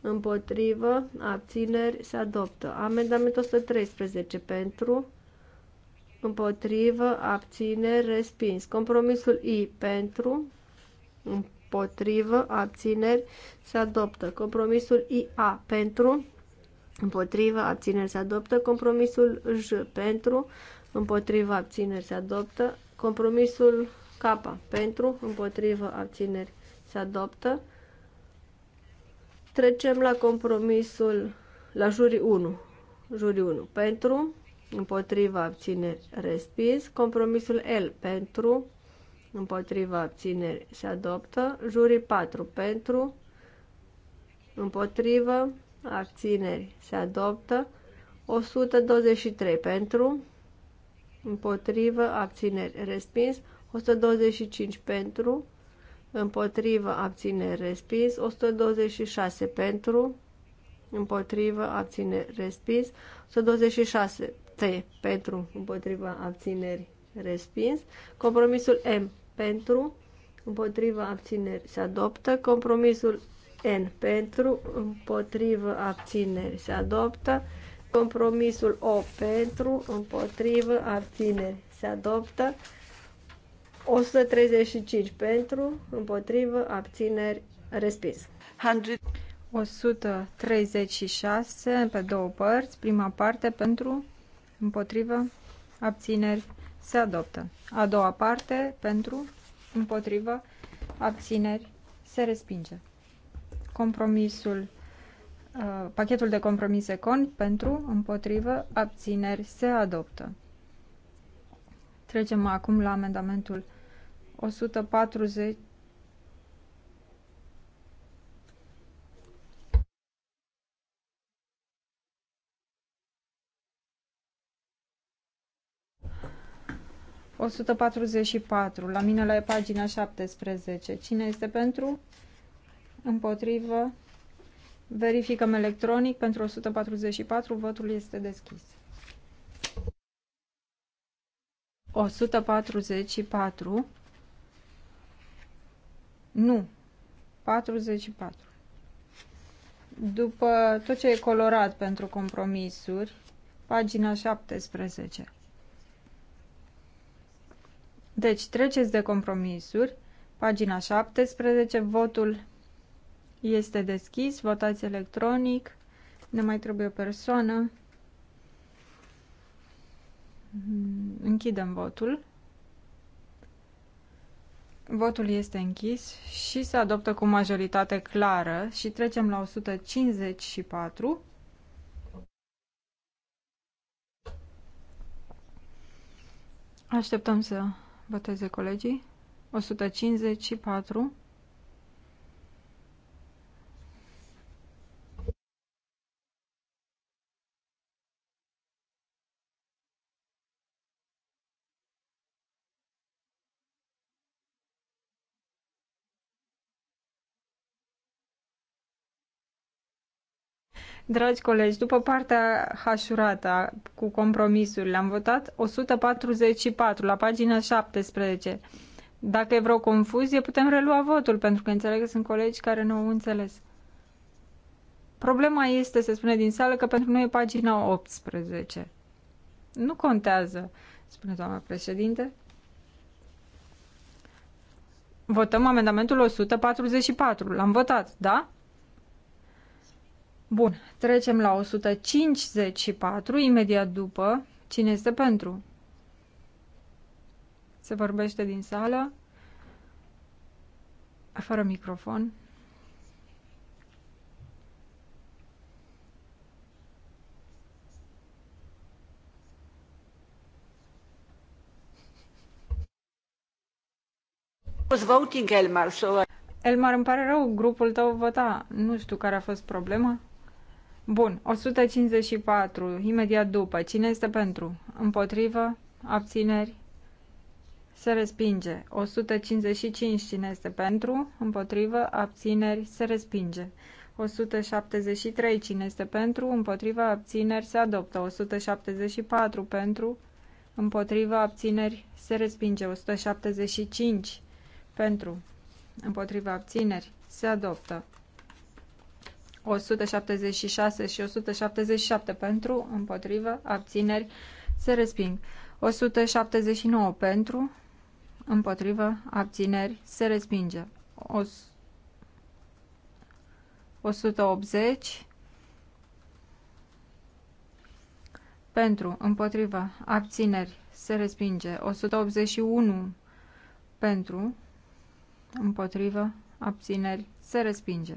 împotrivă, abțineri, se adoptă. Amendamentul 113 pentru, împotrivă, abțineri, respins. Compromisul I pentru, împotrivă, abțineri, se adoptă. Compromisul IA pentru, Împotrivă, abțineri se adoptă. Compromisul J pentru. Împotrivă, abțineri se adoptă. Compromisul K pentru. Împotrivă, abțineri se adoptă. Trecem la compromisul la jurii 1. Jurii 1 pentru. Împotriva abțineri respins. Compromisul L pentru. Împotriva abțineri se adoptă. Jurii 4 pentru. Împotrivă abțineri se adoptă, 123 pentru, împotrivă, abțineri respins, 125 pentru, împotrivă, abțineri respins, 126 pentru, împotrivă, abțineri respins, 126 T pentru, împotriva abțineri respins, compromisul M pentru, împotriva abțineri se adoptă, compromisul N pentru, împotrivă, abțineri se adoptă. Compromisul O pentru, împotrivă, abțineri se adoptă. 135 pentru, împotrivă, abțineri, respins. 136 pe două părți, prima parte pentru, împotrivă, abțineri, se adoptă. A doua parte pentru, împotrivă, abțineri, se respinge. Compromisul, uh, pachetul de compromise CON pentru, împotrivă, abțineri se adoptă. Trecem acum la amendamentul 140. patru La mine la pagina 17. Cine este pentru? împotrivă, verificăm electronic pentru 144, votul este deschis. 144, nu, 44. După tot ce e colorat pentru compromisuri, pagina 17. Deci treceți de compromisuri, pagina 17, votul este deschis, votați electronic. Ne mai trebuie o persoană. Hmm, închidem votul. Votul este închis și se adoptă cu majoritate clară și trecem la 154. Așteptăm să voteze colegii. 154. Dragi colegi, după partea hașurată cu compromisul, am votat 144 la pagina 17. Dacă e vreo confuzie, putem relua votul, pentru că înțeleg că sunt colegi care nu au înțeles. Problema este, se spune din sală, că pentru noi e pagina 18. Nu contează, spune doamna președinte. Votăm amendamentul 144. L-am votat, da? Bun, trecem la 154, imediat după. Cine este pentru? Se vorbește din sală, fără microfon. voting Elmar, so Elmar, îmi pare rău, grupul tău vota. Nu știu care a fost problema. Bun, 154, imediat după. Cine este pentru? Împotrivă? Abțineri? Se respinge. 155, cine este pentru? Împotrivă? Abțineri? Se respinge. 173, cine este pentru? Împotrivă? Abțineri? Se adoptă. 174, pentru? Împotrivă? Abțineri? Se respinge. 175, pentru? Împotrivă? Abțineri? Se adoptă. 176 și 177 pentru, împotrivă, abțineri, se resping. 179 pentru, împotrivă, abțineri, se respinge. 180 pentru, împotrivă, abțineri, se respinge. 181 pentru, împotrivă, abțineri, se respinge.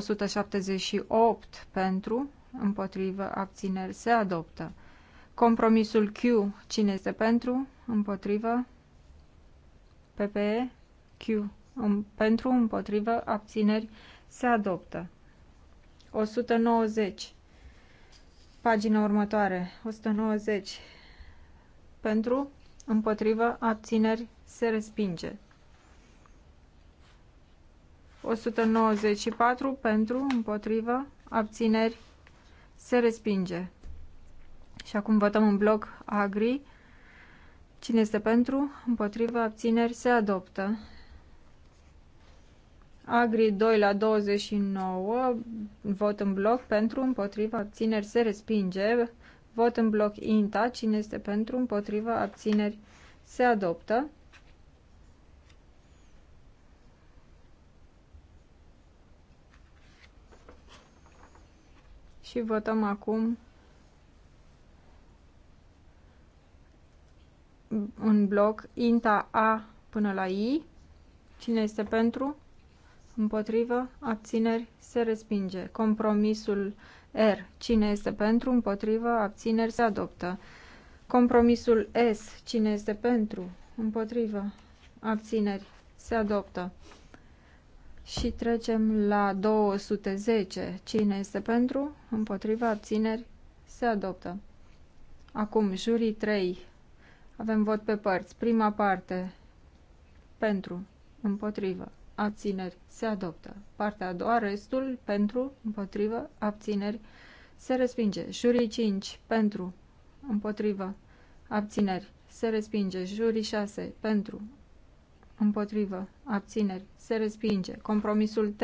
178 pentru, împotrivă, abțineri, se adoptă. Compromisul Q, cine este pentru, împotrivă, PPE, Q, pentru, împotrivă, abțineri, se adoptă. 190, pagina următoare, 190, pentru, împotrivă, abțineri, se respinge. 194 pentru, împotrivă, abțineri, se respinge. Și acum votăm în bloc agri. Cine este pentru, împotrivă, abțineri, se adoptă. Agri 2 la 29, vot în bloc pentru, împotriva, abțineri, se respinge. Vot în bloc INTA, cine este pentru, împotriva, abțineri, se adoptă. și votăm acum un bloc INTA A până la I. Cine este pentru? Împotrivă? Abțineri? Se respinge. Compromisul R. Cine este pentru? Împotrivă? Abțineri? Se adoptă. Compromisul S. Cine este pentru? Împotrivă? Abțineri? Se adoptă. Și trecem la 210. Cine este pentru? Împotriva abțineri? Se adoptă. Acum, jurii 3. Avem vot pe părți. Prima parte. Pentru. Împotrivă. Abțineri. Se adoptă. Partea a doua, restul, pentru, împotrivă, abțineri, se respinge. Jurii 5, pentru, împotrivă, abțineri, se respinge. Jurii 6, pentru, împotrivă, abțineri, se respinge. Compromisul T,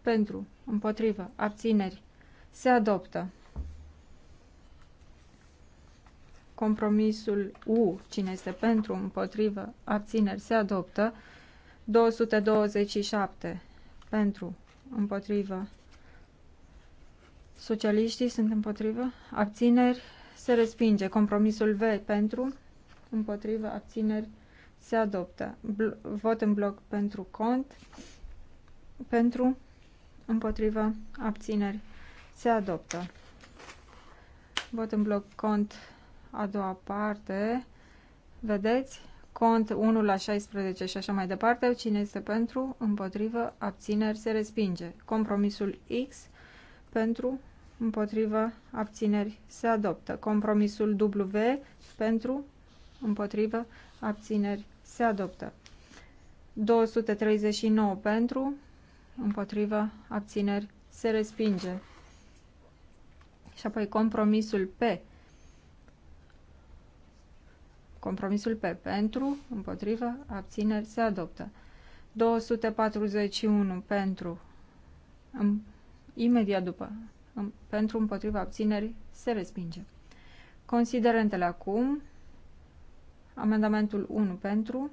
pentru, împotrivă, abțineri, se adoptă. Compromisul U, cine este pentru, împotrivă, abțineri, se adoptă. 227, pentru, împotrivă, socialiștii sunt împotrivă, abțineri, se respinge. Compromisul V, pentru, împotrivă, abțineri, se adoptă. Bl vot în bloc pentru cont, pentru, împotrivă, abțineri, se adoptă. Vot în bloc cont a doua parte, vedeți, cont 1 la 16 și așa mai departe, cine este pentru, împotrivă, abțineri, se respinge. Compromisul X, pentru, împotrivă, abțineri, se adoptă. Compromisul W, pentru, împotrivă, abțineri, se adoptă. 239 pentru, împotrivă, abțineri, se respinge. Și apoi compromisul P. Compromisul P pentru, împotrivă, abțineri, se adoptă. 241 pentru, în, imediat după, în, pentru, împotriva, abțineri, se respinge. Considerentele acum, Amendamentul 1 pentru,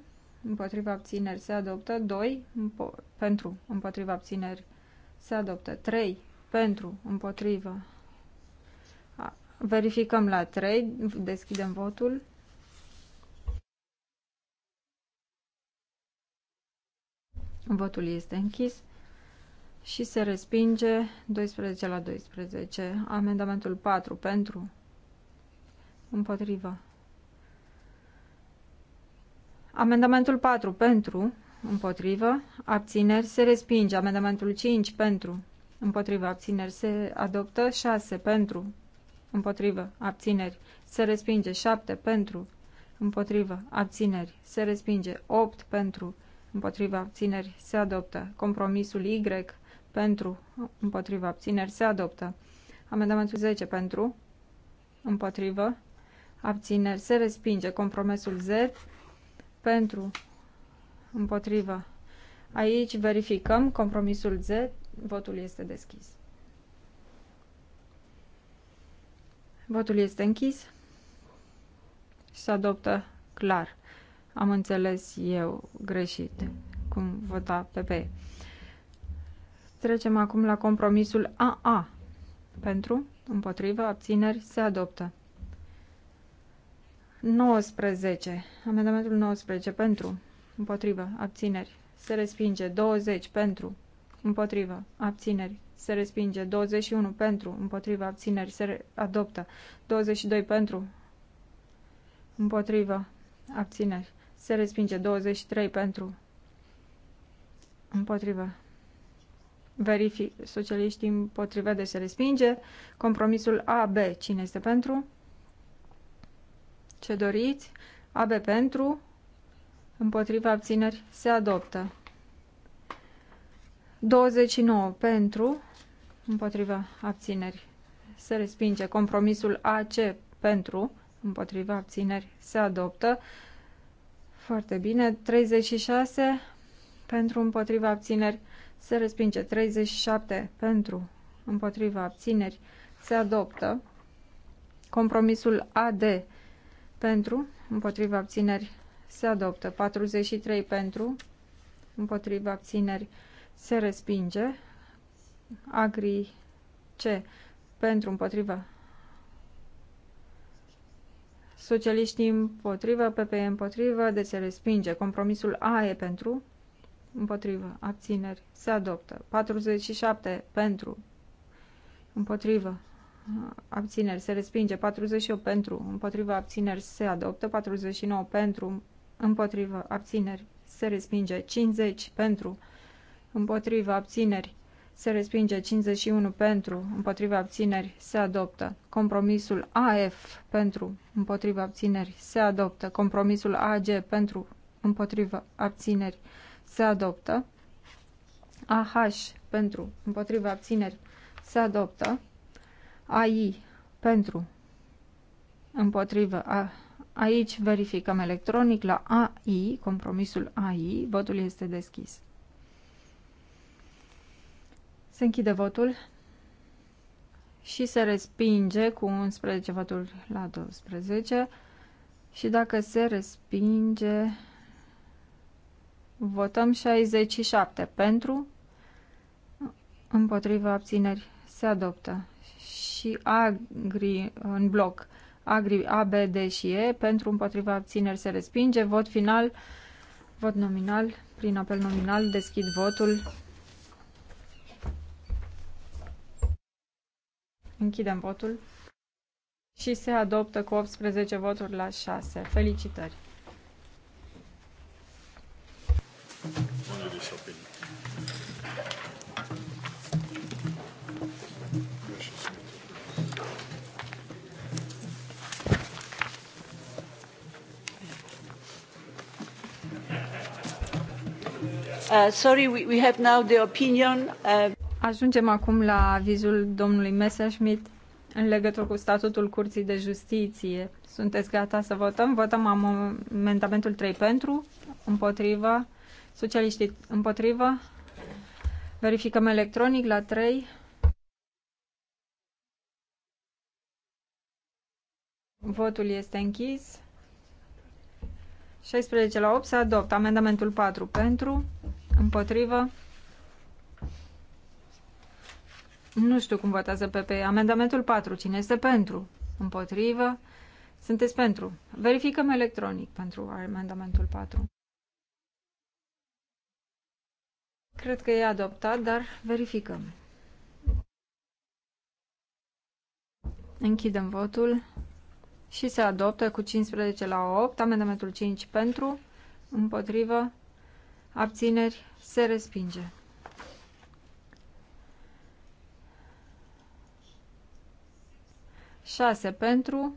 împotriva abțineri se adoptă. 2 împo pentru, împotriva abțineri se adoptă. 3 pentru, împotriva. Verificăm la 3, deschidem votul. Votul este închis și se respinge 12 la 12. Amendamentul 4 pentru, împotriva, Amendamentul 4 pentru, împotrivă, abțineri se respinge. Amendamentul 5 pentru, împotrivă, abțineri se adoptă. 6 pentru, împotrivă, abțineri se respinge. 7 pentru, împotrivă, abțineri se respinge. 8 pentru, împotrivă, abțineri se adoptă. Compromisul Y pentru, împotrivă, abțineri se adoptă. Amendamentul 10 pentru, împotrivă, abțineri se respinge. Compromisul Z pentru, împotriva. Aici verificăm compromisul Z, votul este deschis. Votul este închis. și Se adoptă clar. Am înțeles eu greșit cum vota PP. Trecem acum la compromisul AA. Pentru, împotrivă, abțineri, se adoptă. 19. Amendamentul 19. Pentru. Împotrivă. Abțineri. Se respinge. 20. Pentru. Împotrivă. Abțineri. Se respinge. 21. Pentru. Împotrivă. Abțineri. Se adoptă. 22. Pentru. Împotrivă. Abțineri. Se respinge. 23. Pentru. Împotrivă. Verific. Socialiștii împotrivă de deci se respinge. Compromisul AB. Cine este pentru? ce doriți, AB pentru, împotriva abțineri, se adoptă. 29 pentru, împotriva abțineri, se respinge. Compromisul AC pentru, împotriva abțineri, se adoptă. Foarte bine. 36 pentru, împotriva abțineri, se respinge. 37 pentru, împotriva abțineri, se adoptă. Compromisul AD pentru, împotriva abțineri se adoptă. 43 pentru, împotriva abțineri se respinge. Agri C pentru împotriva Socialiștii împotrivă, PPE împotrivă, de se respinge. Compromisul A e pentru, împotrivă, abțineri, se adoptă. 47 pentru, împotrivă, abțineri se respinge, 48 pentru, împotriva abțineri se adoptă, 49 pentru, împotriva abțineri se respinge, 50 pentru, împotriva abțineri se respinge, 51 pentru, împotriva abțineri se adoptă, compromisul AF pentru, împotriva abțineri se adoptă, compromisul AG pentru, împotriva abțineri se adoptă, AH pentru, împotriva abțineri se adoptă, AI pentru împotrivă. A, aici verificăm electronic la AI, compromisul AI. Votul este deschis. Se închide votul și se respinge cu 11 voturi la 12 și dacă se respinge votăm 67 pentru împotriva abțineri se adoptă și Agri în bloc. Agri, A, B, D și E pentru împotriva abțineri se respinge. Vot final, vot nominal, prin apel nominal deschid votul. Închidem votul și se adoptă cu 18 voturi la 6. Felicitări! Uh, sorry, we, have now the opinion. Uh, Ajungem acum la avizul domnului Messerschmidt în legătură cu statutul Curții de Justiție. Sunteți gata să votăm? Votăm amendamentul 3 pentru, împotrivă, socialiștii împotrivă. Verificăm electronic la 3. Votul este închis. 16 la 8 se adoptă. Amendamentul 4 pentru, Împotrivă? Nu știu cum votează PP. Amendamentul 4. Cine este pentru? Împotrivă? Sunteți pentru. Verificăm electronic pentru amendamentul 4. Cred că e adoptat, dar verificăm. Închidem votul și se adoptă cu 15 la 8, amendamentul 5 pentru, împotrivă, abțineri, se respinge. Șase pentru,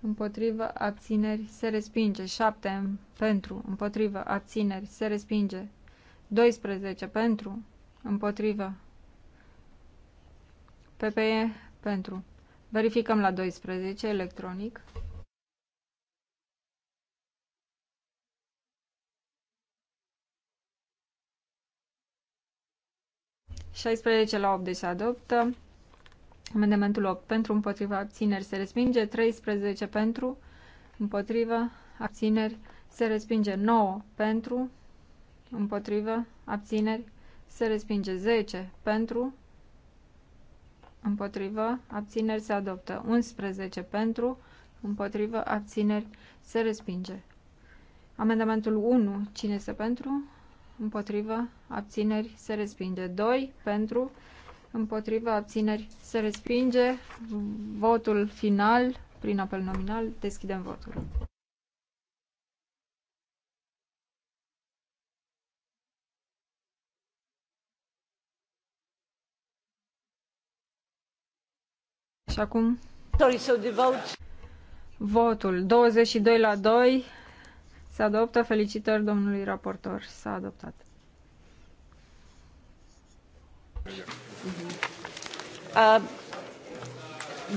împotrivă, abțineri, se respinge. Șapte pentru, împotrivă, abțineri, se respinge. 12 pentru, împotrivă, PPE pentru. Verificăm la 12 electronic. 16 la 8 se adoptă. Amendamentul 8 pentru, împotriva, abțineri se respinge. 13 pentru, împotriva, abțineri se respinge. 9 pentru, împotriva, abțineri se respinge. 10 pentru, împotriva abțineri se adoptă. 11 pentru, împotriva abțineri se respinge. Amendamentul 1, cine este pentru? împotrivă, abțineri, se respinge. 2 pentru, împotrivă, abțineri, se respinge. Votul final, prin apel nominal, deschidem votul. Și acum... Sorry, so the Votul 22 la 2 se adoptă. Felicitări domnului raportor. S-a adoptat. Uh,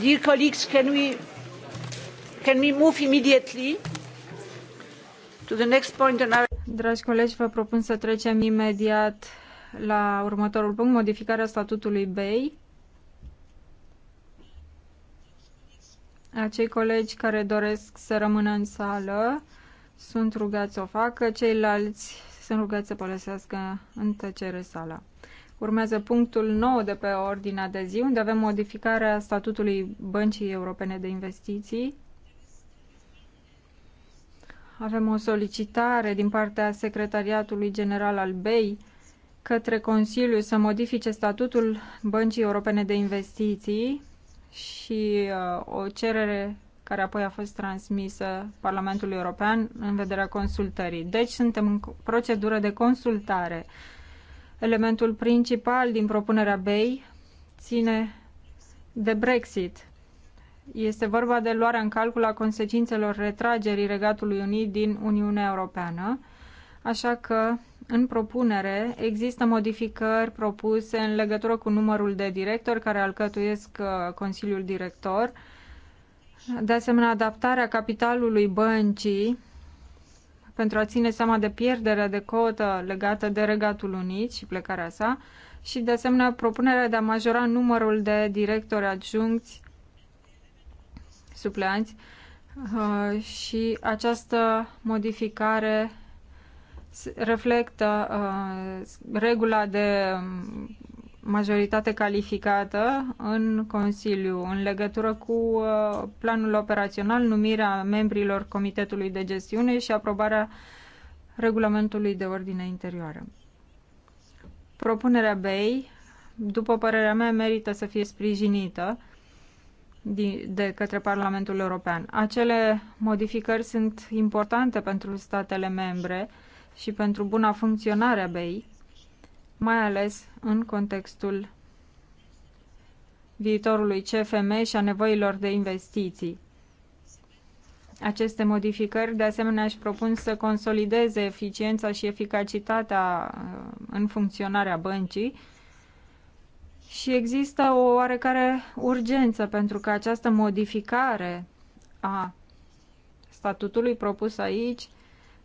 dear colleagues, can we, can we move immediately to the next point on our... Dragi colegi, vă propun să trecem imediat la următorul punct, modificarea statutului BEI. Acei colegi care doresc să rămână în sală, sunt rugați să o facă, ceilalți sunt rugați să părăsească în tăcere sala. Urmează punctul 9 de pe ordinea de zi, unde avem modificarea statutului Băncii Europene de Investiții. Avem o solicitare din partea Secretariatului General al BEI către Consiliu să modifice statutul Băncii Europene de Investiții și uh, o cerere care apoi a fost transmisă Parlamentului European în vederea consultării. Deci suntem în procedură de consultare. Elementul principal din propunerea BEI ține de Brexit. Este vorba de luarea în calcul a consecințelor retragerii Regatului Unit din Uniunea Europeană, așa că în propunere există modificări propuse în legătură cu numărul de directori care alcătuiesc uh, Consiliul Director, de asemenea, adaptarea capitalului băncii pentru a ține seama de pierderea de cotă legată de Regatul Unit și plecarea sa și, de asemenea, propunerea de a majora numărul de directori adjuncți supleanți uh, și această modificare reflectă uh, regula de um, majoritate calificată în Consiliu în legătură cu uh, planul operațional, numirea membrilor Comitetului de Gestiune și aprobarea regulamentului de ordine interioară. Propunerea BEI, după părerea mea, merită să fie sprijinită de către Parlamentul European. Acele modificări sunt importante pentru statele membre și pentru buna funcționare a BEI, mai ales în contextul viitorului CFM și a nevoilor de investiții. Aceste modificări, de asemenea, își propun să consolideze eficiența și eficacitatea uh, în funcționarea băncii și există o oarecare urgență pentru că această modificare a statutului propus aici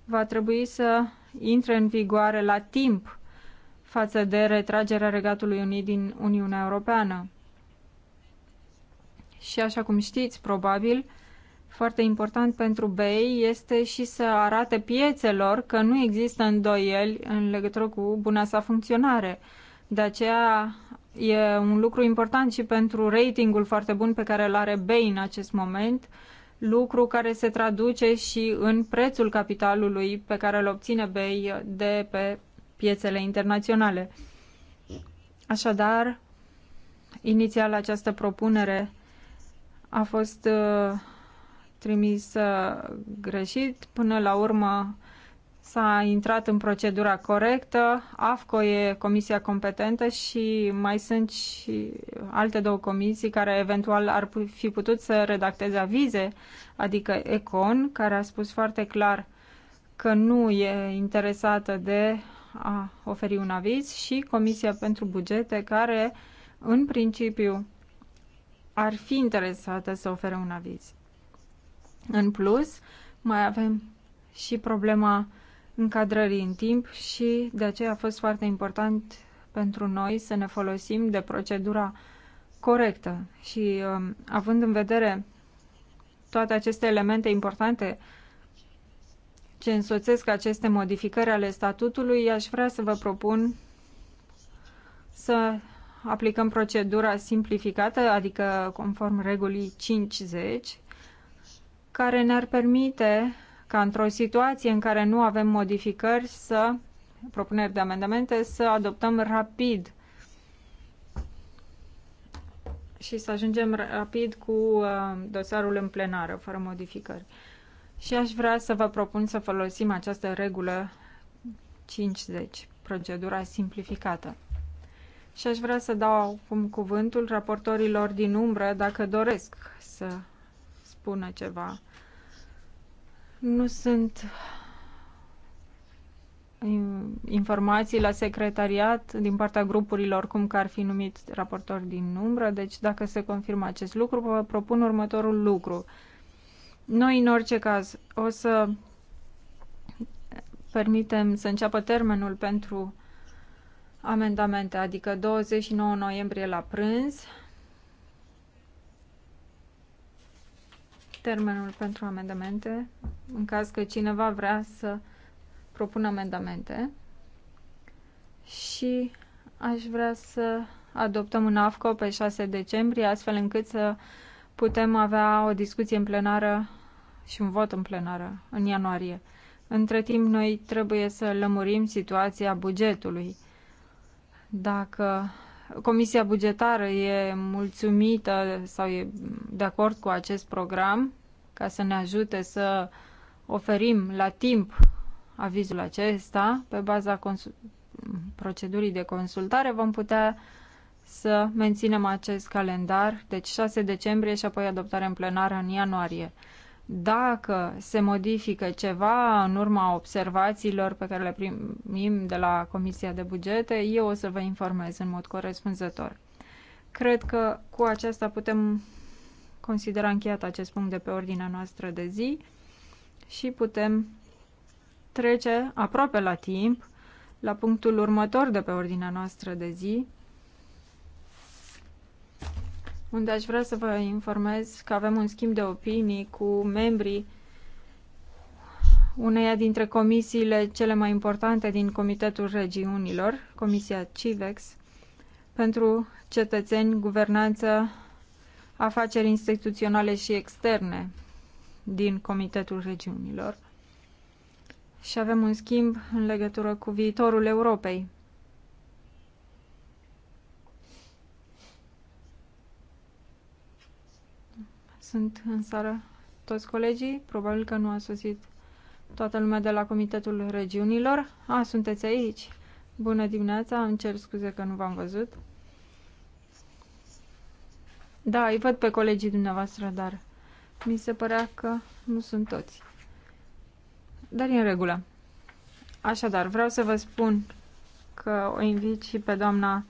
va trebui să intre în vigoare la timp față de retragerea Regatului Unit din Uniunea Europeană. Și așa cum știți, probabil, foarte important pentru BEI este și să arate piețelor că nu există îndoieli în legătură cu buna sa funcționare. De aceea e un lucru important și pentru ratingul foarte bun pe care îl are BEI în acest moment, lucru care se traduce și în prețul capitalului pe care îl obține BEI de pe piețele internaționale. Așadar, inițial această propunere a fost uh, trimisă greșit, până la urmă s-a intrat în procedura corectă, AFCO e comisia competentă și mai sunt și alte două comisii care eventual ar fi putut să redacteze avize, adică ECON, care a spus foarte clar că nu e interesată de a oferi un aviz și Comisia pentru Bugete, care în principiu ar fi interesată să ofere un aviz. În plus, mai avem și problema încadrării în timp și de aceea a fost foarte important pentru noi să ne folosim de procedura corectă și um, având în vedere toate aceste elemente importante ce însoțesc aceste modificări ale statutului, aș vrea să vă propun să aplicăm procedura simplificată, adică conform regulii 50, care ne-ar permite ca într-o situație în care nu avem modificări să propuneri de amendamente, să adoptăm rapid și să ajungem rapid cu uh, dosarul în plenară, fără modificări. Și aș vrea să vă propun să folosim această regulă 50, procedura simplificată. Și aș vrea să dau acum cuvântul raportorilor din umbră dacă doresc să spună ceva. Nu sunt informații la secretariat din partea grupurilor cum că ar fi numit raportori din umbră, deci dacă se confirmă acest lucru, vă propun următorul lucru noi, în orice caz, o să permitem să înceapă termenul pentru amendamente, adică 29 noiembrie la prânz, termenul pentru amendamente, în caz că cineva vrea să propună amendamente. Și aș vrea să adoptăm un AFCO pe 6 decembrie, astfel încât să putem avea o discuție în plenară și un vot în plenară în ianuarie. Între timp, noi trebuie să lămurim situația bugetului. Dacă Comisia Bugetară e mulțumită sau e de acord cu acest program ca să ne ajute să oferim la timp avizul acesta, pe baza procedurii de consultare, vom putea să menținem acest calendar, deci 6 decembrie și apoi adoptare în plenară în ianuarie. Dacă se modifică ceva în urma observațiilor pe care le primim de la Comisia de Bugete, eu o să vă informez în mod corespunzător. Cred că cu aceasta putem considera încheiat acest punct de pe ordinea noastră de zi și putem trece aproape la timp la punctul următor de pe ordinea noastră de zi, unde aș vrea să vă informez că avem un schimb de opinii cu membrii uneia dintre comisiile cele mai importante din Comitetul Regiunilor, Comisia CIVEX, pentru cetățeni, guvernanță, afaceri instituționale și externe din Comitetul Regiunilor. Și avem un schimb în legătură cu viitorul Europei. sunt în sală toți colegii. Probabil că nu a sosit toată lumea de la Comitetul Regiunilor. A, sunteți aici. Bună dimineața, îmi cer scuze că nu v-am văzut. Da, îi văd pe colegii dumneavoastră, dar mi se părea că nu sunt toți. Dar e în regulă. Așadar, vreau să vă spun că o invit și pe doamna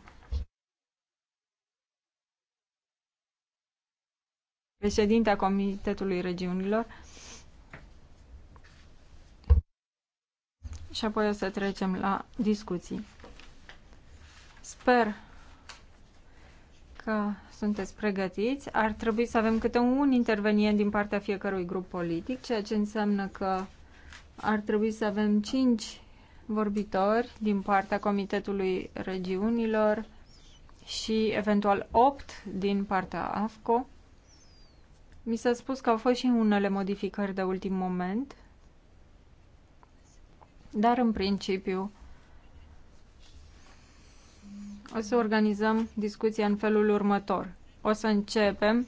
președinte a Comitetului Regiunilor. Și apoi o să trecem la discuții. Sper că sunteți pregătiți. Ar trebui să avem câte un intervenient din partea fiecărui grup politic, ceea ce înseamnă că ar trebui să avem cinci vorbitori din partea Comitetului Regiunilor și eventual opt din partea AFCO. Mi s-a spus că au fost și unele modificări de ultim moment, dar în principiu o să organizăm discuția în felul următor. O să începem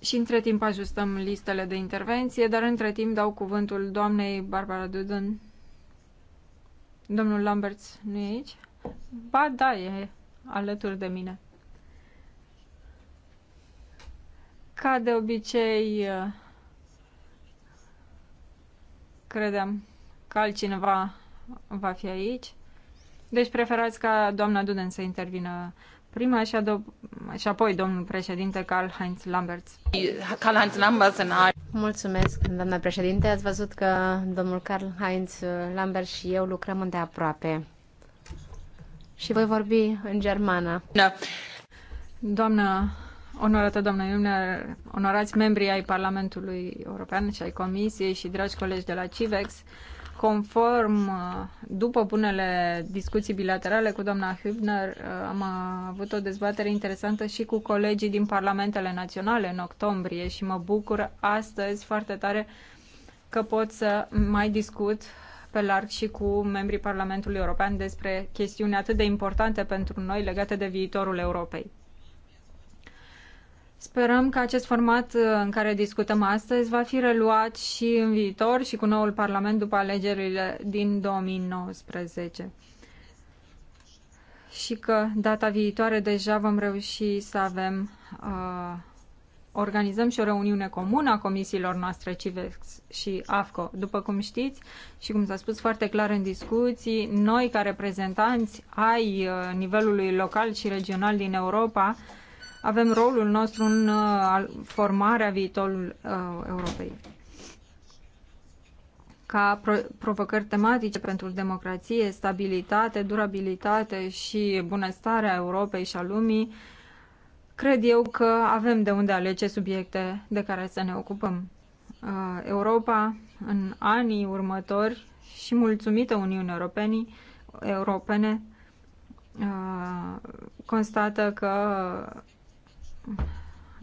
și între timp ajustăm listele de intervenție, dar între timp dau cuvântul doamnei Barbara Duden. Domnul Lamberts nu e aici? Ba da, e alături de mine. Ca de obicei, credem că altcineva va fi aici. Deci preferați ca doamna Duden să intervină prima și, și apoi domnul președinte Karl-Heinz Lamberts. Karl-Heinz Lamberts în Mulțumesc, doamna președinte. Ați văzut că domnul Karl-Heinz Lambert și eu lucrăm îndeaproape. Și voi vorbi în germană. Da. Doamna Onorată doamnă Iumner, onorați membrii ai Parlamentului European și ai Comisiei și dragi colegi de la CIVEX, conform, uh, după bunele discuții bilaterale cu doamna Hübner, uh, am avut o dezbatere interesantă și cu colegii din Parlamentele Naționale în octombrie și mă bucur astăzi foarte tare că pot să mai discut pe larg și cu membrii Parlamentului European despre chestiuni atât de importante pentru noi legate de viitorul Europei. Sperăm că acest format uh, în care discutăm astăzi va fi reluat și în viitor și cu noul Parlament după alegerile din 2019. Și că data viitoare deja vom reuși să avem, uh, organizăm și o reuniune comună a comisiilor noastre CIVEX și AFCO. După cum știți și cum s-a spus foarte clar în discuții, noi ca reprezentanți ai uh, nivelului local și regional din Europa, uh, avem rolul nostru în uh, formarea viitorului uh, Europei. Ca pro provocări tematice pentru democrație, stabilitate, durabilitate și bunăstarea Europei și a lumii, cred eu că avem de unde alege subiecte de care să ne ocupăm. Uh, Europa în anii următori și mulțumită Uniunii Europene, europene constată că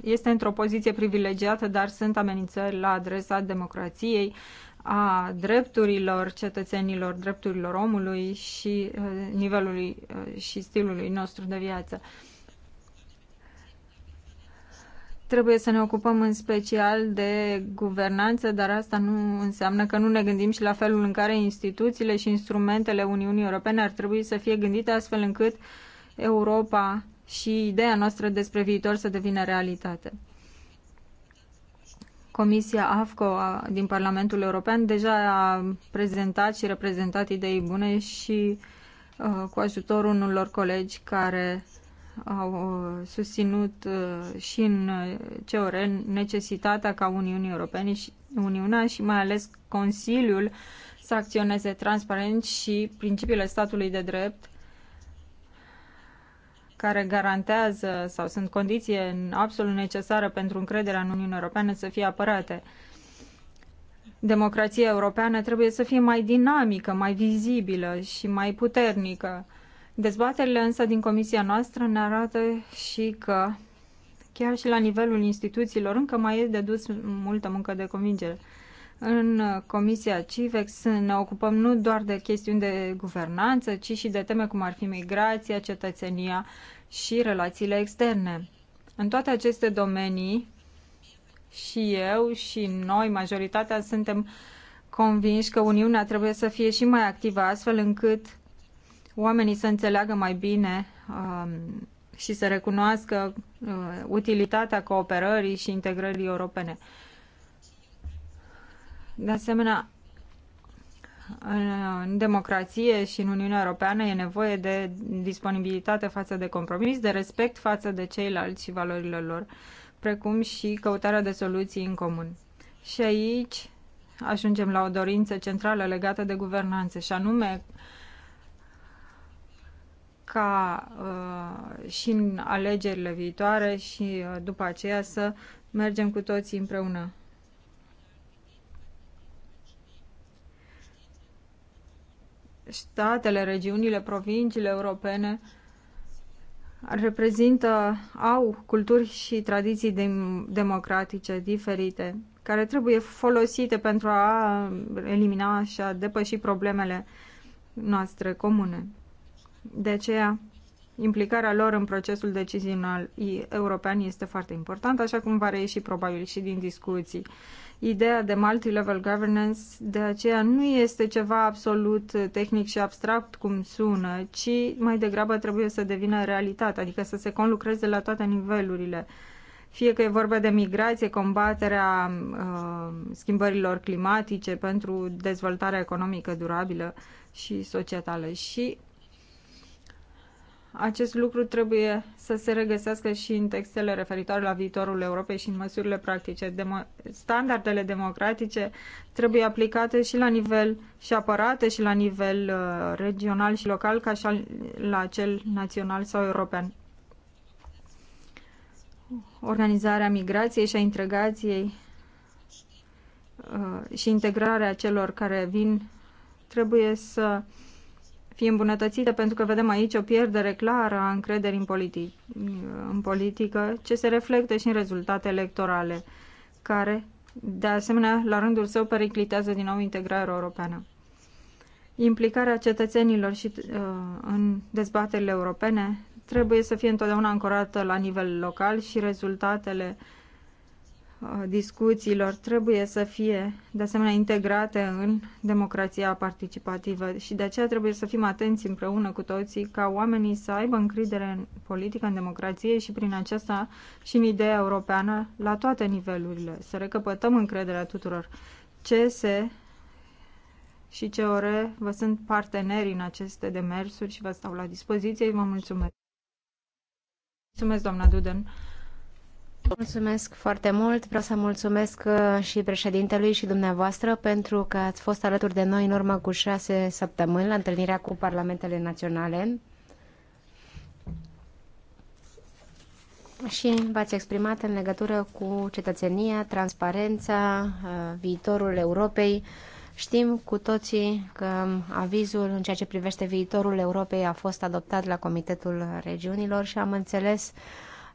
este într-o poziție privilegiată, dar sunt amenințări la adresa democrației, a drepturilor cetățenilor, drepturilor omului și uh, nivelului uh, și stilului nostru de viață. Trebuie să ne ocupăm în special de guvernanță, dar asta nu înseamnă că nu ne gândim și la felul în care instituțiile și instrumentele Uniunii Europene ar trebui să fie gândite astfel încât Europa și ideea noastră despre viitor să devină realitate. Comisia AFCO din Parlamentul European deja a prezentat și reprezentat idei bune și a, uh, cu ajutorul unor colegi care au uh, susținut a, uh, și în COR necesitatea ca Uniunii Europene și Uniunea și mai ales Consiliul să acționeze transparent și principiile statului de drept care garantează sau sunt condiție absolut necesară pentru încrederea în Uniunea Europeană să fie apărate. Democrația europeană trebuie să fie mai dinamică, mai vizibilă și mai puternică. Dezbaterile însă din comisia noastră ne arată și că chiar și la nivelul instituțiilor încă mai e de dus multă muncă de convingere. În Comisia CIVEX ne ocupăm nu doar de chestiuni de guvernanță, ci și de teme cum ar fi migrația, cetățenia și relațiile externe. În toate aceste domenii, și eu și noi, majoritatea, suntem convinși că Uniunea trebuie să fie și mai activă, astfel încât oamenii să înțeleagă mai bine um, și să recunoască uh, utilitatea cooperării și integrării europene. De asemenea, în democrație și în Uniunea Europeană e nevoie de disponibilitate față de compromis, de respect față de ceilalți și valorile lor, precum și căutarea de soluții în comun. Și aici ajungem la o dorință centrală legată de guvernanță, și anume ca uh, și în alegerile viitoare și uh, după aceea să mergem cu toții împreună statele, regiunile, provinciile europene reprezintă, au culturi și tradiții dem- democratice diferite, care trebuie folosite pentru a elimina și a depăși problemele noastre comune. De aceea, implicarea lor în procesul decizional european este foarte importantă, așa cum va reieși probabil și din discuții. Ideea de multi-level governance de aceea nu este ceva absolut tehnic și abstract cum sună, ci mai degrabă trebuie să devină realitate, adică să se conlucreze la toate nivelurile fie că e vorba de migrație, combaterea uh, schimbărilor climatice pentru dezvoltarea economică durabilă și societală. Și acest lucru trebuie să se regăsească și în textele referitoare la viitorul Europei și în măsurile practice. Demo- standardele democratice trebuie aplicate și la nivel și apărate și la nivel uh, regional și local ca și la cel național sau european. Organizarea migrației și a integrației uh, și integrarea celor care vin trebuie să uh, fi îmbunătățită pentru că vedem aici o pierdere clară a încrederii în, politic, în politică, ce se reflectă și în rezultate electorale, care, de asemenea, la rândul său periclitează din nou integrarea europeană. Implicarea cetățenilor și, uh, în dezbaterile europene trebuie să fie întotdeauna ancorată la nivel local și rezultatele uh, discuțiilor trebuie să fie de asemenea integrate în democrația participativă și de aceea trebuie să fim atenți împreună cu toții ca oamenii să aibă încredere în politică, în democrație și prin aceasta și în ideea europeană la toate nivelurile, să recăpătăm încrederea tuturor. CS și COR vă sunt parteneri în aceste demersuri și vă stau la dispoziție. Vă mulțumesc! Mulțumesc, doamna Duden! Mulțumesc foarte mult. Vreau să mulțumesc uh, și președintelui și dumneavoastră pentru că ați fost alături de noi în urmă cu șase săptămâni la întâlnirea cu parlamentele naționale. Și v-ați exprimat în legătură cu cetățenia, transparența, uh, viitorul Europei. Știm cu toții că avizul în ceea ce privește viitorul Europei a fost adoptat la Comitetul Regiunilor și am înțeles uh,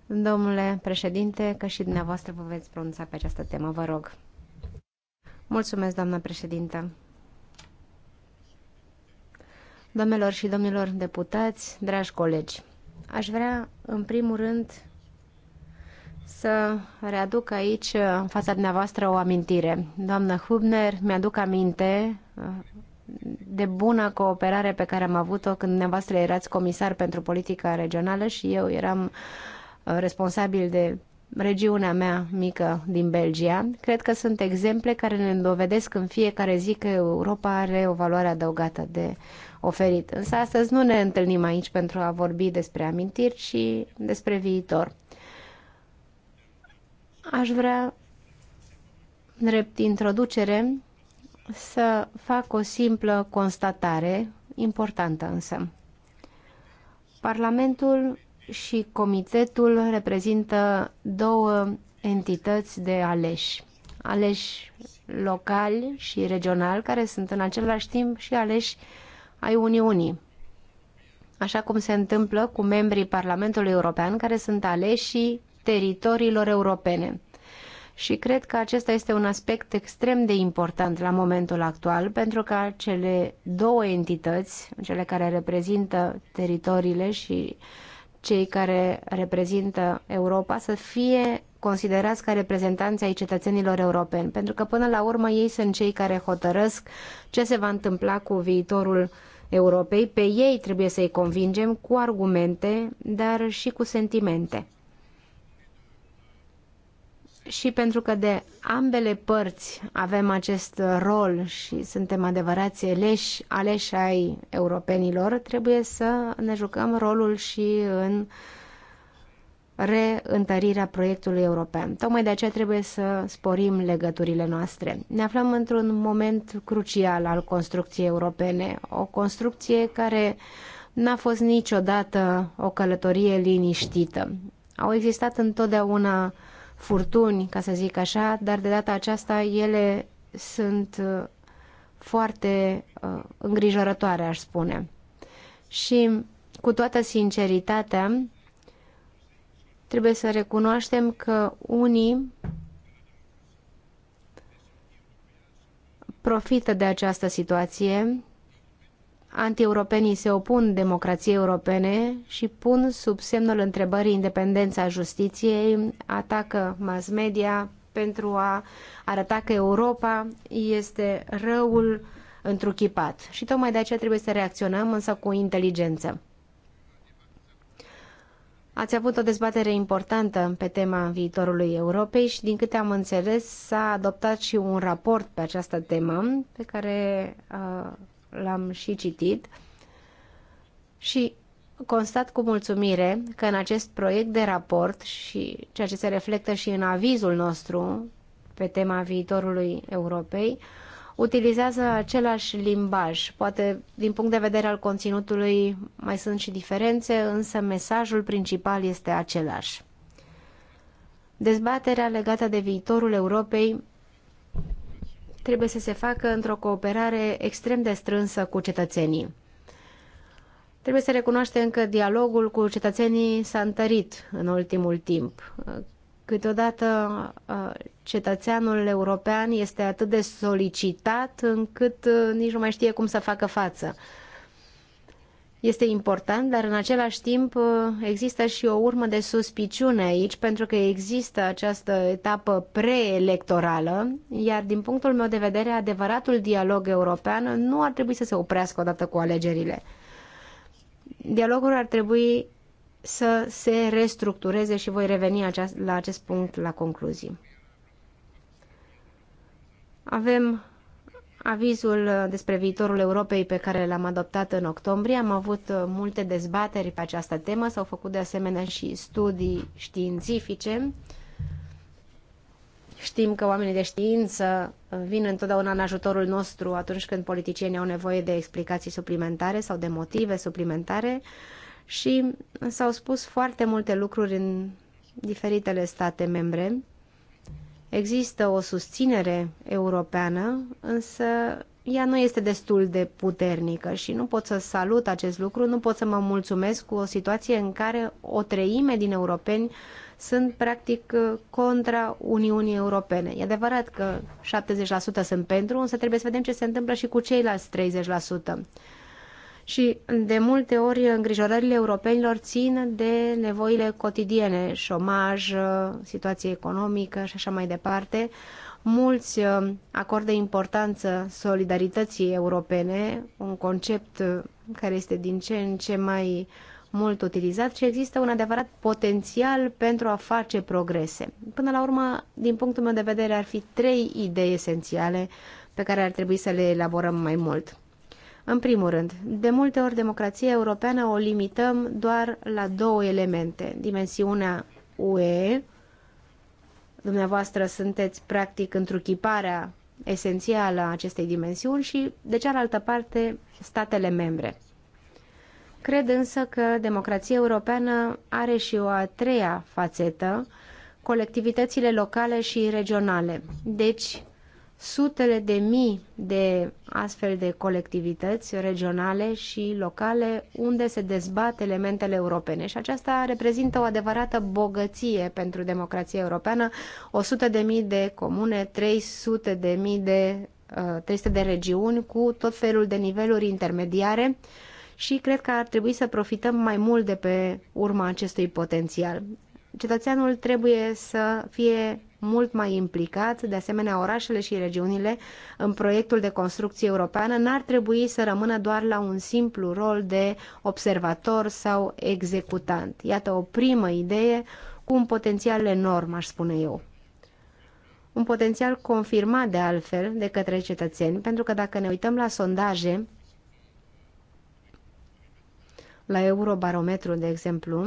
Domnule președinte, că și dumneavoastră vă veți pronunța pe această temă, vă rog. Mulțumesc, doamnă președintă. Domnilor și domnilor deputați, dragi colegi, aș vrea, în primul rând, să readuc aici, în fața dumneavoastră, o amintire. Doamnă Hubner, mi-aduc aminte uh, de bună cooperare pe care am avut-o când dumneavoastră erați comisar pentru politica regională și eu eram Uh, responsabil de regiunea mea mică din Belgia, cred că sunt exemple care ne dovedesc în fiecare zi că Europa are o valoare adăugată de oferit. Însă astăzi nu ne întâlnim aici pentru a vorbi despre amintiri, și despre viitor. Aș vrea, drept introducere, să fac o simplă constatare, importantă însă. Parlamentul și comitetul reprezintă două entități de aleși. Aleși locali și regionali, care sunt în același timp și aleși ai Uniunii. Așa cum se întâmplă cu membrii Parlamentului European, care sunt aleși teritoriilor europene și cred că acesta este un aspect extrem de important la momentul actual, pentru că cele două entități, cele care reprezintă teritoriile și cei care reprezintă Europa să fie considerați ca reprezentanți ai cetățenilor europeni, pentru că până la urmă ei sunt cei care hotărăsc ce se va întâmpla cu viitorul Europei. Pe ei trebuie să-i convingem cu argumente, dar și cu sentimente și pentru că de ambele părți avem acest rol și suntem adevărați eleși, aleși ai europenilor, trebuie să ne jucăm rolul și în reîntărirea proiectului european. Tocmai de aceea trebuie să sporim legăturile noastre. Ne aflăm într-un moment crucial al construcției europene, o construcție care n-a fost niciodată o călătorie liniștită. Au existat întotdeauna uh, furtuni, ca să zic așa, dar de data aceasta ele sunt uh, foarte uh, îngrijorătoare, aș spune. Și cu toată sinceritatea, trebuie să recunoaștem că unii profită de această situație Antieuropenii se opun democrației europene și pun sub semnul întrebării independența justiției, atacă mass media pentru a arăta că Europa este răul întruchipat. Și tocmai de aceea trebuie să reacționăm, însă cu inteligență. Ați avut o dezbatere importantă pe tema viitorului Europei și, din câte am înțeles, s-a adoptat și un raport pe această temă, pe care uh, l-am și citit și constat cu mulțumire că în acest proiect de raport și ceea ce se reflectă și în avizul nostru pe tema viitorului Europei, utilizează același limbaj. Poate, din punct de vedere al conținutului, mai sunt și diferențe, însă mesajul principal este același. Dezbaterea legată de viitorul Europei trebuie să se facă într-o cooperare extrem de strânsă cu cetățenii. Trebuie să recunoaștem că dialogul cu cetățenii s-a întărit în ultimul timp. Câteodată uh, cetățeanul european este atât de solicitat încât uh, nici nu mai știe cum să facă față este important, dar în același timp uh, există și o urmă de suspiciune aici, pentru că există această etapă preelectorală, iar din punctul meu de vedere, adevăratul dialog european nu ar trebui să se oprească odată cu alegerile. Dialogul ar trebui să se restructureze și voi reveni la acest punct la concluzii. Avem Avizul uh, despre viitorul Europei pe care l-am adoptat în octombrie, am avut uh, multe dezbateri pe această temă, s-au făcut de asemenea și studii științifice. Știm că oamenii de știință uh, vin întotdeauna în ajutorul nostru atunci când politicienii au nevoie de explicații suplimentare sau de motive suplimentare și s-au spus foarte multe lucruri în diferitele state membre Există o susținere europeană, însă ea nu este destul de puternică și nu pot să salut acest lucru, nu pot să mă mulțumesc cu o situație în care o treime din europeni sunt practic contra Uniunii Europene. E adevărat că 70% sunt pentru, însă trebuie să vedem ce se întâmplă și cu ceilalți 30% și de multe ori îngrijorările europenilor țin de nevoile cotidiene, șomaj, situație economică și așa mai departe. Mulți uh, acordă importanță solidarității europene, un concept uh, care este din ce în ce mai mult utilizat și există un adevărat potențial pentru a face progrese. Până la urmă, din punctul meu de vedere, ar fi trei idei esențiale pe care ar trebui să le elaborăm mai mult. În primul rând, de multe ori democrația europeană o limităm doar la două elemente. Dimensiunea UE, dumneavoastră sunteți practic chiparea esențială a acestei dimensiuni și, de cealaltă parte, statele membre. Cred însă că democrația europeană are și o a treia fațetă, colectivitățile locale și regionale. Deci, sutele de mii de astfel de colectivități regionale și locale unde se dezbat elementele europene și aceasta reprezintă o adevărată bogăție pentru democrația europeană, 100 de mii de comune, 300 de mii de 300 uh, de regiuni cu tot felul de niveluri intermediare și cred că ar trebui să profităm mai mult de pe urma acestui potențial. Cetățeanul trebuie să fie mult mai implicat de asemenea orașele și regiunile în proiectul de construcție europeană n-ar trebui să rămână doar la un simplu rol de observator sau executant. Iată o primă idee cu un potențial enorm, aș spune eu un potențial confirmat de altfel de către cetățeni, pentru că dacă ne uităm la sondaje, la Eurobarometru, de exemplu,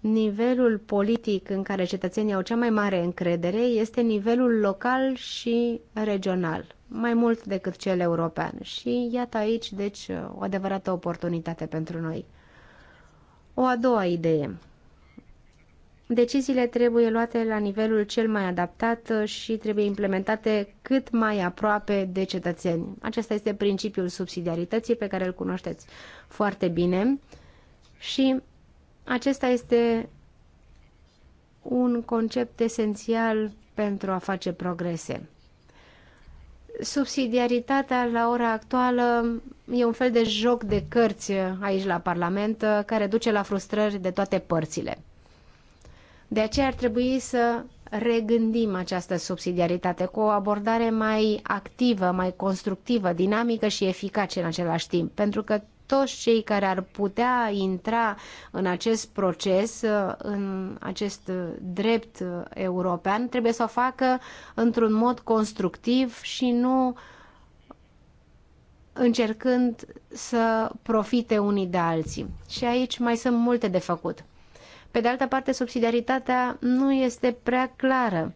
nivelul politic în care cetățenii au cea mai mare încredere este nivelul local și regional, mai mult decât cel european. Și iată aici, deci, o adevărată oportunitate pentru noi. O a doua idee. Deciziile trebuie luate la nivelul cel mai adaptat și trebuie implementate cât mai aproape de cetățeni. Acesta este principiul subsidiarității pe care îl cunoașteți foarte bine și acesta este un concept esențial pentru a face progrese. Subsidiaritatea la ora actuală e un fel de joc de cărți aici la Parlament care duce la frustrări de toate părțile. De aceea ar trebui să regândim această subsidiaritate cu o abordare mai activă, mai constructivă, dinamică și eficace în același timp, pentru că toți cei care ar putea intra în acest proces, în acest drept european, trebuie să o facă într-un mod constructiv și nu încercând să profite unii de alții. Și aici mai sunt multe de făcut. Pe de altă parte, subsidiaritatea nu este prea clară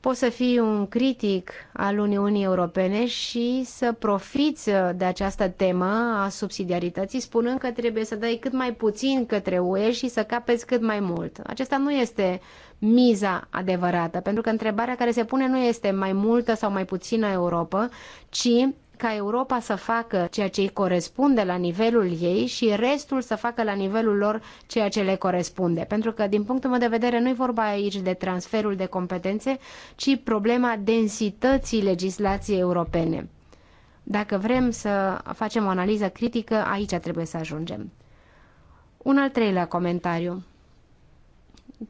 poți să fii un critic al Uniunii Europene și să profiți de această temă a subsidiarității, spunând că trebuie să dai cât mai puțin către UE și să capeți cât mai mult. Acesta nu este miza adevărată, pentru că întrebarea care se pune nu este mai multă sau mai puțină Europa, ci ca Europa să facă ceea ce îi corespunde la nivelul ei și restul să facă la nivelul lor ceea ce le corespunde. Pentru că, din punctul meu de vedere, nu e vorba aici de transferul de competențe, ci problema densității legislației europene. Dacă vrem să facem o analiză critică, aici trebuie să ajungem. Un al treilea comentariu.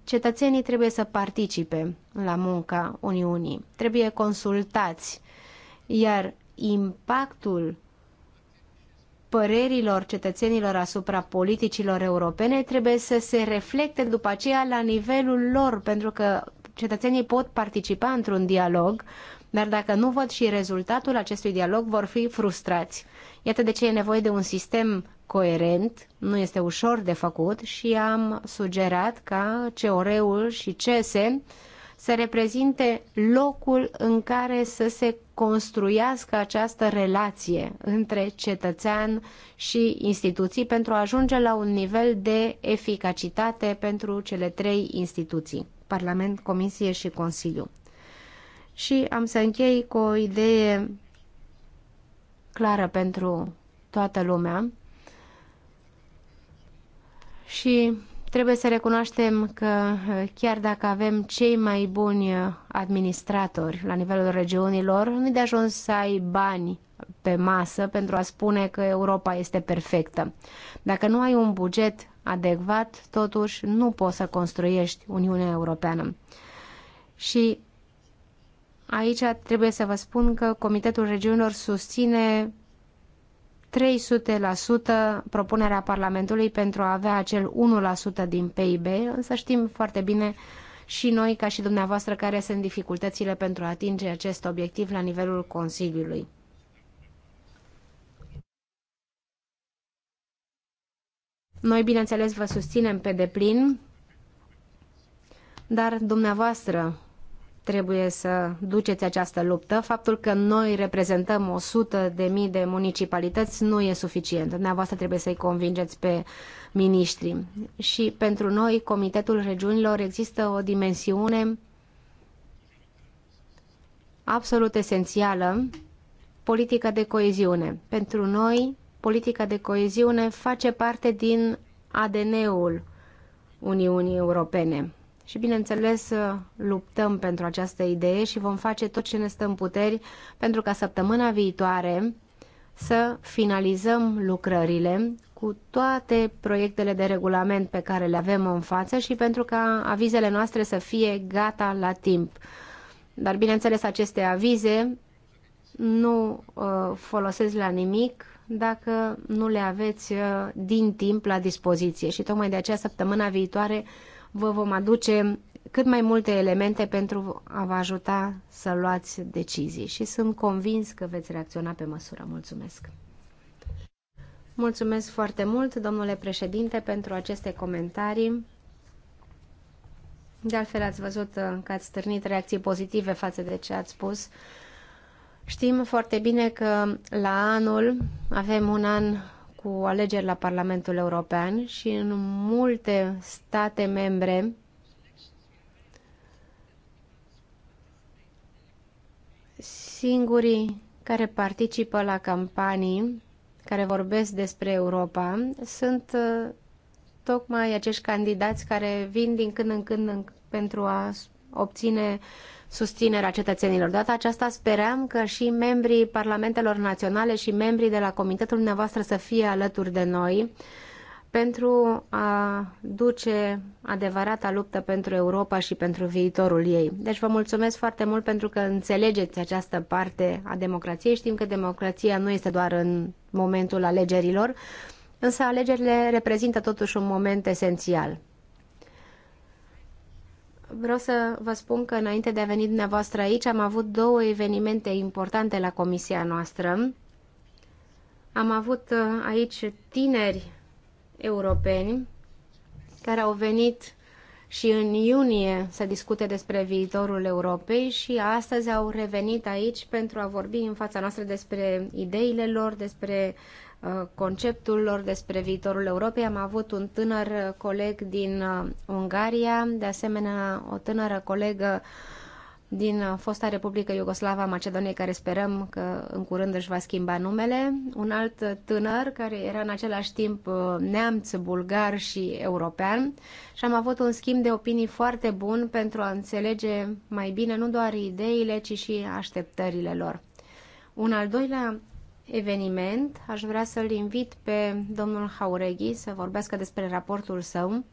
Cetățenii trebuie să participe la munca Uniunii, trebuie consultați, iar impactul părerilor cetățenilor asupra politicilor europene trebuie să se reflecte după aceea la nivelul lor, pentru că cetățenii pot participa într-un dialog, dar dacă nu văd și rezultatul acestui dialog, vor fi frustrați. Iată de ce e nevoie de un sistem coerent, nu este ușor de făcut și am sugerat ca COR-ul și CESE să reprezinte locul în care să se construiască această relație între cetățean și instituții pentru a ajunge la un nivel de eficacitate pentru cele trei instituții, Parlament, Comisie și Consiliu. Și am să închei cu o idee clară pentru toată lumea și Trebuie să recunoaștem că uh, chiar dacă avem cei mai buni uh, administratori la nivelul regiunilor, nu de ajuns să ai bani pe masă pentru a spune că Europa este perfectă. Dacă nu ai un buget adecvat, totuși nu poți să construiești Uniunea Europeană. Și aici trebuie să vă spun că Comitetul Regiunilor susține 300% propunerea Parlamentului pentru a avea acel 1% din PIB, însă știm foarte bine și noi, ca și dumneavoastră, care sunt dificultățile pentru a atinge acest obiectiv la nivelul Consiliului. Noi, bineînțeles, vă susținem pe deplin, dar dumneavoastră trebuie să duceți această luptă. Faptul că noi reprezentăm 100.000 de mii de municipalități nu e suficient. Dumneavoastră trebuie să-i convingeți pe miniștri. Și pentru noi, Comitetul Regiunilor, există o dimensiune absolut esențială, politica de coeziune. Pentru noi, politica de coeziune face parte din ADN-ul Uniunii Europene. Și, bineînțeles, luptăm pentru această idee și vom face tot ce ne stă în puteri pentru ca săptămâna viitoare să finalizăm lucrările cu toate proiectele de regulament pe care le avem în față și pentru ca avizele noastre să fie gata la timp. Dar, bineînțeles, aceste avize nu uh, folosesc la nimic dacă nu le aveți uh, din timp la dispoziție. Și tocmai de aceea, săptămâna viitoare, uh, vă vom aduce cât mai multe elemente pentru a vă ajuta să luați decizii și sunt convins că veți reacționa pe măsură. Mulțumesc! Mulțumesc foarte mult, domnule președinte, pentru aceste comentarii. De altfel, ați văzut că ați stârnit reacții pozitive față de ce ați spus. Știm foarte bine că la anul avem un an cu alegeri la Parlamentul European și în multe state membre singurii care participă la campanii care vorbesc despre Europa sunt uh, tocmai acești candidați care vin din când în când pentru a obține uh, susținerea cetățenilor. Data aceasta sperăm că și membrii parlamentelor naționale și membrii de la comitetul dumneavoastră să fie alături de noi pentru a duce adevărata luptă pentru Europa și pentru viitorul ei. Deci vă mulțumesc foarte mult pentru că înțelegeți această parte a democrației. Știm că democrația nu este doar în momentul alegerilor, însă alegerile reprezintă totuși un moment esențial. Vreau să vă spun că înainte de a veni dumneavoastră aici am avut două evenimente importante la comisia noastră. Am avut uh, aici tineri europeni care au venit și în iunie să discute despre viitorul Europei și astăzi au revenit aici pentru a vorbi în fața noastră despre ideile lor, despre Uh, conceptul lor despre viitorul Europei. Am avut un tânăr coleg din uh, Ungaria, de asemenea o tânără colegă din uh, fosta Republică Iugoslava Macedoniei, care sperăm că în curând își va schimba numele, un alt tânăr care era în același timp neamț, bulgar și european și am avut un schimb de opinii foarte bun pentru a înțelege mai bine nu doar ideile, ci și așteptările lor. Un al doilea eveniment. Aș vrea să-l invit pe domnul Haureghi să vorbească despre raportul său,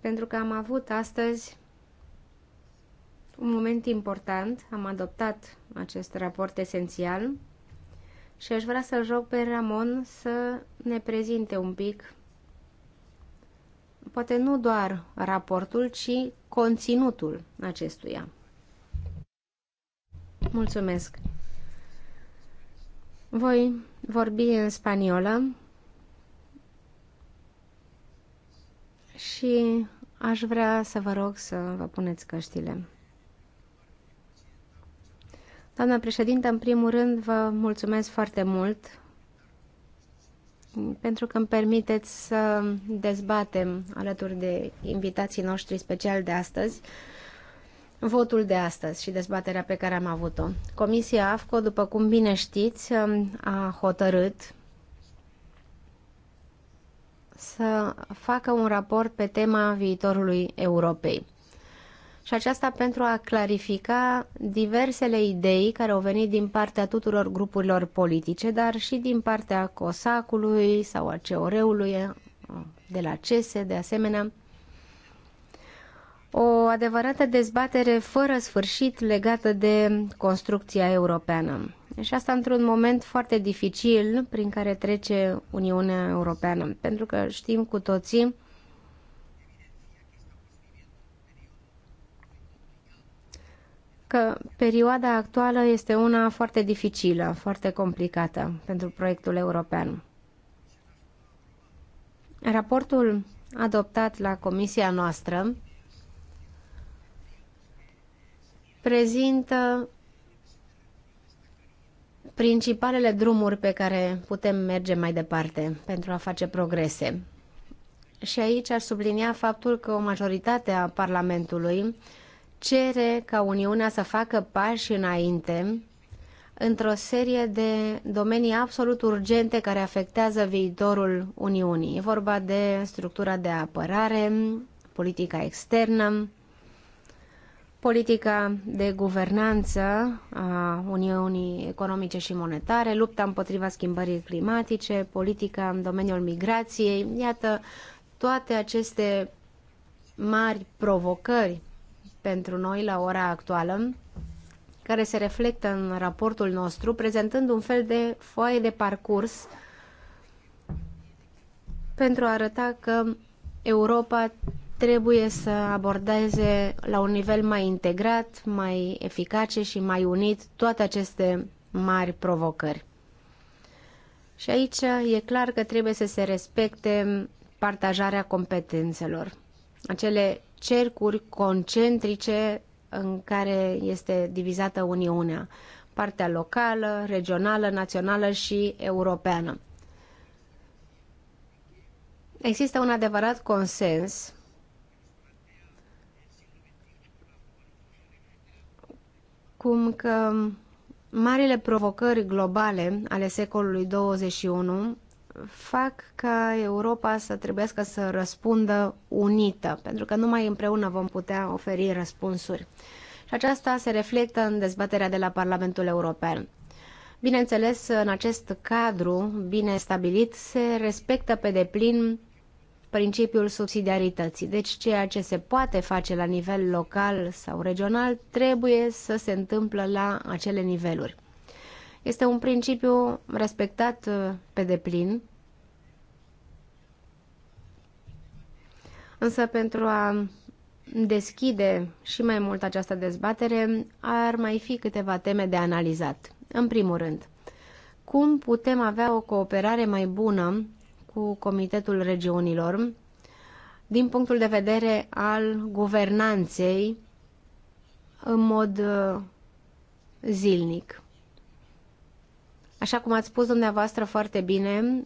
pentru că am avut astăzi un moment important. Am adoptat acest raport esențial și aș vrea să-l rog pe Ramon să ne prezinte un pic poate nu doar raportul, ci conținutul acestuia. Mulțumesc! Voi vorbi în spaniolă și aș vrea să vă rog să vă puneți căștile. Doamna președintă, în primul rând vă mulțumesc foarte mult pentru că îmi permiteți să dezbatem alături de invitații noștri special de astăzi votul de astăzi și dezbaterea pe care am avut-o. Comisia AFCO, după cum bine știți, um, a hotărât să facă un raport pe tema viitorului Europei. Și aceasta pentru a clarifica diversele idei care au venit din partea tuturor grupurilor politice, dar și din partea COSAC-ului sau a CEOR-ului, de la CESE, de asemenea o adevărată dezbatere fără sfârșit legată de construcția europeană. Și asta într-un moment foarte dificil prin care trece Uniunea Europeană, pentru că știm cu toții că perioada actuală este una foarte dificilă, foarte complicată pentru proiectul european. Raportul adoptat la comisia noastră prezintă principalele drumuri pe care putem merge mai departe pentru a face progrese. Și aici aș sublinia faptul că o majoritate a Parlamentului cere ca Uniunea să facă pași înainte într-o serie de domenii absolut urgente care afectează viitorul Uniunii. E vorba de structura de apărare, politica externă, politica de guvernanță a Uniunii Economice și Monetare, lupta împotriva schimbării climatice, politica în domeniul migrației, iată toate aceste mari provocări pentru noi la ora actuală, care se reflectă în raportul nostru, prezentând un fel de foaie de parcurs pentru a arăta că Europa trebuie să abordeze la un nivel mai integrat, mai eficace și mai unit toate aceste mari provocări. Și aici e clar că trebuie să se respecte partajarea competențelor. Acele cercuri concentrice în care este divizată Uniunea, partea locală, regională, națională și europeană. Există un adevărat consens Cum că marile provocări globale ale secolului 21 fac ca Europa să trebuiască să răspundă unită, pentru că numai împreună vom putea oferi răspunsuri. Și aceasta se reflectă în dezbaterea de la Parlamentul European. Bineînțeles, în acest cadru bine stabilit se respectă pe deplin principiul subsidiarității. Deci ceea ce se poate face la nivel local sau regional trebuie să se întâmplă la acele niveluri. Este un principiu respectat uh, pe deplin, însă pentru a deschide și mai mult această dezbatere, ar mai fi câteva teme de analizat. În primul rând, cum putem avea o cooperare mai bună cu Comitetul Regiunilor din punctul de vedere al guvernanței în mod uh, zilnic. Așa cum ați spus dumneavoastră foarte bine,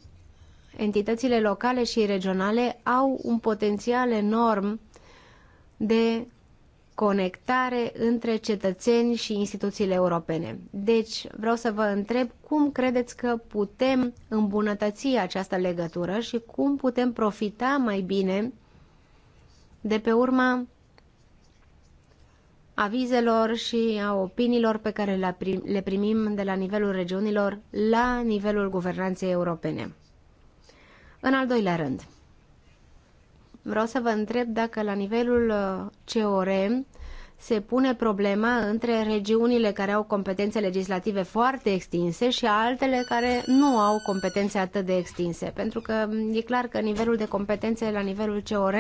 entitățile locale și regionale au un potențial enorm de conectare între cetățeni și instituțiile europene. Deci, vreau să vă întreb cum credeți că putem îmbunătăți această legătură și cum putem profita mai bine de pe urma avizelor și a opiniilor pe care le primim de la nivelul regiunilor la nivelul guvernanței europene. În al doilea rând, Vreau să vă întreb dacă la nivelul uh, COR se pune problema între regiunile care au competențe legislative foarte extinse și altele care nu au competențe atât de extinse. Pentru că mm, e clar că nivelul de competențe la nivelul COR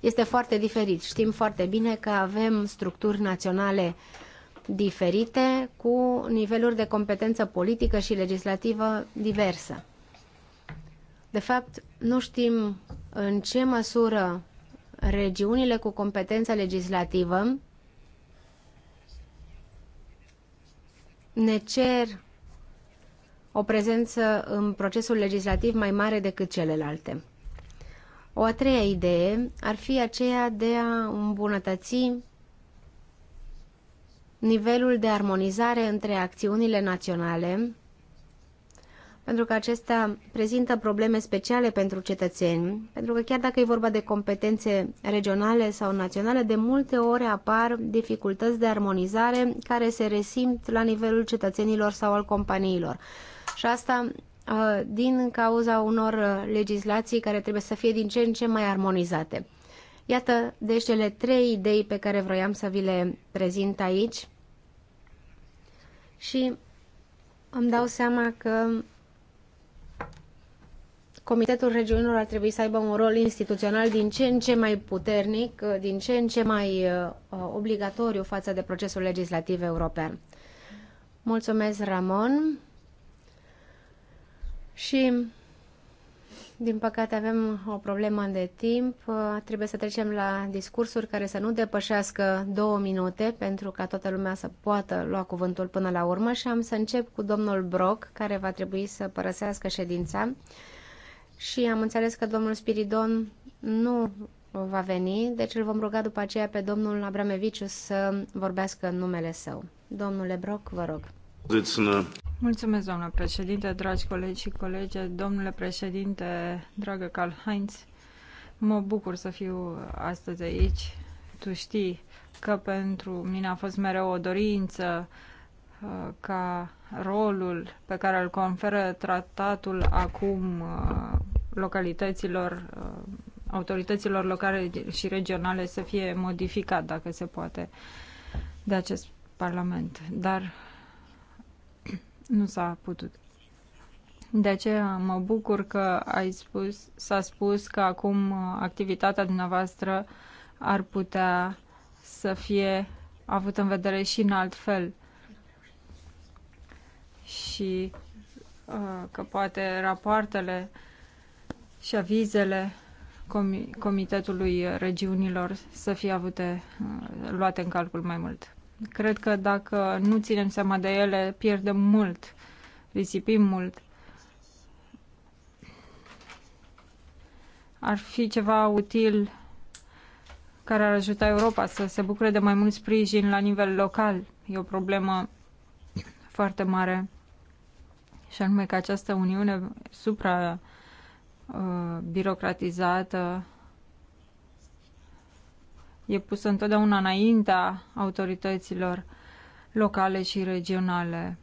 este foarte diferit. Știm foarte bine că avem structuri naționale diferite cu niveluri de competență politică și legislativă diversă. De fapt, nu știm în ce măsură regiunile cu competență legislativă ne cer o prezență în procesul legislativ mai mare decât celelalte. O a treia idee ar fi aceea de a îmbunătăți nivelul de armonizare între acțiunile naționale pentru că acestea prezintă probleme speciale pentru cetățeni, pentru că chiar dacă e vorba de competențe regionale sau naționale, de multe ori apar dificultăți de armonizare care se resimt la nivelul cetățenilor sau al companiilor. Și asta uh, din cauza unor uh, legislații care trebuie să fie din ce în ce mai armonizate. Iată, deci cele trei idei pe care vroiam să vi le prezint aici și îmi dau seama că Comitetul Regiunilor ar trebui să aibă un rol instituțional din ce în ce mai puternic, uh, din ce în ce mai uh, uh, obligatoriu față de procesul legislativ european. Mulțumesc, Ramon. Și, din păcate, avem o problemă de timp. Trebuie să trecem la discursuri care să nu depășească două minute, pentru ca toată lumea să poată lua cuvântul până la urmă. Și am să încep cu domnul Brock, care va trebui să părăsească ședința și am înțeles că domnul Spiridon nu va veni, deci îl vom ruga după aceea pe domnul Abrameviciu să vorbească în numele său. Domnule Broc, vă rog. Mulțumesc, doamnă președinte, dragi colegi și colege, domnule președinte, dragă Karl Heinz, mă bucur să fiu astăzi aici. Tu știi că pentru mine a fost mereu o dorință ca rolul pe care îl conferă tratatul acum uh, localităților, uh, autorităților locale și regionale să fie modificat, dacă se poate, de acest Parlament. Dar nu s-a putut. De aceea mă bucur că ai spus, s-a spus că acum uh, activitatea dumneavoastră ar putea să fie avut în vedere și în alt fel și uh, că poate rapoartele și avizele Comitetului Regiunilor să fie avute, uh, luate în calcul mai mult. Cred că dacă nu ținem seama de ele, pierdem mult, risipim mult. Ar fi ceva util care ar ajuta Europa să se bucure de mai mult sprijin la nivel local. E o problemă foarte mare și anume că această uniune supra-birocratizată uh, e pusă întotdeauna înaintea autorităților locale și regionale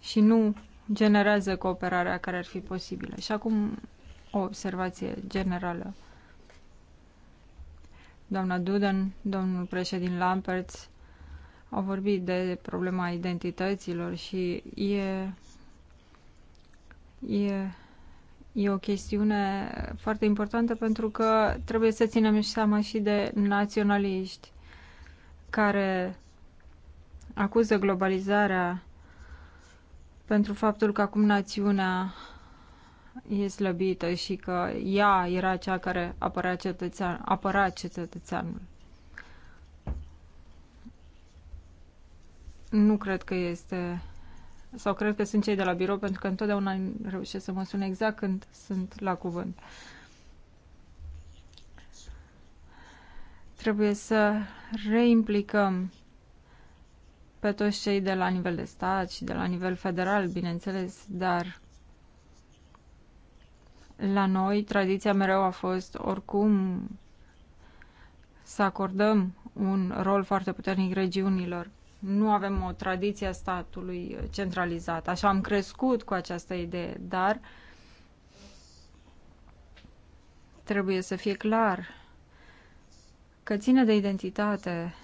și nu generează cooperarea care ar fi posibilă. Și acum o observație generală. Doamna Duden, domnul președin Lamperts au vorbit de problema identităților și e, e, e o chestiune foarte importantă pentru că trebuie să ținem seama și de naționaliști care acuză globalizarea pentru faptul că acum națiunea e slăbită și că ea era cea care apăra, cetățean, apăra cetățeanul. Nu cred că este sau cred că sunt cei de la birou, pentru că întotdeauna reușesc să mă sun exact când sunt la cuvânt. Trebuie să reimplicăm pe toți cei de la nivel de stat și de la nivel federal, bineînțeles, dar la noi tradiția mereu a fost oricum să acordăm un rol foarte puternic regiunilor nu avem o tradiție a statului centralizat. Așa am crescut cu această idee, dar trebuie să fie clar că ține de identitate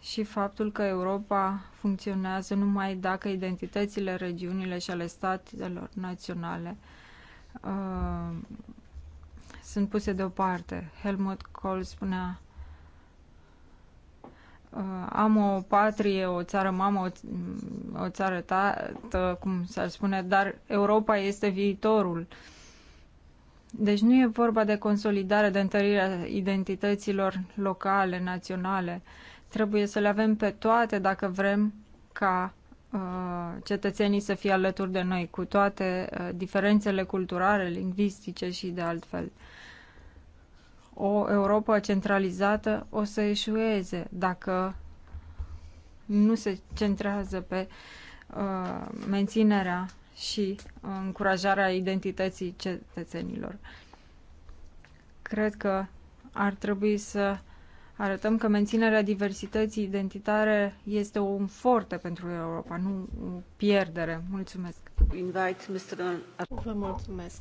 și faptul că Europa funcționează numai dacă identitățile, regiunile și ale statelor naționale uh, sunt puse deoparte. Helmut Kohl spunea Uh, am o patrie, o țară mamă, o, o țară tată, cum s-ar spune, dar Europa este viitorul. Deci nu e vorba de consolidare, de întărirea identităților locale, naționale. Trebuie să le avem pe toate dacă vrem ca uh, cetățenii să fie alături de noi, cu toate uh, diferențele culturale, lingvistice și de altfel. Uh, o Europa centralizată o să eșueze dacă nu se centrează pe uh, menținerea și încurajarea identității cetățenilor. Cred că ar trebui să arătăm că menținerea diversității identitare este un forte pentru Europa, nu o pierdere. Mulțumesc! Vă mulțumesc!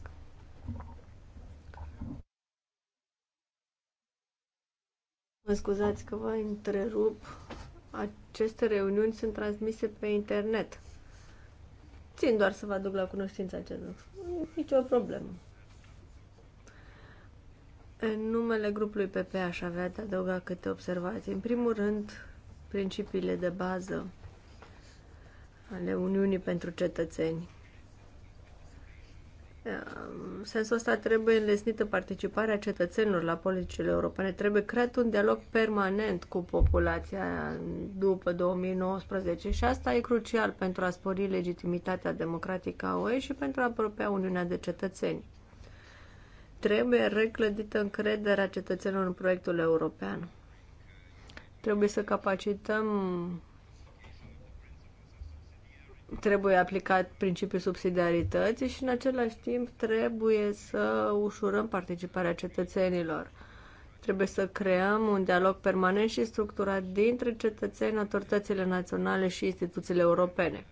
Mă scuzați că vă întrerup. Aceste reuniuni sunt transmise pe internet. Țin doar să vă aduc la cunoștință acest lucru. Nici o problemă. În numele grupului PP aș avea de adăuga câte observații. În primul rând, principiile de bază ale Uniunii pentru cetățeni în ehm, sensul ăsta trebuie înlesnită participarea cetățenilor la politicile europene. Trebuie creat un dialog permanent cu populația după 2019 și asta e crucial pentru a spori legitimitatea democratică a UE și pentru a apropia Uniunea de cetățeni. Trebuie reclădită încrederea cetățenilor în proiectul european. Trebuie să capacităm trebuie aplicat principiul subsidiarității și în același timp trebuie să ușurăm participarea cetățenilor. Trebuie să creăm un dialog permanent și structurat dintre cetățeni, autoritățile naționale și instituțiile europene.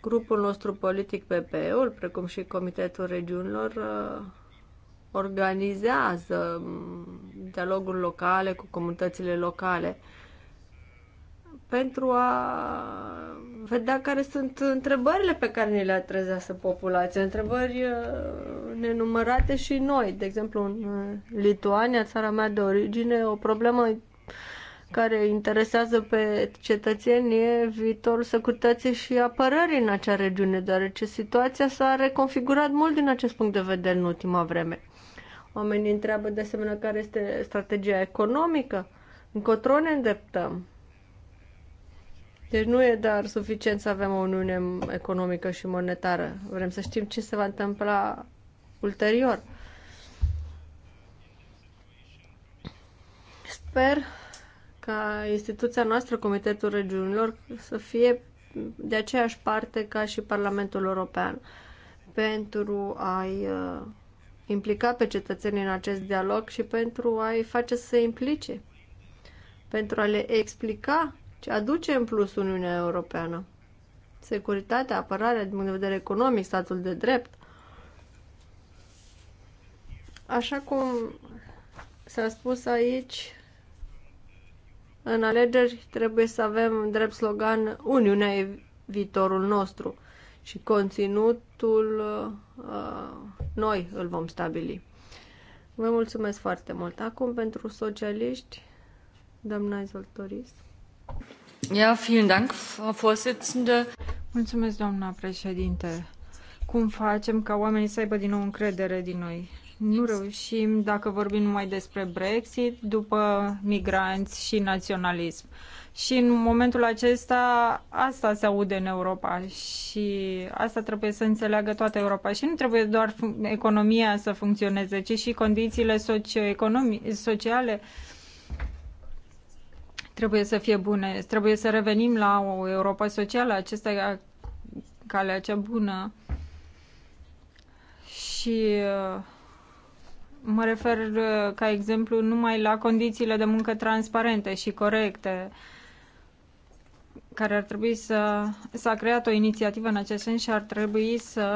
Grupul nostru politic PPE-ul, precum și Comitetul Regiunilor, uh, organizează mm, dialoguri locale cu comunitățile locale pentru a vedea care sunt întrebările pe care ni le atrezează populația, întrebări uh, nenumărate și noi. De exemplu, în uh, Lituania, țara mea de origine, o problemă care interesează pe cetățenii e viitorul securității și apărării în acea regiune, deoarece situația s-a reconfigurat mult din acest punct de vedere în ultima vreme. Oamenii întreabă de asemenea care este strategia economică, încotro ne îndreptăm, deci nu e doar suficient să avem o uniune economică și monetară. Vrem să știm ce se va întâmpla ulterior. Sper ca instituția noastră, Comitetul Regiunilor, să fie de aceeași parte ca și Parlamentul European pentru a-i uh, implica pe cetățenii în acest dialog și pentru a-i face să se implice, pentru a le explica ce aduce în plus Uniunea Europeană. Securitatea, apărarea, din punct de vedere economic, statul de drept. Așa cum s-a spus aici, în alegeri trebuie să avem drept slogan Uniunea e viitorul nostru și conținutul uh, noi îl vom stabili. Vă mulțumesc foarte mult. Acum pentru socialiști, doamna Izoltoris. Ja, vielen Frau Mulțumesc, președinte. Cum facem ca oamenii să aibă din nou încredere din noi? Nu reușim dacă vorbim numai despre Brexit, după migranți și naționalism. Și în momentul acesta asta se aude în Europa și asta trebuie să înțeleagă toată Europa. Și nu trebuie doar economia să funcționeze, ci și condițiile sociale trebuie să fie bune. Trebuie să revenim la o Europa socială, acesta e calea cea bună. Și uh, mă refer uh, ca exemplu numai la condițiile de muncă transparente și corecte care ar trebui să... S-a creat o inițiativă în acest sens și ar trebui să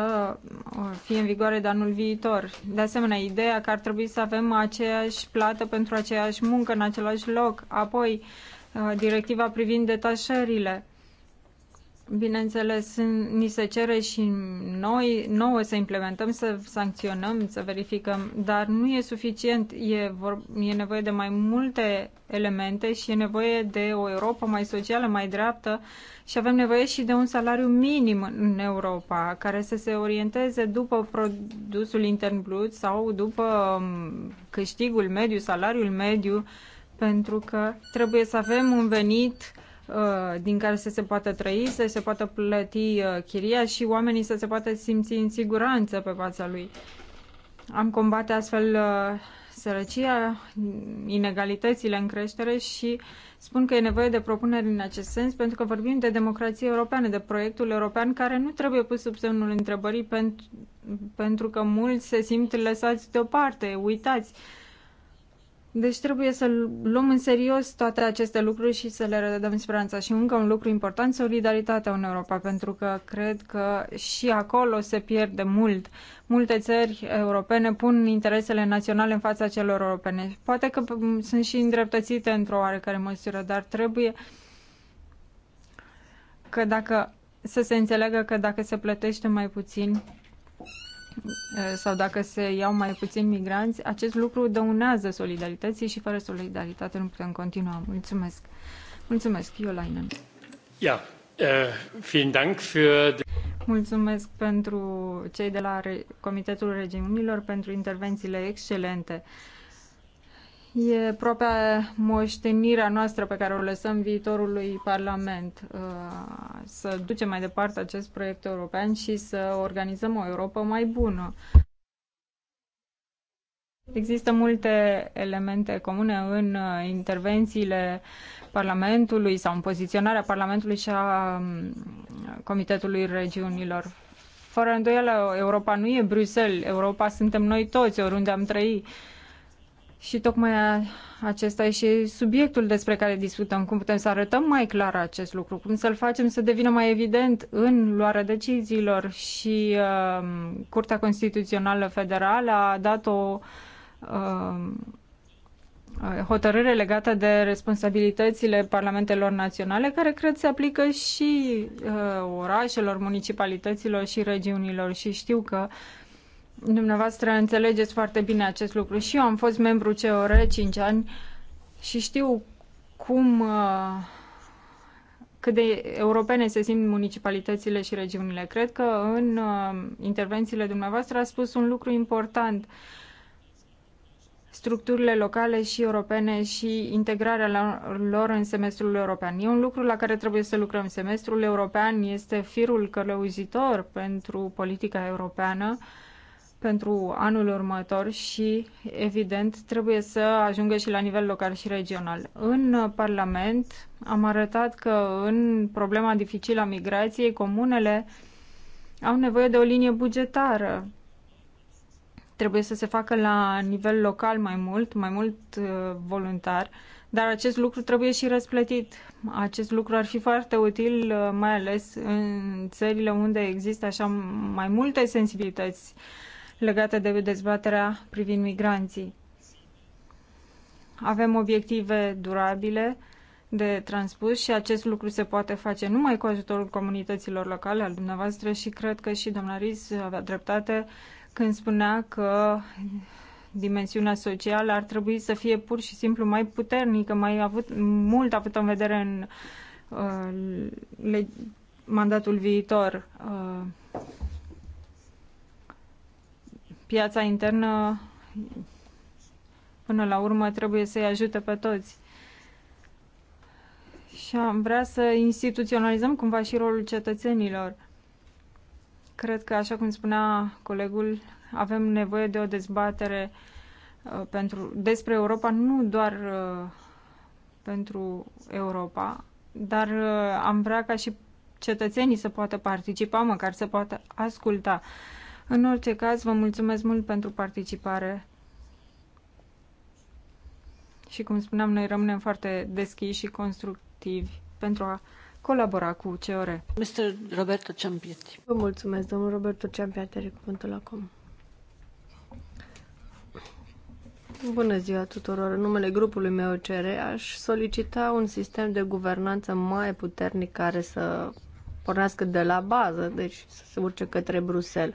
uh, fie în vigoare de anul viitor. De asemenea, ideea că ar trebui să avem aceeași plată pentru aceeași muncă în același loc. Apoi, uh, Uh, directiva privind detașările. Bineînțeles, ni se cere și noi, nouă să implementăm, să sancționăm, să verificăm, dar nu e suficient. E, vor, e nevoie de mai multe elemente și e nevoie de o Europa mai socială, mai dreaptă și avem nevoie și de un salariu minim în Europa, care să se orienteze după produsul intern brut sau după um, câștigul mediu, salariul mediu, uh, pentru că trebuie să avem un venit uh, din care să se poată trăi, să se poată plăti uh, chiria și oamenii să se poată simți în siguranță pe fața lui. Am combate astfel uh, sărăcia, inegalitățile în creștere și spun că e nevoie de propuneri în acest sens pentru că vorbim de democrație europeană, de proiectul european care nu trebuie pus sub semnul întrebării pentru, pentru că mulți se simt lăsați deoparte, uitați. Uh, deci trebuie să luăm în serios toate aceste lucruri și să le redăm speranța. Și încă un lucru important, solidaritatea în Europa, pentru că cred că și acolo se pierde mult. Multe țări europene pun interesele naționale în fața celor europene. Poate că mm, sunt și îndreptățite într-o oarecare măsură, dar trebuie că dacă să se înțeleagă că dacă se plătește mai puțin, Eh, sau dacă se iau mai puțini migranți, acest lucru dăunează solidarității și fără solidaritate nu putem continua. Mulțumesc. Mulțumesc, Iolainen. Ja, uh, vielen Dank für Mulțumesc pentru cei de la Comitetul Regiunilor pentru intervențiile excelente e propria moștenirea noastră pe care o lăsăm viitorului Parlament. Uh, să ducem mai departe acest proiect european și să organizăm o Europa mai bună. Există multe elemente comune în uh, intervențiile Parlamentului sau în poziționarea Parlamentului și a um, Comitetului Regiunilor. Fără îndoială, Europa nu e Bruxelles, Europa suntem noi toți, oriunde am trăi. Și tocmai acesta e și subiectul despre care discutăm. Cum putem să arătăm mai clar acest lucru? Cum să-l facem să devină mai evident în luarea deciziilor? Și uh, Curtea Constituțională Federală a dat o uh, hotărâre legată de responsabilitățile parlamentelor naționale, care cred se aplică și uh, orașelor, municipalităților și regiunilor. Și știu că uh, Dumneavoastră înțelegeți foarte bine acest lucru. Și eu am fost membru COR 5 ani și știu cum uh, cât de europene se simt municipalitățile și regiunile. Cred că în uh, intervențiile dumneavoastră a spus un lucru important. Structurile locale și europene și integrarea lor în semestrul european. E un lucru la care trebuie să lucrăm. Semestrul european este firul călăuzitor pentru politica europeană uh, pentru anul următor și, evident, trebuie să ajungă și la nivel local și regional. În Parlament am arătat că în problema dificilă a migrației, comunele au nevoie de o linie bugetară. Trebuie să se facă la nivel local mai mult, mai mult uh, voluntar, dar acest lucru trebuie și răsplătit. Acest lucru ar fi foarte util, uh, mai ales în țările unde există așa mai multe sensibilități uh, legate de dezbaterea privind migranții. Avem obiective durabile de transpus și acest lucru se poate face numai cu ajutorul comunităților locale, al dumneavoastră și cred că și doamna Riz avea dreptate când spunea că dimensiunea socială ar trebui să fie pur și simplu mai puternică, mai avut, mult avut în vedere în uh, le, mandatul viitor. Uh, Piața internă, până la urmă, trebuie să-i ajute pe toți. Și am vrea să instituționalizăm cumva și rolul cetățenilor. Cred că, așa cum spunea colegul, avem nevoie de o dezbatere uh, pentru, despre Europa, nu doar uh, pentru Europa, dar uh, am vrea ca și cetățenii să poată participa, măcar să poată asculta. Uh, în orice caz, vă mulțumesc mult pentru participare. Și cum spuneam, noi rămânem foarte deschiși și constructivi pentru a colabora cu CEOR. Mr. Roberto Ciampiati. Vă mulțumesc, domnul Roberto Ciampiati, are cuvântul acum. Bună ziua tuturor! În numele grupului meu CR aș solicita un sistem de guvernanță mai puternic care să pornească de la bază, deci să se urce către Bruxelles,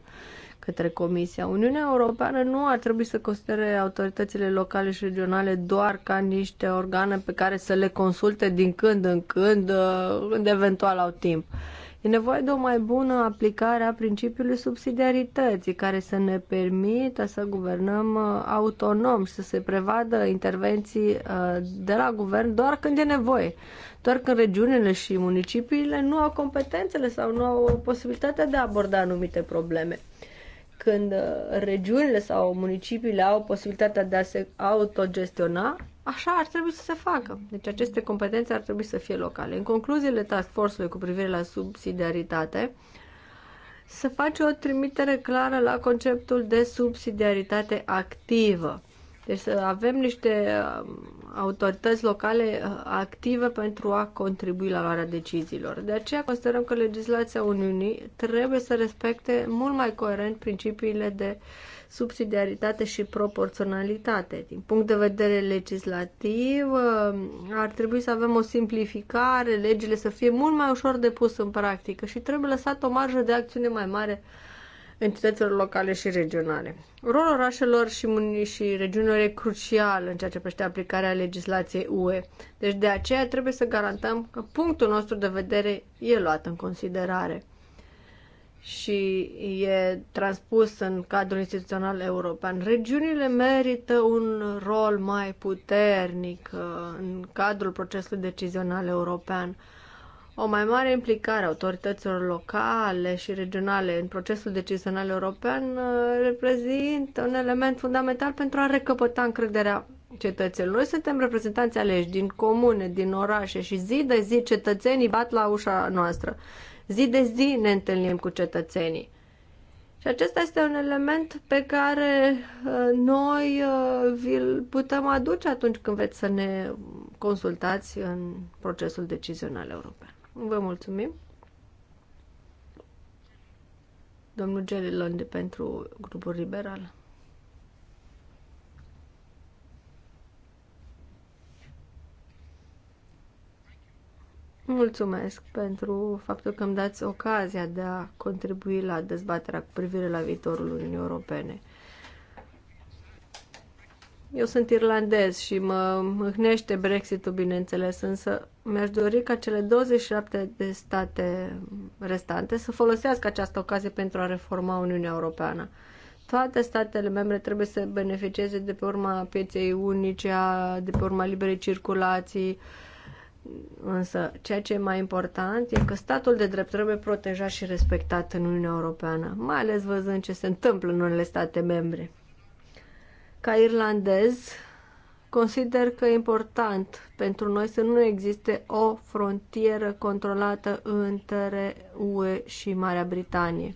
către Comisia. Uniunea Europeană nu ar trebui să considere autoritățile locale și regionale doar ca niște organe pe care să le consulte din când în când, când uh, eventual au timp. Uh, E nevoie de o mai bună aplicare a principiului subsidiarității care să ne permită să guvernăm uh, autonom și să se prevadă intervenții uh, de la guvern doar când e nevoie, doar când regiunile și municipiile nu au competențele sau nu au posibilitatea de a aborda anumite probleme când uh, regiunile sau municipiile au posibilitatea de a se autogestiona, Așa ar trebui să se facă. Deci aceste competențe ar trebui să fie locale. În concluziile task force-ului cu privire la subsidiaritate, se face o trimitere clară la conceptul de subsidiaritate activă. Deci să avem niște um, autorități locale uh, active pentru a contribui la luarea deciziilor. De aceea considerăm că legislația Uniunii trebuie să respecte mult mai coerent principiile de uh, subsidiaritate și proporționalitate. Din punct de vedere legislativ, ă, ar trebui să avem o simplificare, legile să fie mult mai ușor de pus în practică și trebuie lăsat o marjă de acțiune mai mare entităților locale și regionale. Rolul orașelor și, și regiunilor e crucial în ceea ce privește aplicarea legislației UE. Deci de aceea trebuie să garantăm că punctul nostru de vedere e luat în considerare și e transpus în cadrul instituțional european. Regiunile merită un rol mai puternic uh, în cadrul procesului decizional european. O mai mare implicare a autorităților locale și regionale în procesul decizional european uh, reprezintă un element fundamental pentru a recăpăta încrederea cetățenilor. Noi suntem reprezentanți aleși din comune, din orașe și zi de zi cetățenii bat la ușa noastră Zi de zi ne întâlnim cu cetățenii. Și acesta este un element pe care uh, noi uh, vi-l putem aduce atunci când veți să ne consultați în procesul decizional european. Vă mulțumim! Domnul Gelilonde pentru grupul liberal. Mulțumesc pentru faptul că îmi dați ocazia de a contribui la dezbaterea cu privire la viitorul Uniunii Europene. Eu sunt irlandez și mă mâhnește Brexit-ul, bineînțeles, însă mi-aș dori ca cele 27 de state restante să folosească această ocazie pentru a reforma Uniunea Europeană. Toate statele membre trebuie să beneficieze de pe urma pieței unice, de pe urma liberei circulații, uh, Însă, ceea ce e mai important e că statul de drept trebuie protejat și respectat în Uniunea Europeană, mai ales văzând ce se întâmplă în unele state membre. Ca irlandez, consider că e important pentru noi să nu existe o frontieră controlată între UE și Marea Britanie.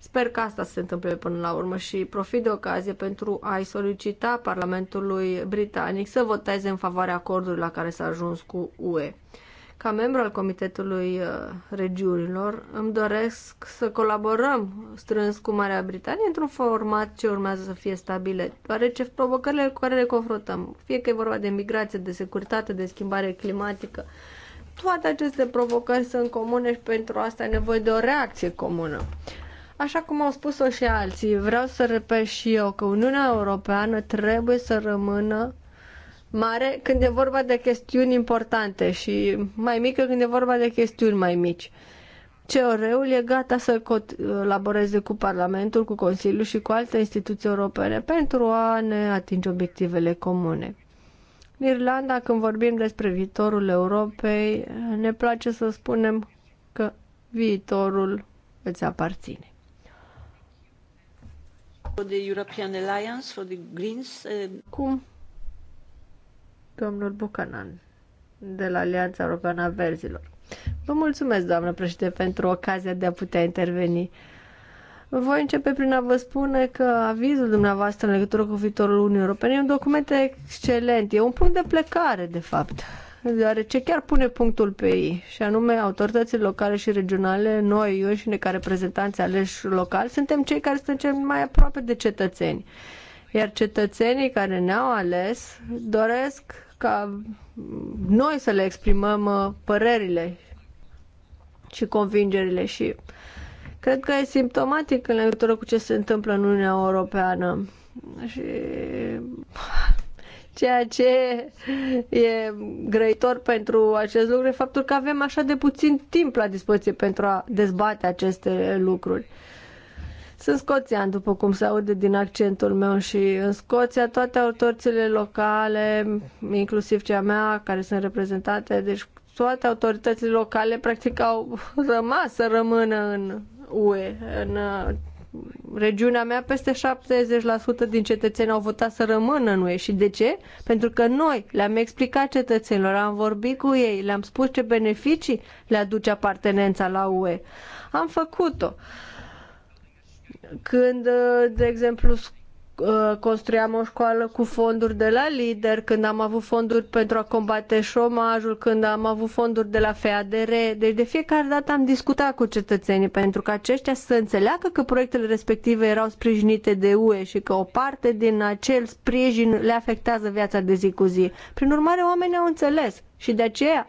Sper că asta se întâmple până la urmă și profit de ocazie pentru a-i solicita Parlamentului Britanic să voteze în favoarea acordului la care s-a ajuns cu UE. Ca membru al Comitetului uh, Regiunilor, îmi doresc să colaborăm strâns cu Marea Britanie într-un format ce urmează să fie stabile, deoarece provocările cu care le confruntăm, fie că e vorba de migrație, de securitate, de schimbare climatică, toate aceste provocări sunt comune și pentru asta e nevoie de o reacție comună. Așa cum au spus-o și alții, vreau să repet și eu că Uniunea Europeană trebuie să rămână mare când e vorba de chestiuni importante și mai mică când e vorba de chestiuni mai mici. CR-ul e gata să colaboreze cu Parlamentul, cu Consiliul și cu alte instituții europene pentru a ne atinge obiectivele comune. În Irlanda, când vorbim despre viitorul Europei, ne place să spunem că viitorul îți aparține. Uh, Cum? Domnul Buchanan, de la Alianța Europeană a Verzilor. Vă mulțumesc, doamnă președinte, pentru ocazia de a putea interveni. Voi începe prin a vă spune că avizul dumneavoastră în legătură cu viitorul Uniunii Europene e un document excelent, e un punct de plecare, de fapt deoarece chiar pune punctul pe ei, și anume autoritățile locale și regionale, noi înșine ca reprezentanți aleși locali, suntem cei care suntem cel mai aproape de cetățeni. Iar cetățenii care ne-au ales doresc ca noi să le exprimăm uh, părerile și convingerile și cred că e simptomatic în legătură cu ce se întâmplă în Uniunea Europeană. Și Ceea ce e grăitor pentru acest lucru e faptul că avem așa de puțin timp la dispoziție pentru a dezbate aceste lucruri. Sunt scoțian, după cum se aude din accentul meu și în Scoția toate autoritățile locale, inclusiv cea mea, care sunt reprezentate, deci toate autoritățile locale practic au rămas să rămână în UE, în regiunea mea, peste 70% din cetățeni au votat să rămână în UE. Și de ce? Pentru că noi le-am explicat cetățenilor, am vorbit cu ei, le-am spus ce beneficii le aduce apartenența la UE. Am făcut-o. Când, de exemplu, Uh, construiam o școală cu fonduri de la lider, când am avut fonduri pentru a combate șomajul, când am avut fonduri de la FADR. Deci de fiecare dată am discutat cu cetățenii pentru că aceștia să înțeleagă că proiectele respective erau sprijinite de UE și că o parte din acel sprijin le afectează viața de zi cu zi. Prin urmare, oamenii au înțeles și de aceea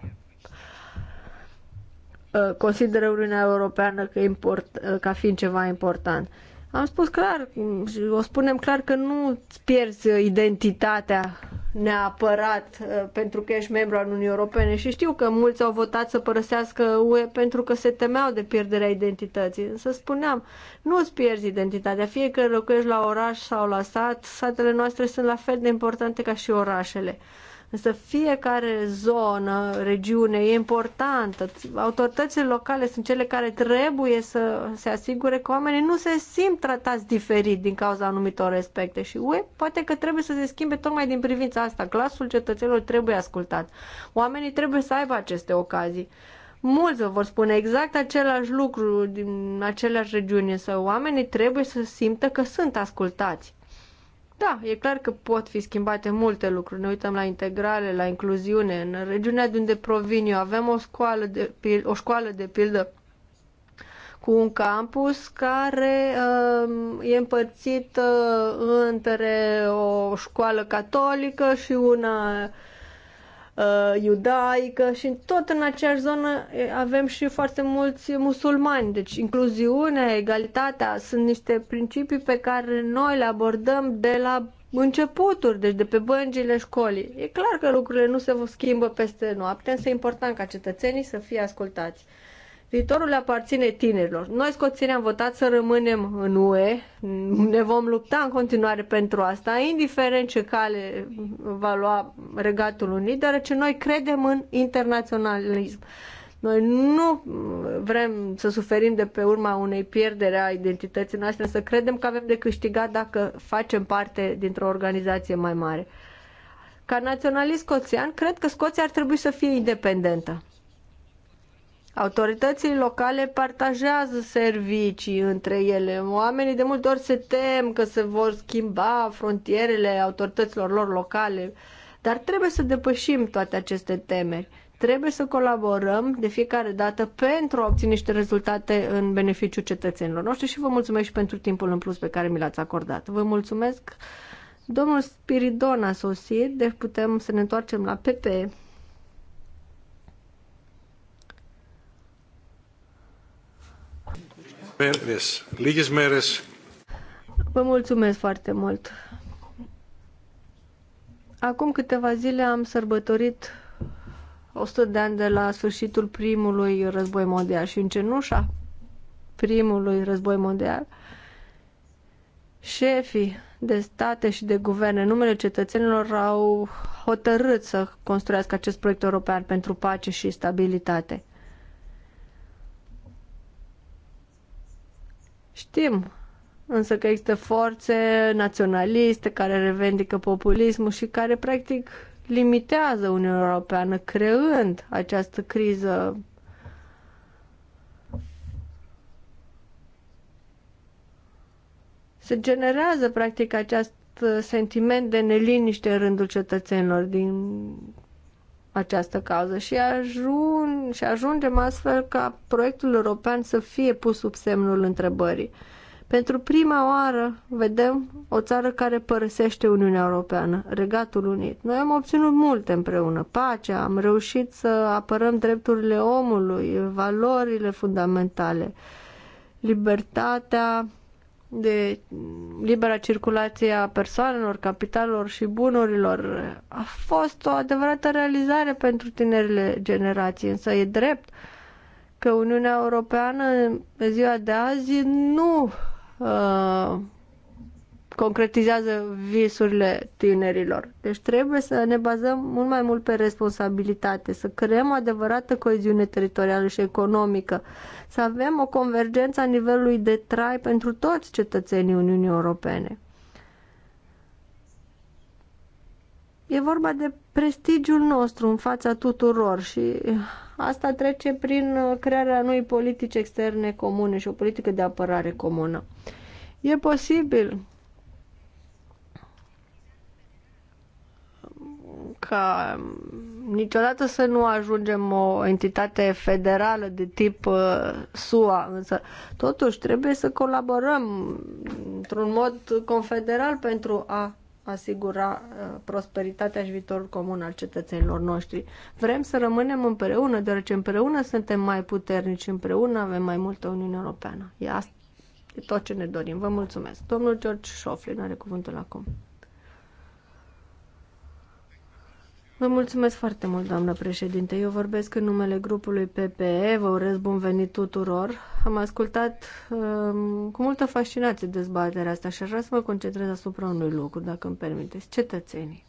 uh, consideră Uniunea Europeană că import, uh, ca fiind ceva important. Am spus clar și o spunem clar că nu îți pierzi identitatea neapărat uh, pentru că ești membru al Uniunii Europene și știu că mulți au votat să părăsească UE pentru că se temeau de pierderea identității. Însă spuneam, nu îți pierzi identitatea, fie că locuiești la oraș sau la sat, satele noastre sunt la fel de importante ca și orașele. Însă fiecare zonă, regiune e importantă. Autoritățile locale sunt cele care trebuie să se asigure că oamenii nu se simt tratați diferit din cauza anumitor respecte și UE poate că trebuie să se schimbe tocmai din privința asta. Glasul cetățenilor trebuie ascultat. Oamenii trebuie să aibă aceste ocazii mulți vă vor spune exact același lucru din aceleași regiuni, însă oamenii trebuie să simtă că sunt ascultați. Da, e clar că pot fi schimbate multe lucruri. Ne uităm la integrale, la incluziune. În regiunea de unde provin eu avem o școală de, o școală de pildă cu un campus care uh, e împărțit uh, între o școală catolică și una uh, iudaică și tot în aceeași zonă avem și foarte mulți musulmani. Deci incluziunea, egalitatea sunt niște principii pe care noi le abordăm de la începuturi, deci de pe băncile școlii. E clar că lucrurile nu se schimbă peste noapte, însă e important ca cetățenii să fie ascultați. Viitorul le aparține tinerilor. Noi, scoțienii, am votat să rămânem în UE. Ne vom lupta în continuare pentru asta, indiferent ce cale va lua Regatul Unit, deoarece noi credem în internaționalism. Noi nu vrem să suferim de pe urma unei pierdere a identității noastre, să credem că avem de câștigat dacă facem parte dintr-o organizație mai mare. Ca naționalist scoțian, cred că Scoția ar trebui să fie independentă. Autoritățile locale partajează servicii între ele. Oamenii de multe ori se tem că se vor schimba frontierele autorităților lor locale, dar trebuie să depășim toate aceste temeri. Trebuie să colaborăm de fiecare dată pentru a obține niște rezultate în beneficiul cetățenilor noștri și vă mulțumesc și pentru timpul în plus pe care mi l-ați acordat. Vă mulțumesc, domnul Spiridon a sosit, deci putem să ne întoarcem la PP. Merdes. Ligis Vă mulțumesc foarte mult. Acum câteva zile am sărbătorit 100 de ani de la sfârșitul primului război mondial și în cenușa primului război mondial, șefii de state și de guverne, numele cetățenilor au hotărât să construiască acest proiect european pentru pace și stabilitate. Știm însă că există forțe naționaliste care revendică populismul și care practic limitează Uniunea Europeană creând această criză se generează practic acest sentiment de neliniște în rândul cetățenilor din această cauză și, ajun, și ajungem astfel ca proiectul european să fie pus sub semnul întrebării. Pentru prima oară vedem o țară care părăsește Uniunea Europeană, Regatul Unit. Noi am obținut multe împreună, pacea, am reușit să apărăm drepturile omului, valorile fundamentale, libertatea, de libera circulație a persoanelor, capitalelor și bunurilor a fost o adevărată realizare pentru tinerile generații, însă e drept că Uniunea Europeană pe ziua de azi nu uh, concretizează visurile tinerilor. Deci trebuie să ne bazăm mult mai mult pe responsabilitate, să creăm o adevărată coeziune teritorială și economică. Uh, să avem o convergență a nivelului de trai pentru toți cetățenii Uniunii Europene. E vorba de prestigiul nostru în fața tuturor și asta trece prin crearea unei politici externe comune și o politică de apărare comună. E posibil ca niciodată să nu ajungem o entitate federală de tip uh, SUA, însă totuși trebuie să colaborăm într-un mod confederal pentru a asigura uh, prosperitatea și viitorul comun al cetățenilor noștri. Vrem să rămânem împreună, deoarece împreună suntem mai puternici, împreună avem mai multă Uniune Europeană. E asta e tot ce ne dorim. Vă mulțumesc. Domnul George Șoflin are cuvântul acum. Vă mulțumesc foarte mult, doamnă președinte. Eu vorbesc în numele grupului PPE, vă urez bun venit tuturor. Am ascultat um, cu multă fascinație dezbaterea asta și aș vrea să mă concentrez asupra unui lucru, dacă îmi permiteți. Cetățenii.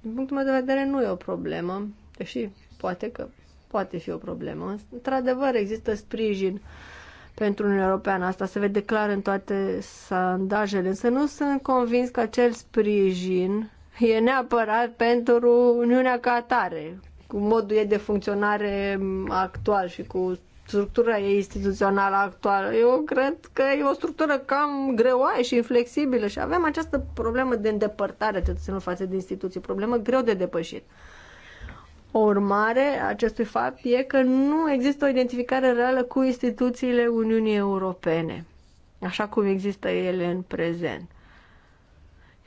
Din punctul meu de vedere, nu e o problemă, deși poate că poate fi o problemă. Într-adevăr, există sprijin pentru Uniunea Europeană. Asta se vede clar în toate sondajele, însă nu sunt convins că acel sprijin e neapărat pentru Uniunea ca atare, cu modul ei de funcționare actual și cu structura ei instituțională actuală. Eu cred că e o structură cam greoaie și inflexibilă și avem această problemă de îndepărtare a cetățenilor față de instituții, problemă greu de depășit. O urmare a acestui fapt e că nu există o identificare reală cu instituțiile Uniunii Europene, așa cum există ele în prezent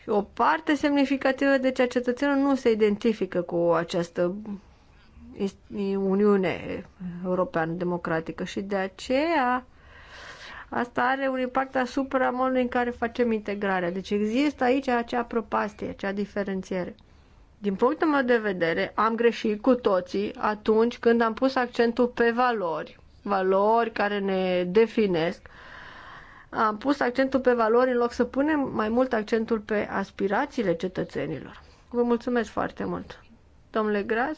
o parte semnificativă de ceea cetățenul nu se identifică cu această Uniune Europeană Democratică și de aceea asta are un impact asupra modului în care facem integrarea. Deci există aici acea propastie, acea diferențiere. Din punctul meu de vedere, am greșit cu toții atunci când am pus accentul pe valori, valori care ne definesc, am pus accentul pe valori în loc să punem mai mult accentul pe aspirațiile cetățenilor. Vă mulțumesc foarte mult. Domnule Gras,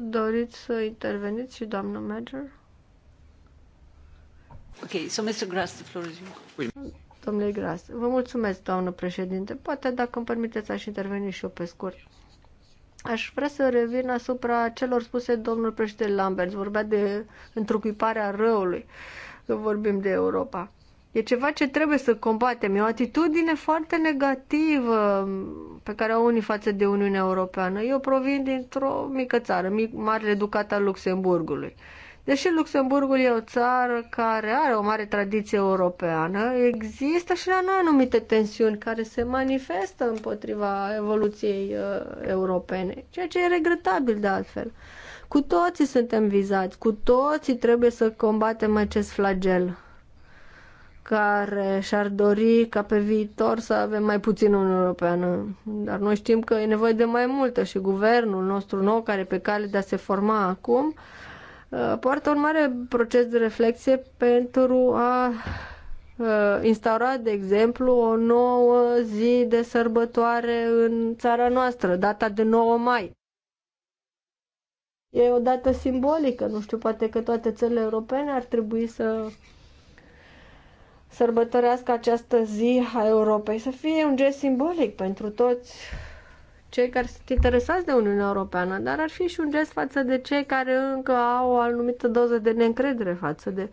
doriți să interveniți și doamnă Major? Ok, so Mr. Gras, the floor is yours. Domnule Gras, vă mulțumesc, doamnă președinte. Poate dacă îmi permiteți aș interveni și eu pe scurt. Aș vrea să revin asupra celor spuse domnul președinte Lambert. Vorbea de întrucuiparea răului când vorbim de Europa. E ceva ce trebuie să combatem. E o atitudine foarte negativă pe care o unii față de Uniunea Europeană. Eu provin dintr-o mică țară, mic, mare reducată a Luxemburgului. Deși Luxemburgul e o țară care are o mare tradiție europeană, există și la noi anumite tensiuni care se manifestă împotriva evoluției uh, europene, ceea ce e regretabil de altfel. Cu toții suntem vizați, cu toții trebuie să combatem acest flagel care și-ar dori ca pe viitor să avem mai puțin Uniunea Europeană. Dar noi știm că e nevoie de mai multă și guvernul nostru nou, care pe cale de a se forma acum, uh, poartă un mare proces de reflexie pentru a uh, instaura, de exemplu, o nouă zi de sărbătoare în țara noastră, data de 9 mai. E o dată simbolică, nu știu, poate că toate țările europene ar trebui să sărbătorească această zi a Europei, să fie un gest simbolic pentru toți cei care sunt interesați de Uniunea Europeană, dar ar fi și un gest față de cei care încă au o anumită doză de neîncredere față de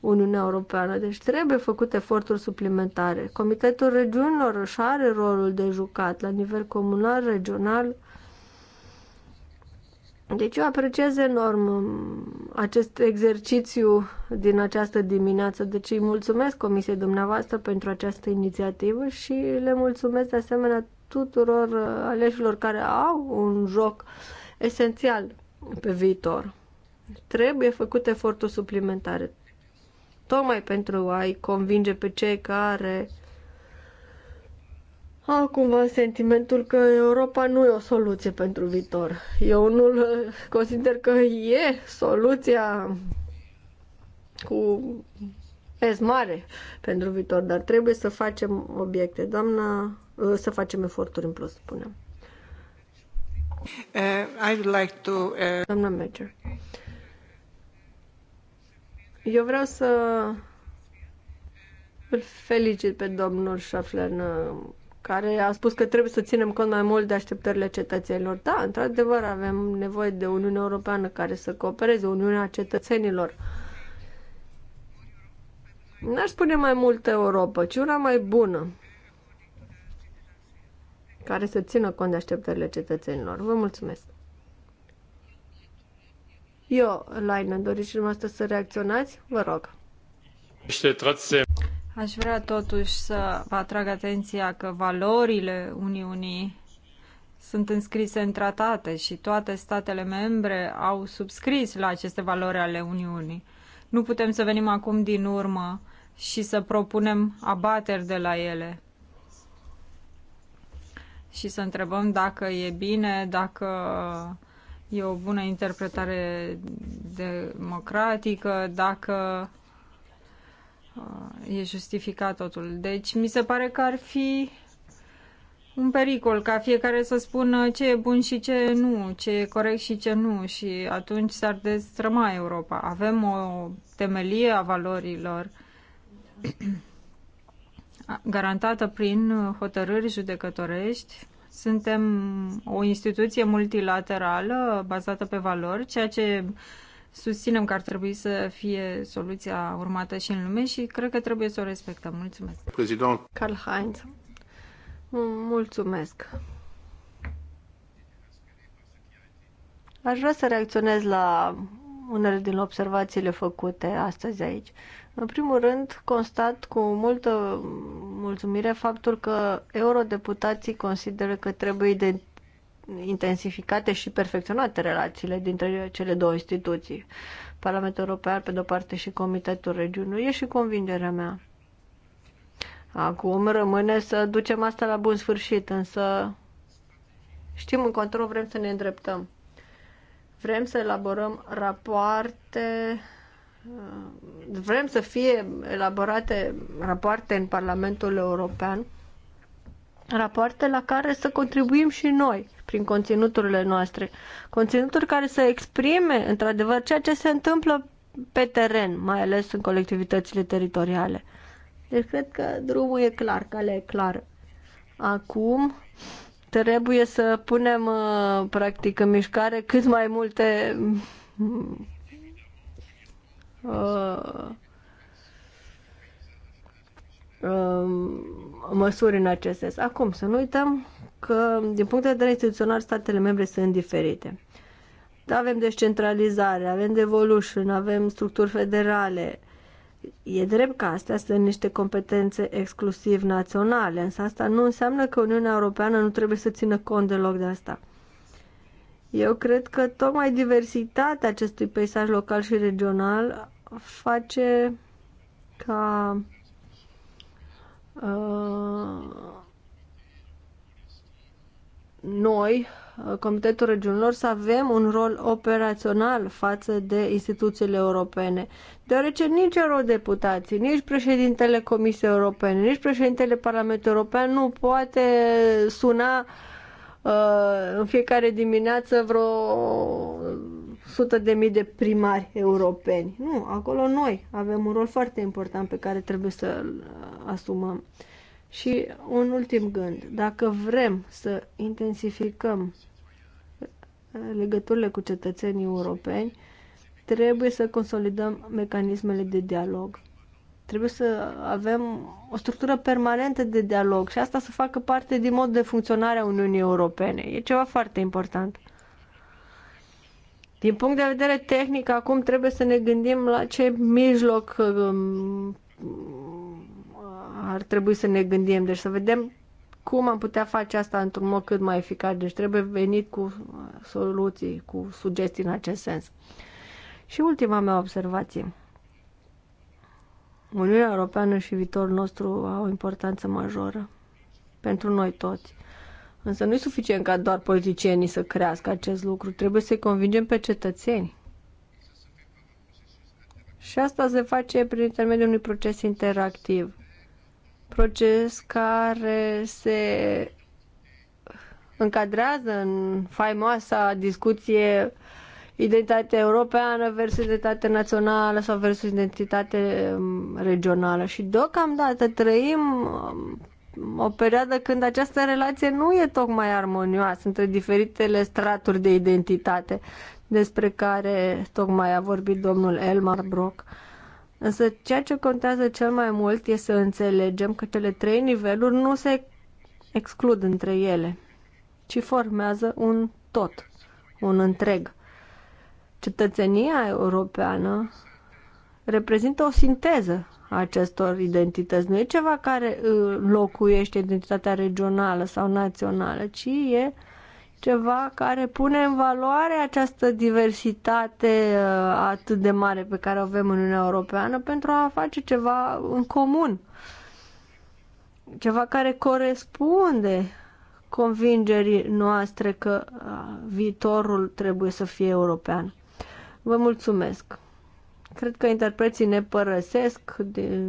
Uniunea Europeană. Deci trebuie făcut eforturi suplimentare. Comitetul regiunilor își are rolul de jucat la nivel comunal, regional, deci eu apreciez enorm um, acest exercițiu din această dimineață. Deci îi mulțumesc Comisiei dumneavoastră pentru această inițiativă și le mulțumesc de asemenea tuturor uh, aleșilor care au un joc esențial pe viitor. Trebuie făcut efortul suplimentare tocmai pentru a-i convinge pe cei care au cumva sentimentul că Europa nu e o soluție pentru viitor. Eu nu eh, consider că e soluția cu S mare pentru viitor, dar trebuie să facem obiecte, doamna, eh, să facem eforturi în plus, spunem. Uh, eh, I would like to, uh... Doamna Major. Eu vreau să îl felicit pe domnul Schaffler care a spus că trebuie să ținem cont mai mult de așteptările cetățenilor. Da, într-adevăr, avem nevoie de Uniunea Europeană care să coopereze, Uniunea Cetățenilor. N-aș spune mai multă Europa, ci una mai bună, care să țină cont de așteptările cetățenilor. Vă mulțumesc! Eu, Laina, doriți dumneavoastră să reacționați? Vă rog! Aș vrea totuși să vă atrag atenția că valorile Uniunii sunt înscrise în tratate și toate statele membre au subscris la aceste valori ale Uniunii. Nu putem să venim acum din urmă și să propunem abateri de la ele și să întrebăm dacă e bine, dacă e o bună interpretare democratică, dacă Ah, e justificat totul. Deci mi se pare că ar fi un pericol ca fiecare să spună ce e bun și ce nu, ce e corect și ce nu și atunci s-ar destrăma Europa. Avem o temelie a valorilor garantată prin hotărâri judecătorești. Suntem o instituție multilaterală bazată pe valori, ceea ce susținem că ar trebui să fie soluția urmată și în lume și cred că trebuie să o respectăm. Mulțumesc. Prezident. Karl Heinz. Mulțumesc. Aș vrea să reacționez la unele din observațiile făcute astăzi aici. În primul rând, constat cu multă mulțumire faptul că eurodeputații consideră că trebuie intensificate și perfecționate relațiile dintre cele două instituții. Parlamentul European, pe de-o parte, și Comitetul Regiunii, e și convingerea mea. Acum rămâne să ducem asta la bun sfârșit, însă știm în control, vrem să ne îndreptăm. Vrem să elaborăm rapoarte, uh, vrem să fie elaborate rapoarte în Parlamentul European rapoarte la care să contribuim și noi prin conținuturile noastre. Conținuturi care să exprime, într-adevăr, ceea ce se întâmplă pe teren, mai ales în colectivitățile teritoriale. Deci cred că drumul e clar, calea e clară. Acum trebuie să punem uh, practic în mișcare cât mai multe uh, Um, măsuri în acest sens. Acum, să nu uităm că, din punct de vedere instituțional, statele membre sunt diferite. Da, avem descentralizare, avem devolution, avem structuri federale. E drept că astea sunt niște competențe exclusiv naționale, însă asta nu înseamnă că Uniunea Europeană nu trebuie să țină cont deloc de asta. Eu cred că tocmai diversitatea acestui peisaj local și regional face ca Uh, noi, uh, Comitetul Regiunilor, să avem un rol operațional față de instituțiile europene, deoarece nici eurodeputații, nici președintele Comisiei Europene, nici președintele Parlamentului European nu poate suna uh, în fiecare dimineață vreo Sute de mii de primari europeni. Nu, acolo noi avem un rol foarte important pe care trebuie să-l uh, asumăm. Și un ultim gând, dacă vrem să intensificăm uh, legăturile cu cetățenii europeni, trebuie să consolidăm mecanismele de dialog. Trebuie să avem o structură permanentă de dialog și asta să facă parte din mod de funcționare a Uniunii Europene. E ceva foarte important. Din punct de vedere tehnic, acum trebuie să ne gândim la ce mijloc um, ar trebui să ne gândim. Deci să vedem cum am putea face asta într-un mod cât mai eficace. Deci trebuie venit cu soluții, cu sugestii în acest sens. Și ultima mea observație. Uniunea Europeană și viitorul nostru au o importanță majoră pentru noi toți. Însă nu e suficient ca doar politicienii să crească acest lucru, trebuie să-i convingem pe cetățeni. Și asta se face prin intermediul unui proces interactiv. Proces care se încadrează în faimoasa discuție identitate europeană versus identitate națională sau versus identitate mm, regională. Și deocamdată trăim mm, o perioadă când această relație nu e tocmai armonioasă între diferitele straturi de identitate despre care tocmai a vorbit domnul Elmar Brock. Însă ceea ce contează cel mai mult e să înțelegem că cele trei niveluri nu se exclud între ele, ci formează un tot, un întreg. Cetățenia europeană reprezintă o sinteză acestor identități. Nu e ceva care uh, locuiește identitatea regională sau națională, ci e ceva care pune în valoare această diversitate uh, atât de mare pe care o avem în Uniunea Europeană pentru a face ceva în comun. Ceva care corespunde convingerii noastre că uh, viitorul trebuie să fie european. Vă mulțumesc! Cred că interpreții ne părăsesc de,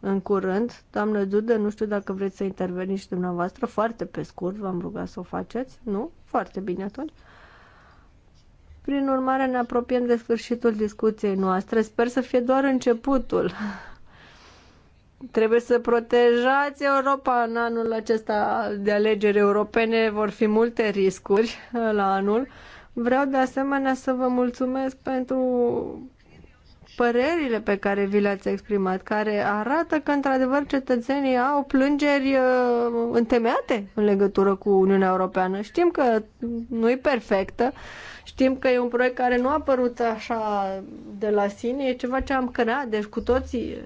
în curând. Doamnă Dudă, nu știu dacă vreți să interveniți și dumneavoastră. Foarte pe scurt, v-am rugat să o faceți. Nu? Foarte bine atunci. Prin urmare, ne apropiem de sfârșitul discuției noastre. Sper să fie doar începutul. Trebuie să protejați Europa în anul acesta de alegeri europene. Vor fi multe riscuri la anul. Vreau de asemenea să vă mulțumesc pentru părerile pe care vi le-ați exprimat, care arată că, într-adevăr, cetățenii au plângeri uh, întemeiate în legătură cu Uniunea Europeană. Știm că nu e perfectă, știm că e un proiect care nu a apărut așa de la sine, e ceva ce am creat, deci cu toții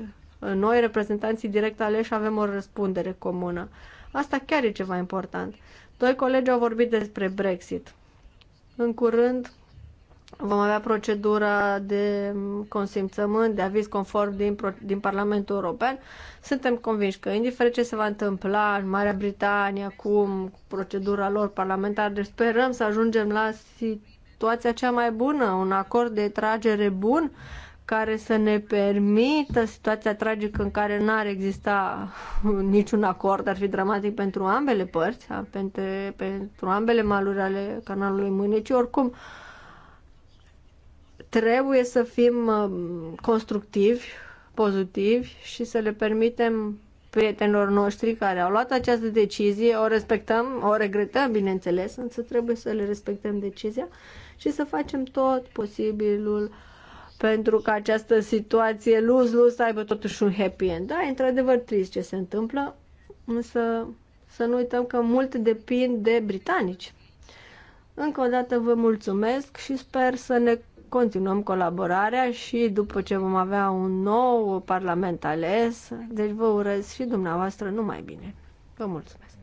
uh, noi, reprezentanții direct aleși, avem o răspundere comună. Asta chiar e ceva important. Doi colegi au vorbit despre Brexit. În curând vom avea procedura de consimțământ, de aviz conform din, din Parlamentul European. Suntem convinși că, indiferent ce se va întâmpla în Marea Britanie acum, cu procedura lor parlamentară, deci sperăm să ajungem la situația cea mai bună, un acord de tragere bun, uh, care să ne permită situația tragică în care n-ar exista niciun acord, ar fi dramatic pentru ambele părți, pentru, pentru ambele maluri ale canalului Mâneci. Oricum, trebuie să fim uh, constructivi, pozitivi și să le permitem prietenilor noștri care au luat această decizie, o respectăm, o regretăm, bineînțeles, însă trebuie să le respectăm decizia și să facem tot posibilul uh, pentru că această situație luz-luz să aibă totuși un happy end. Da, e într-adevăr trist ce se întâmplă, însă să nu uităm că mult depind de britanici. Încă o dată vă mulțumesc și sper să ne continuăm colaborarea și după ce vom avea un nou parlament ales, deci vă urez și dumneavoastră numai bine. Vă mulțumesc!